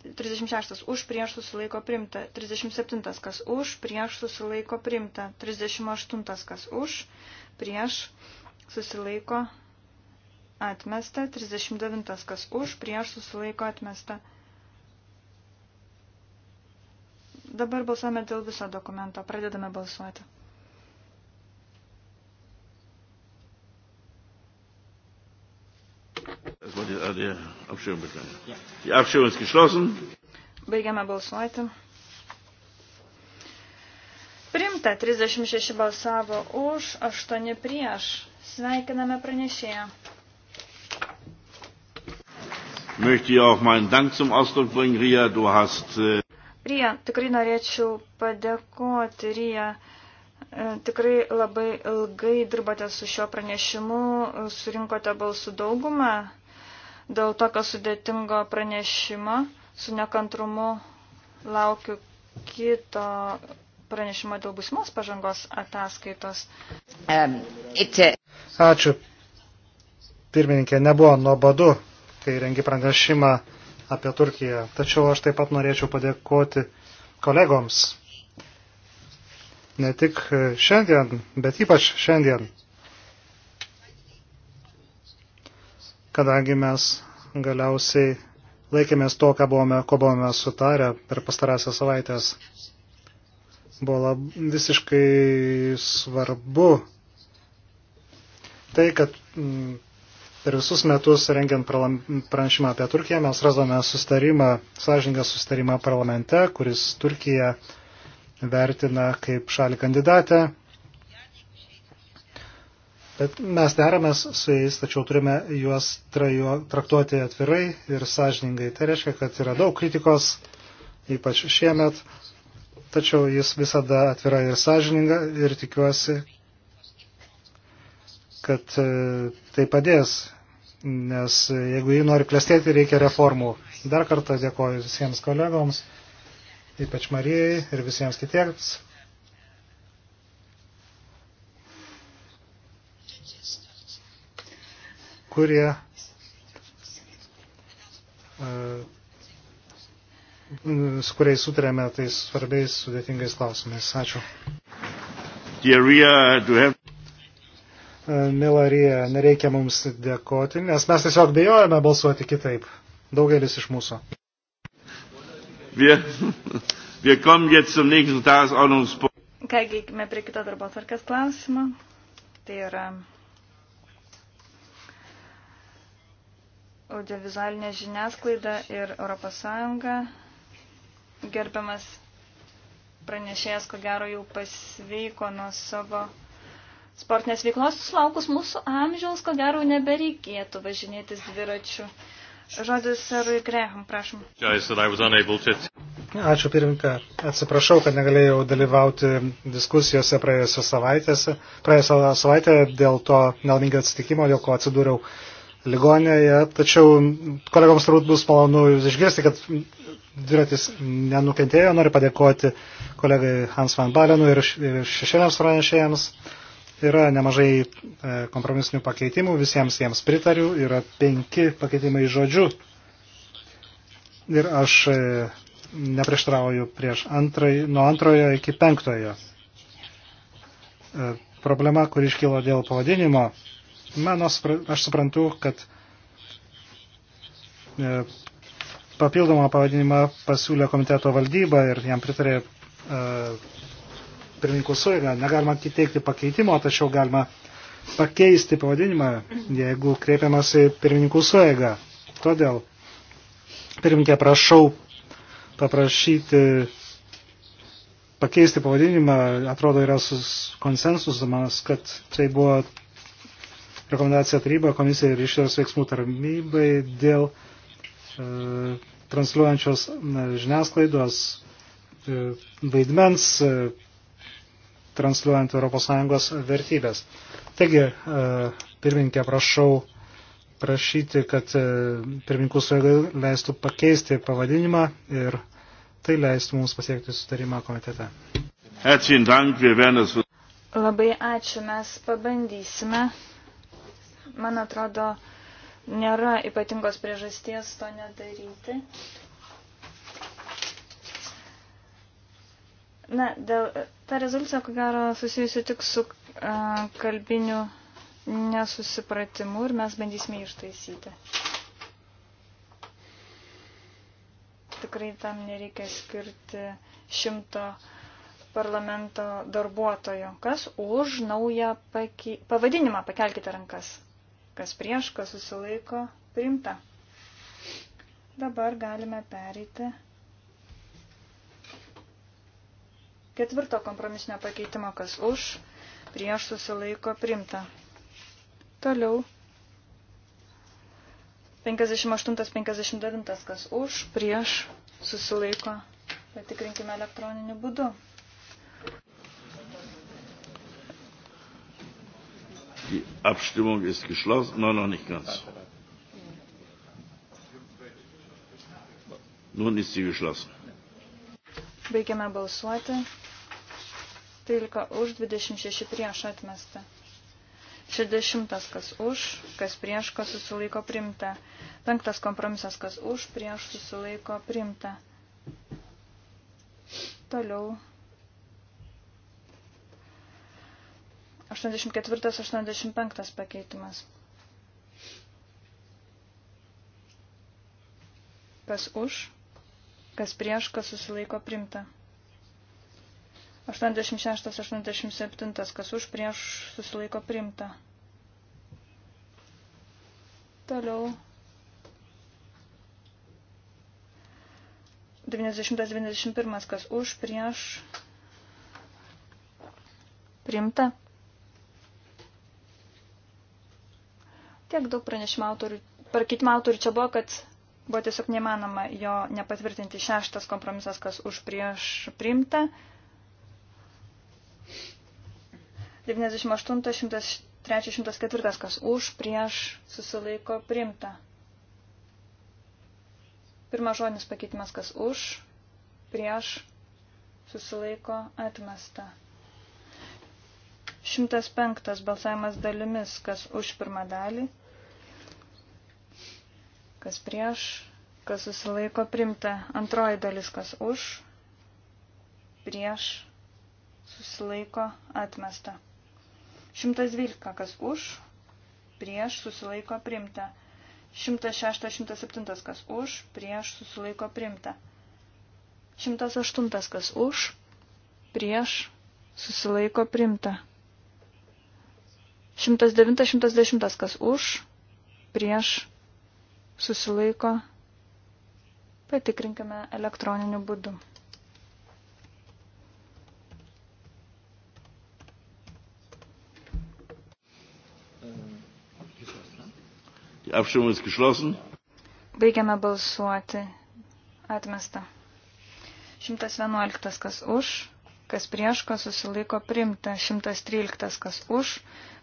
36 už prieš susilaiko primta, 37 kas už prieš susilaiko primta, 38 kas už prieš susilaiko primta atmesta, 39 kas už, prieš susilaiko atmesta. Dabar balsuojame dėl viso dokumento. Pradedame balsuoti. Äh, Baigiame balsuoti. Primta, 36 balsavo už, 8 prieš. Sveikiname pranešėją möchte ich auch meinen Dank zum Ausdruck bringen. Ria, du hast. Äh, Ria, tikrai norėčiau padėkoti, Ria. Tikrai labai ilgai dirbate su šio pranešimu, surinkote balsų daugumą dėl tokio sudėtingo pranešimo. Su nekantrumu laukiu kito pranešimo dėl būsimos pažangos ataskaitos. Um, Ačiū. Pirmininkė, nebuvo nuobodu kai rengi pranešimą apie Turkiją. Tačiau aš taip pat norėčiau padėkoti kolegoms. Ne tik šiandien, bet ypač šiandien. Kadangi mes galiausiai laikėmės to, ką buvome, ko buvome sutarę per pastarąsią savaitęs. Buvo lab, visiškai svarbu tai, kad m, mm, Per visus metus, rengiant pranešimą apie Turkiją, mes radome sustarimą, sąžingą sustarimą parlamente, kuris Turkiją vertina kaip šalį kandidatę. Bet mes deramės su jais, tačiau turime juos trajo, traktuoti atvirai ir sąžiningai. Tai reiškia, kad yra daug kritikos, ypač šiemet, tačiau jis visada atvira ir sąžininga ir tikiuosi, kad e, tai padės nes e, jeigu jį nori klestėti, reikia reformų. Dar kartą dėkoju visiems kolegoms, ypač Marijai ir visiems kitiems. kurie e, su kuriais sutarėme tais svarbiais sudėtingais klausimais. Ačiū. Dear Ria, do you have... E, Milarija, nereikia mums dėkoti, nes mes tiesiog bijojame balsuoti kitaip. Daugelis iš mūsų. Kągi, eikime prie kito darbo tvarkės klausimo. Tai yra audiovizualinė žiniasklaida ir ES. Gerbiamas pranešėjas, ko gero, jau pasveiko nuo savo sportinės veiklos sulaukus mūsų amžiaus, ko gero nebereikėtų važinėtis dviračiu. Žodis Sarui Greham, prašom. Ačiū pirmininką. Atsiprašau, kad negalėjau dalyvauti diskusijose praėjusią savaitę, praėjusią savaitę dėl to nelmingo atsitikimo, dėl ko atsidūriau ligonėje. Tačiau kolegoms turbūt bus malonu jūs išgirsti, kad dviratis nenukentėjo. Noriu padėkoti kolegai Hans Van Balenui ir šešėliams pranešėjams. Š- Yra nemažai e, kompromisinių pakeitimų, visiems jiems pritariu, yra penki pakeitimai žodžių. Ir aš e, neprieštrauju prieš antrai, nuo antrojo iki penktojo. E, problema, kur iškilo dėl pavadinimo, mano, aš suprantu, kad papildomą pavadinimą pasiūlė komiteto valdyba ir jam pritarė pirmininkų suėga. Negalima teikti pakeitimo, tačiau galima pakeisti pavadinimą, jeigu kreipiamasi pirmininkų suėga. Todėl, pirmininkė, prašau paprašyti pakeisti pavadinimą, atrodo, yra konsensusamas, kad tai buvo rekomendacija taryba komisijai ir išorės veiksmų tarnybai dėl e, transliuojančios e, žiniasklaidos e, vaidmens e, transliuojant ES vertybės. Taigi, e, pirmininkė, prašau prašyti, kad e, pirmininkų suėga leistų pakeisti pavadinimą ir tai leistų mums pasiekti sutarimą komitete. Labai ačiū, mes pabandysime. Man atrodo, nėra ypatingos priežasties to nedaryti. Na, dėl, ta rezoliucija, ko gero, susijusi tik su a, kalbiniu nesusipratimu ir mes bandysime ištaisyti. Tikrai tam nereikia skirti šimto parlamento darbuotojų. Kas už naują pake... pavadinimą? Pakelkite rankas. Kas prieš, kas susilaiko, priimta. Dabar galime pereiti Ketvirto kompromisinio pakeitimo, kas už, prieš susilaiko primta. Toliau. 58-59, kas už, prieš susilaiko. Patikrinkime elektroniniu būdu. Die Abstimmung ist geschlossen. Nein, no, noch nicht ganz. Nun ist sie geschlossen. Baigiame balsuoti. 13 už, 26 prieš atmesta. 60 kas už, kas prieš, kas susilaiko primta. 5 kompromisas kas už, prieš susilaiko primta. Toliau. 84-85 pakeitimas. Kas už, kas prieš, kas susilaiko primta. 86-87, kas už prieš susilaiko primta. Toliau. 90-91, kas už prieš primta. Tiek daug pranešimo autorių, parkeitimo autorių čia buvo, kad buvo tiesiog nemanoma jo nepatvirtinti šeštas kompromisas, kas už prieš primta. 98, 103, 104, kas už, prieš, susilaiko, priimta. Pirmas žodinis pakeitimas, kas už, prieš, susilaiko, atmesta. 105 balsavimas dalimis, kas už pirmą dalį, kas prieš, kas susilaiko primta. Antroji dalis, kas už, prieš, susilaiko atmesta. 112, kas už, prieš susilaiko primta. 106, 107, kas už, prieš susilaiko primta. 108, kas už, prieš susilaiko primta. 109, 110, kas už, prieš susilaiko. Patikrinkime elektroniniu būdu. Die Abstimmung ist geschlossen. Baigiame balsuoti. Atmesta. 111. Kas už, kas prieš, kas susilaiko primta. 113. Kas už,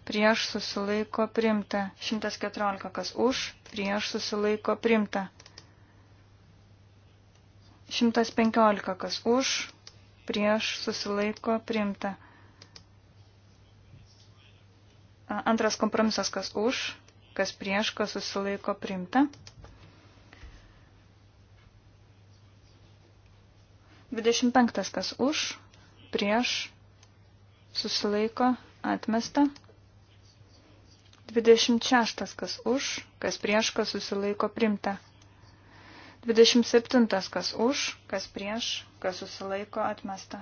prieš susilaiko primta. 114. Kas už, prieš susilaiko primta. 115. Kas už, prieš susilaiko primta. Antras kompromisas, kas už, kas prieš, kas susilaiko priimta. 25. kas už, prieš, susilaiko, atmesta. 26. kas už, kas prieš, kas susilaiko, primta. 27. kas už, kas prieš, kas susilaiko, atmesta.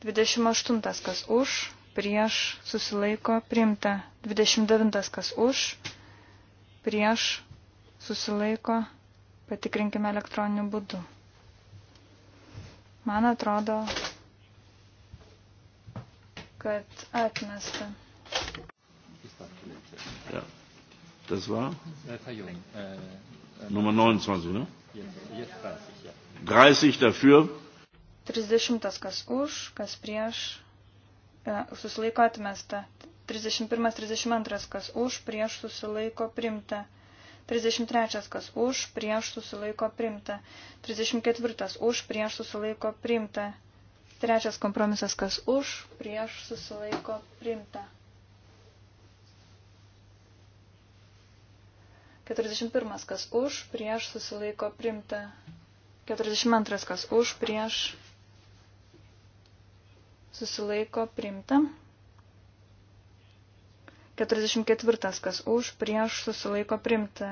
28. kas už, prieš susilaiko priimta. 29 kas už, prieš susilaiko patikrinkime elektroniniu būdu. Man atrodo, kad atmesta. Ja. Das war? Äh, äh, äh, Nummer 29, ne? 30 dafür. 30 kas už, kas prieš, E, susilaiko atmesta. 31-32, kas už, prieš susilaiko primta. 33, kas už, prieš susilaiko primta. 34, už, prieš susilaiko primta. Trečias kompromisas, kas už, prieš susilaiko primta. 41, kas už, prieš susilaiko primta. 42, kas už, prieš susilaiko priimta. 44 kas už, prieš susilaiko priimta.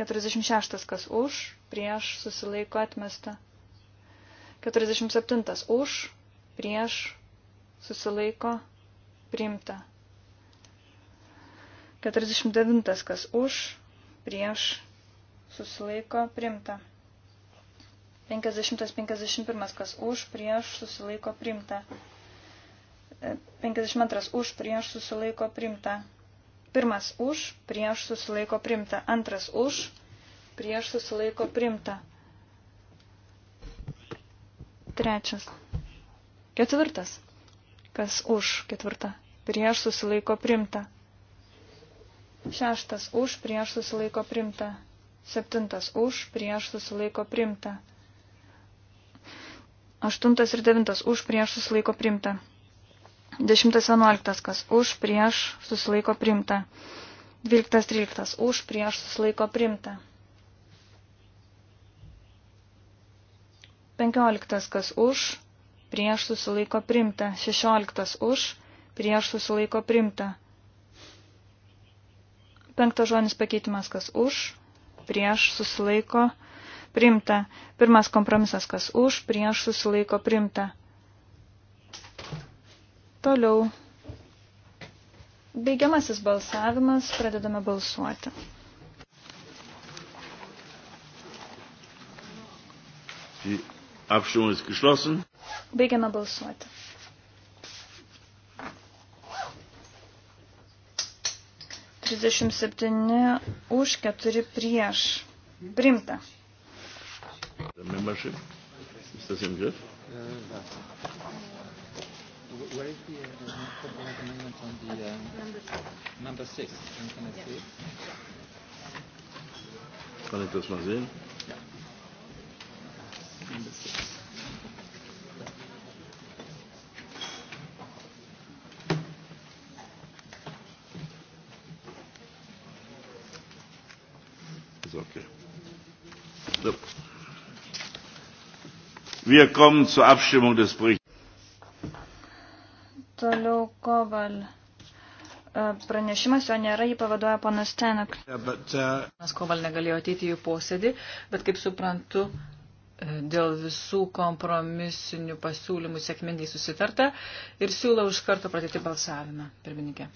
46 kas už, prieš susilaiko atmesta. 47 už, prieš susilaiko priimta. 49 kas už, prieš susilaiko priimta. 50-51 kas už, prieš susilaiko priimta. 52 už prieš susilaiko primta. Pirmas už prieš susilaiko primta. Antras už prieš susilaiko primta. Trečias. Ketvirtas. Kas už ketvirtą? Prieš susilaiko primta. Šeštas už prieš susilaiko primta. Septintas už prieš susilaiko primta. Aštuntas ir devintas už prieš susilaiko primta. 10.11. Kas už, prieš, susilaiko primta. 12.13. Už, prieš, susilaiko primta. 15. Kas už, prieš, susilaiko primta. 16. Už, prieš, susilaiko primta. Penktas žodis pakeitimas. Kas už, prieš, susilaiko primta. Pirmas kompromisas. Kas už, prieš, susilaiko primta. Toliau. Baigiamasis balsavimas, pradedame balsuoti. Die Abstimmung ist geschlossen. Baigiame balsuoti. Trisdešimt septyni už keturi prieš. Primta. Membership. Ist das im Griff? Ja, ja. Where is the, uh, the couple of amendments on the uh, number six? Number six. Can, can I yeah. see it? Yeah. Kann ich das mal sehen? Ja. Number six. Ist okay. So. Wir kommen zur Abstimmung des Berichts. pranešimas, jo nėra, jį pavaduoja ponas Tenok. Panas yeah, uh... Koval negalėjo ateiti į posėdį, bet kaip suprantu, e, dėl visų kompromisinių pasiūlymų sėkmingai susitarta ir siūlau iš karto pradėti balsavimą, pirmininkė.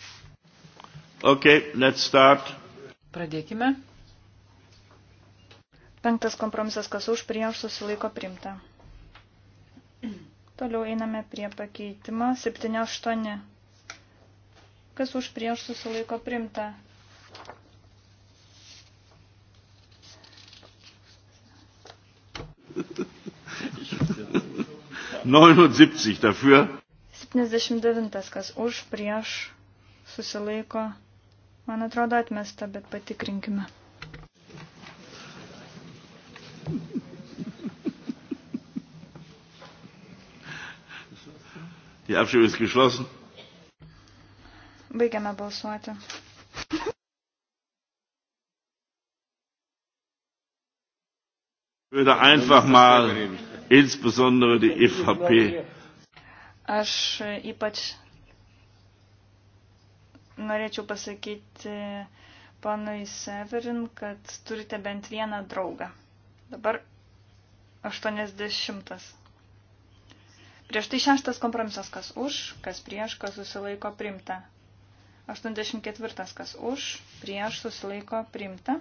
Okay, let's start. Pradėkime. Penktas kompromisas, kas už prieš susilaiko primta. Toliau einame prie pakeitimo 78 kas už prieš susilaiko primta. dafür. 79, kas už prieš susilaiko, man atrodo atmesta, bet patikrinkime. Die Abstimmung ist geschlossen. Baigiame balsuoti. würde einfach mal insbesondere die EVP. Aš ypač norėčiau pasakyti panui Severin, kad turite bent vieną draugą. Dabar 80. Prieš tai šeštas kompromisas, kas už, kas prieš, kas susilaiko primta. 84 kas už, prieš susilaiko primta.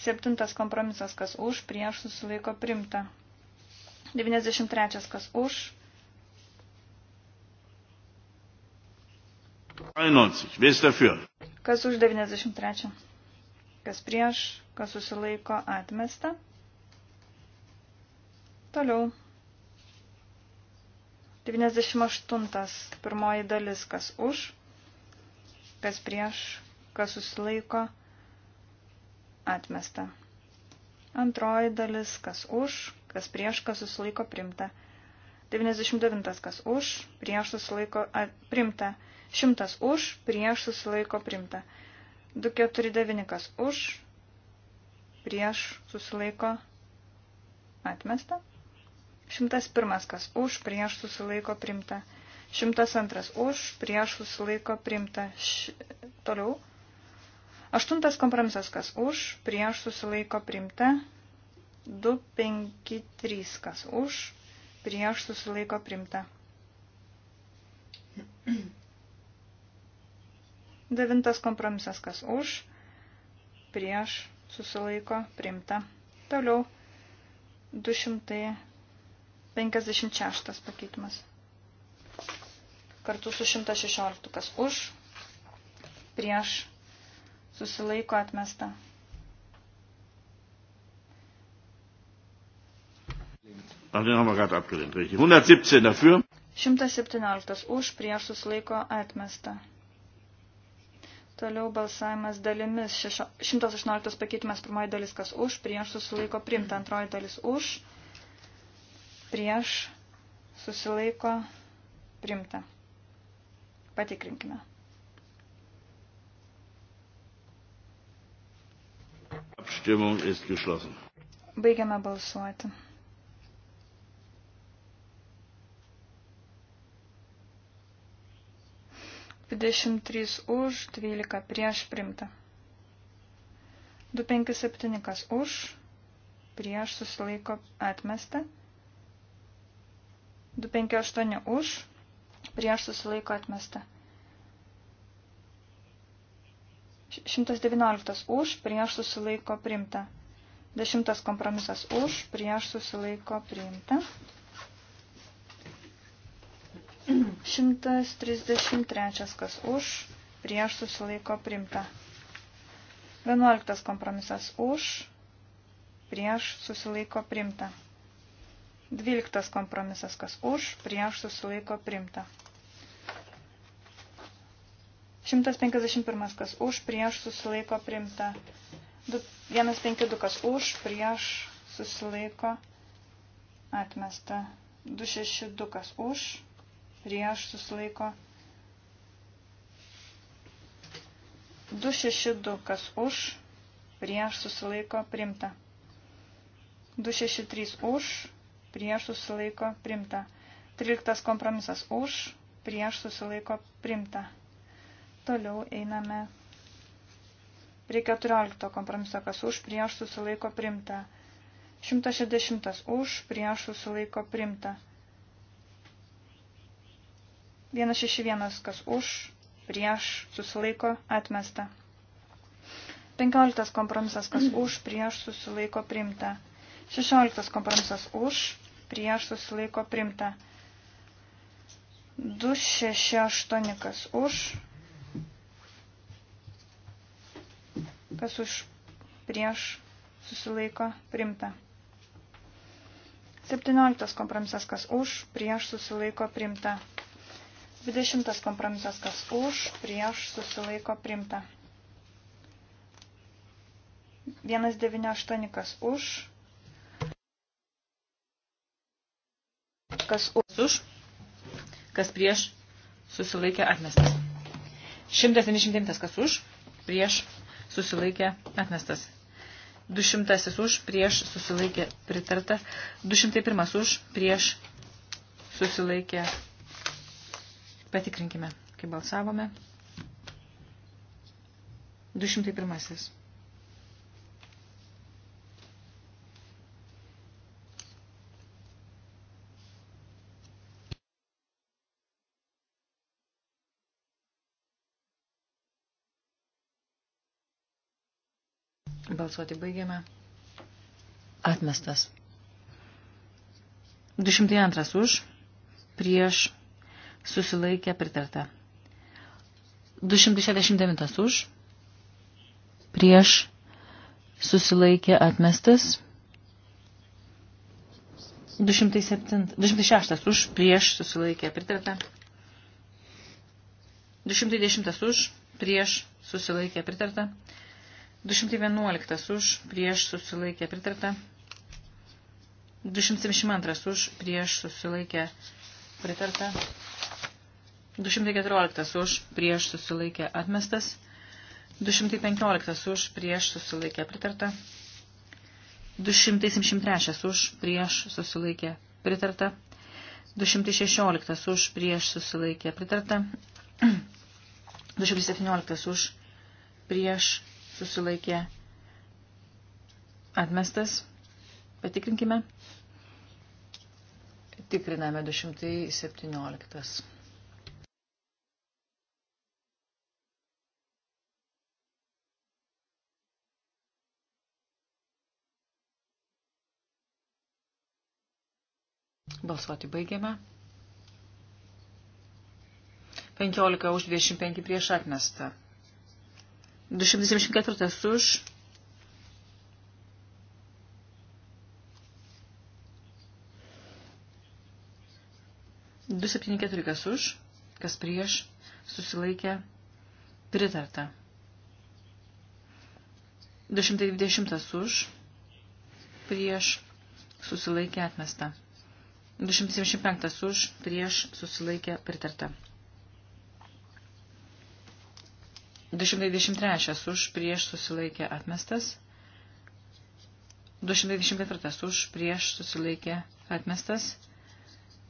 7 kompromisas kas už, prieš susilaiko primta. 93 kas už. 91. Vis dafür. Kas už 93? Kas prieš, kas susilaiko atmesta. Toliau. 98. Pirmoji dalis kas už kas prieš, kas susilaiko, atmesta. Antroji dalis, kas už, kas prieš, kas susilaiko, primta. 99, kas už, prieš susilaiko, a, primta. 100 už, prieš susilaiko, primta. 249, kas už, prieš susilaiko, atmesta. 101, kas už, prieš susilaiko, primta. 102 už, prieš susilaiko priimta. Š... Toliau. Aštuntas kompromisas, kas už, prieš susilaiko priimta. 253, kas už, prieš susilaiko priimta. Devintas kompromisas, kas už, prieš susilaiko priimta. Toliau 256 pakeitimas kartu su 116, kas už, prieš, susilaiko atmesta. Ach, den haben wir gerade abgelehnt, richtig. 117 dafür. 117 už, prieš susilaiko atmesta. Toliau balsavimas dalimis. 118 pakeitimas pirmoji dalis, kas už, prieš susilaiko primta, antroji dalis už, prieš susilaiko primta. Patikrinkime. Abstimmung ist geschlossen. Baigiame balsuoti. Dvidešimt trys už, dvylika prieš primta. 257 kas už, prieš susilaiko atmesta. 258 už, prieš susilaiko atmesta. 119 už, prieš susilaiko priimta. 10 kompromisas už, prieš susilaiko priimta. 133 kas už, prieš susilaiko priimta. 11 kompromisas už, prieš susilaiko primta. 12 kompromisas kas už, prieš susilaiko primta. 151 kas už, prieš susilaiko priimta. 152 kas už, prieš susilaiko atmesta. 262 kas už, prieš susilaiko. 262 kas už, prieš susilaiko priimta. 263 už, prieš susilaiko priimta. 13 kompromisas už, prieš susilaiko priimta. Toliau einame prie 14 kompromiso, kas už prieš susilaiko primta. 160 už prieš susilaiko primta. 161 kas už prieš susilaiko atmesta. 15 kompromisas kas už prieš susilaiko primta. 16 kompromisas už prieš susilaiko primta. 268 kas už Kas už prieš susilaiko primta. 17 kompromisas, kas už, prieš susilaiko primta. 20 kompromisas, kas už, prieš susilaiko primta. 198 kas už. Kas už, kas prieš susilaikė atmestas. 179 kas už, prieš susilaikė atmestas. 200 už, prieš susilaikė pritarta. 201 už, prieš susilaikė. Patikrinkime, kaip balsavome. 201. Balsuoti baigiame. Atmestas. 202 už, prieš, susilaikė, pritarta. 269 už, prieš, susilaikė, atmestas. 207, 206 už, prieš, susilaikė, pritarta. 210 už, prieš, susilaikė, pritarta. 211 už, prieš susilaikė pritarta. 272 už, prieš susilaikė pritarta. 214 už, prieš susilaikė atmestas. 215 už, prieš susilaikė pritarta. 273 už, prieš susilaikė pritarta. 216 už, prieš susilaikė pritarta. 217 už, prieš susilaikė atmestas. Patikrinkime. Tikriname 217. Balsuoti baigiame. 15 už 25 prieš atmestą. 274 už. Du septyni keturi kas už, kas prieš, susilaikė, pritarta. 220 už, prieš, susilaikė, atmesta. 275 už, prieš, susilaikė, pritarta. 223 už prieš susilaikė atmestas. 224 už prieš susilaikė atmestas.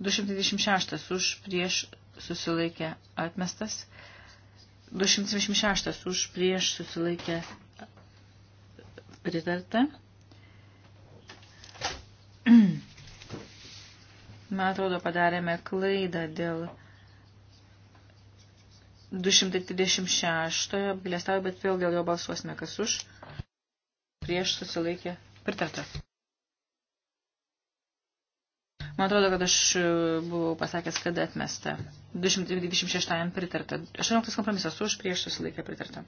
226 už prieš susilaikė atmestas. 226 už prieš susilaikė pritarta. Man atrodo, padarėme klaidą dėl 226 apgalėstavo, bet vėl dėl jo balsuosime, kas už. Prieš susilaikė pritarta. Man atrodo, kad aš e, buvau pasakęs, kad atmesta. 226 pritarta. 18 kompromisas už, prieš susilaikė pritarta.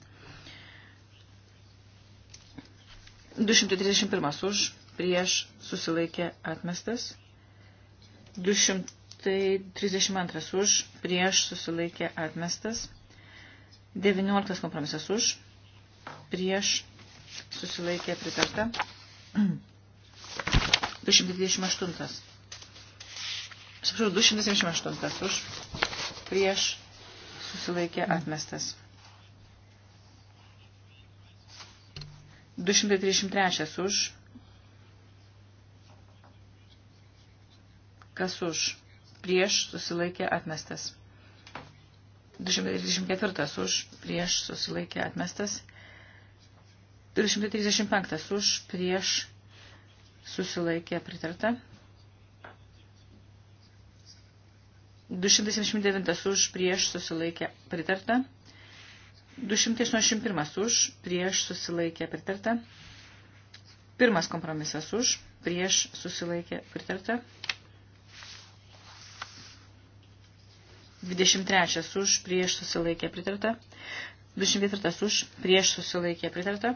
231 už, prieš susilaikė atmestas. 200 tai 32 už, prieš susilaikė atmestas, 19 kompromisas už, prieš susilaikė pritarta, 228. Atsiprašau, 278 už, prieš susilaikė atmestas. 233 už, kas už prieš susilaikė atmestas. 234 už prieš susilaikė atmestas. 235 už prieš susilaikė pritarta. 279 už prieš susilaikė pritarta. 281 už prieš susilaikė pritarta. Pirmas kompromisas už prieš susilaikė pritarta. 23 už prieš susilaikė pritarta. 24 už prieš susilaikė pritarta.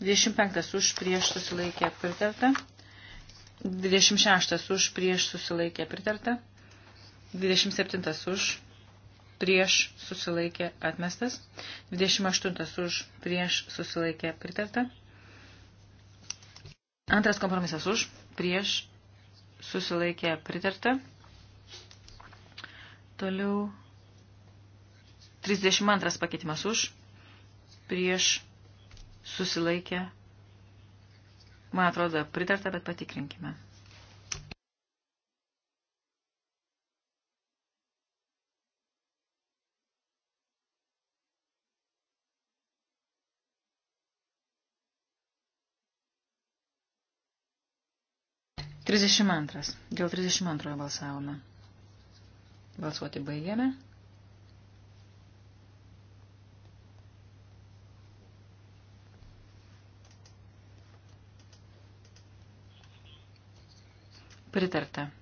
25 už prieš susilaikė pritarta. 26 už prieš susilaikė pritarta. 27 už prieš susilaikė atmestas. 28 už prieš susilaikė pritarta. Antras kompromisas už prieš susilaikė pritarta. Toliau 32 pakeitimas už, prieš susilaikę. Man atrodo, pritarta, bet patikrinkime. Trisdešimt antras. Dėl trisdešimt antrojo balsavome. Balsuoti baigiame. Pritarta.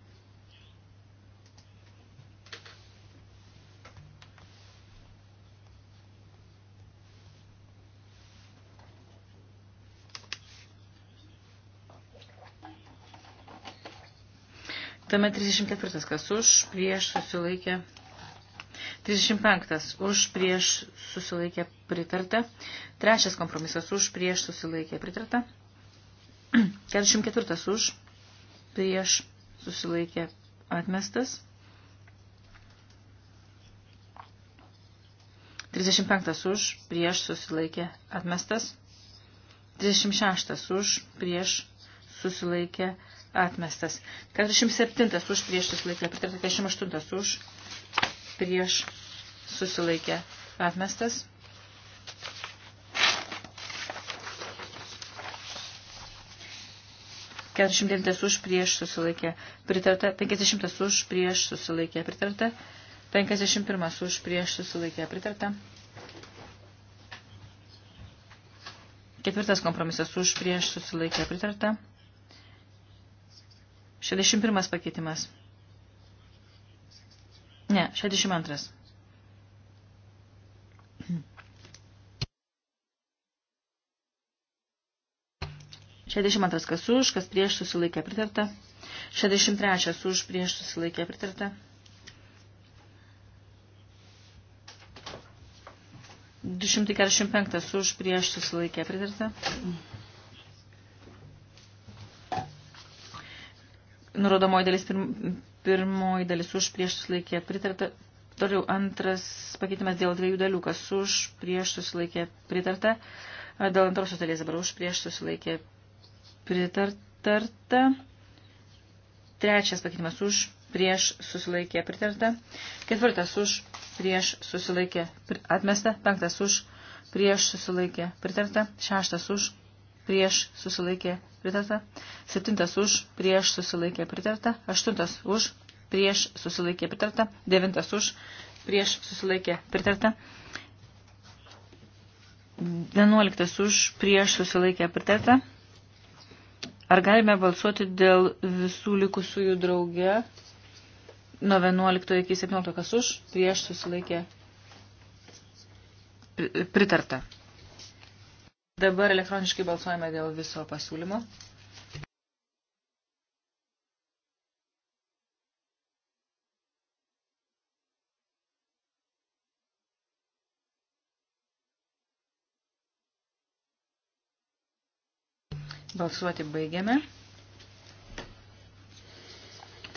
Tuomet 34. Kas už, prieš susilaikė. 35. Už, prieš susilaikė pritarta. Trečias kompromisas. Už, prieš susilaikė pritarta. 44. Už, prieš susilaikė atmestas. 35 už, prieš susilaikė atmestas. 36 už, prieš susilaikė atmestas. 47 už prieš susilaikę, pritarta 48 už prieš susilaikę, atmestas. Keturiasdešimtas už prieš susilaikė, pritarta, penkisdešimtas už prieš susilaikė, pritarta, penkiasdešimt pirmas už prieš susilaikė, pritarta. Ketvirtas kompromisas už prieš susilaikė, pritarta. 61 pakeitimas. Ne, 62. Šedešimt antras kas už, kas prieš susilaikė pritarta. Šedešimt trečias už, prieš susilaikė pritarta. Du šimtai keturiasdešimt penktas už, prieš susilaikė pritarta. Mm. nurodomoji dalis pirm, pirmoji dalis už prieš susilaikė pritarta. Toliau antras pakeitimas dėl dviejų dalių, kas už prieš susilaikė pritarta. Dėl antrosios dalies dabar už prieš susilaikė pritarta. Trečias pakeitimas už prieš susilaikė pritarta. Ketvirtas už prieš susilaikė atmesta. Penktas už prieš susilaikė pritarta. Šeštas už prieš susilaikė pritarta, septintas už, prieš susilaikė pritarta, aštuntas už, prieš susilaikė pritarta, devintas už, prieš susilaikė pritarta, vienuoliktas už, prieš susilaikė pritarta. Ar galime balsuoti dėl visų likusiųjų drauge nuo 11 iki 17 kas už, prieš susilaikė pritarta. Dabar elektroniškai balsuojame dėl viso pasiūlymo. Balsuoti baigiame.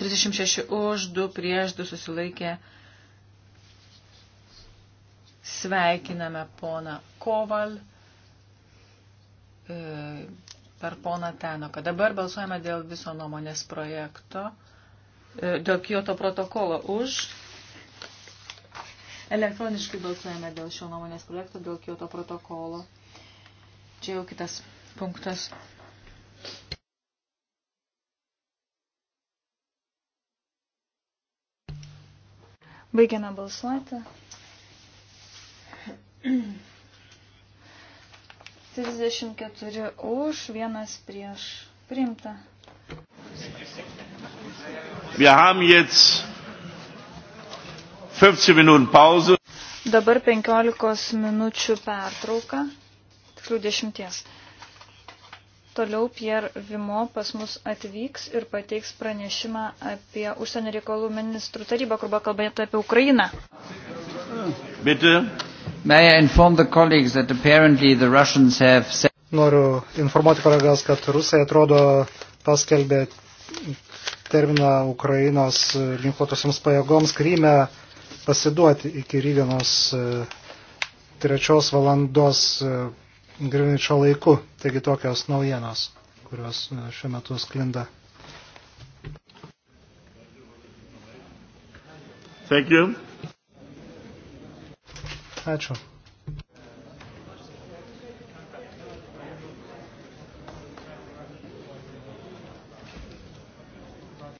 36 už, 2 prieš, 2 susilaikė. Sveikiname poną Koval. E, per poną Tenoką. Dabar balsuojame dėl viso nuomonės projekto, e, dėl Kyoto protokolo už. Elektroniškai balsuojame dėl šio nuomonės projekto, dėl Kyoto protokolo. Čia jau kitas punktas. Baigiame balsuoti. 34 už, vienas prieš. Primta. Wir haben jetzt 15 Minuten Pause. Dabar 15 minučių pertrauka, tiksliau 10. Toliau Pierre Vimo pas mus atvyks ir pateiks pranešimą apie užsienio reikalų ministrų tarybą, kur buvo kalbėta apie Ukrainą. Bitte. Have... Noriu informuoti kolegas, kad Rusai atrodo paskelbė terminą Ukrainos ginkluotosiams pajėgoms Kryme pasiduoti iki Rygenos e, trečios valandos e, Griničio laiku. Taigi tokios naujienos, kurios e, šiuo metu sklinda. Thank you. Ačiū.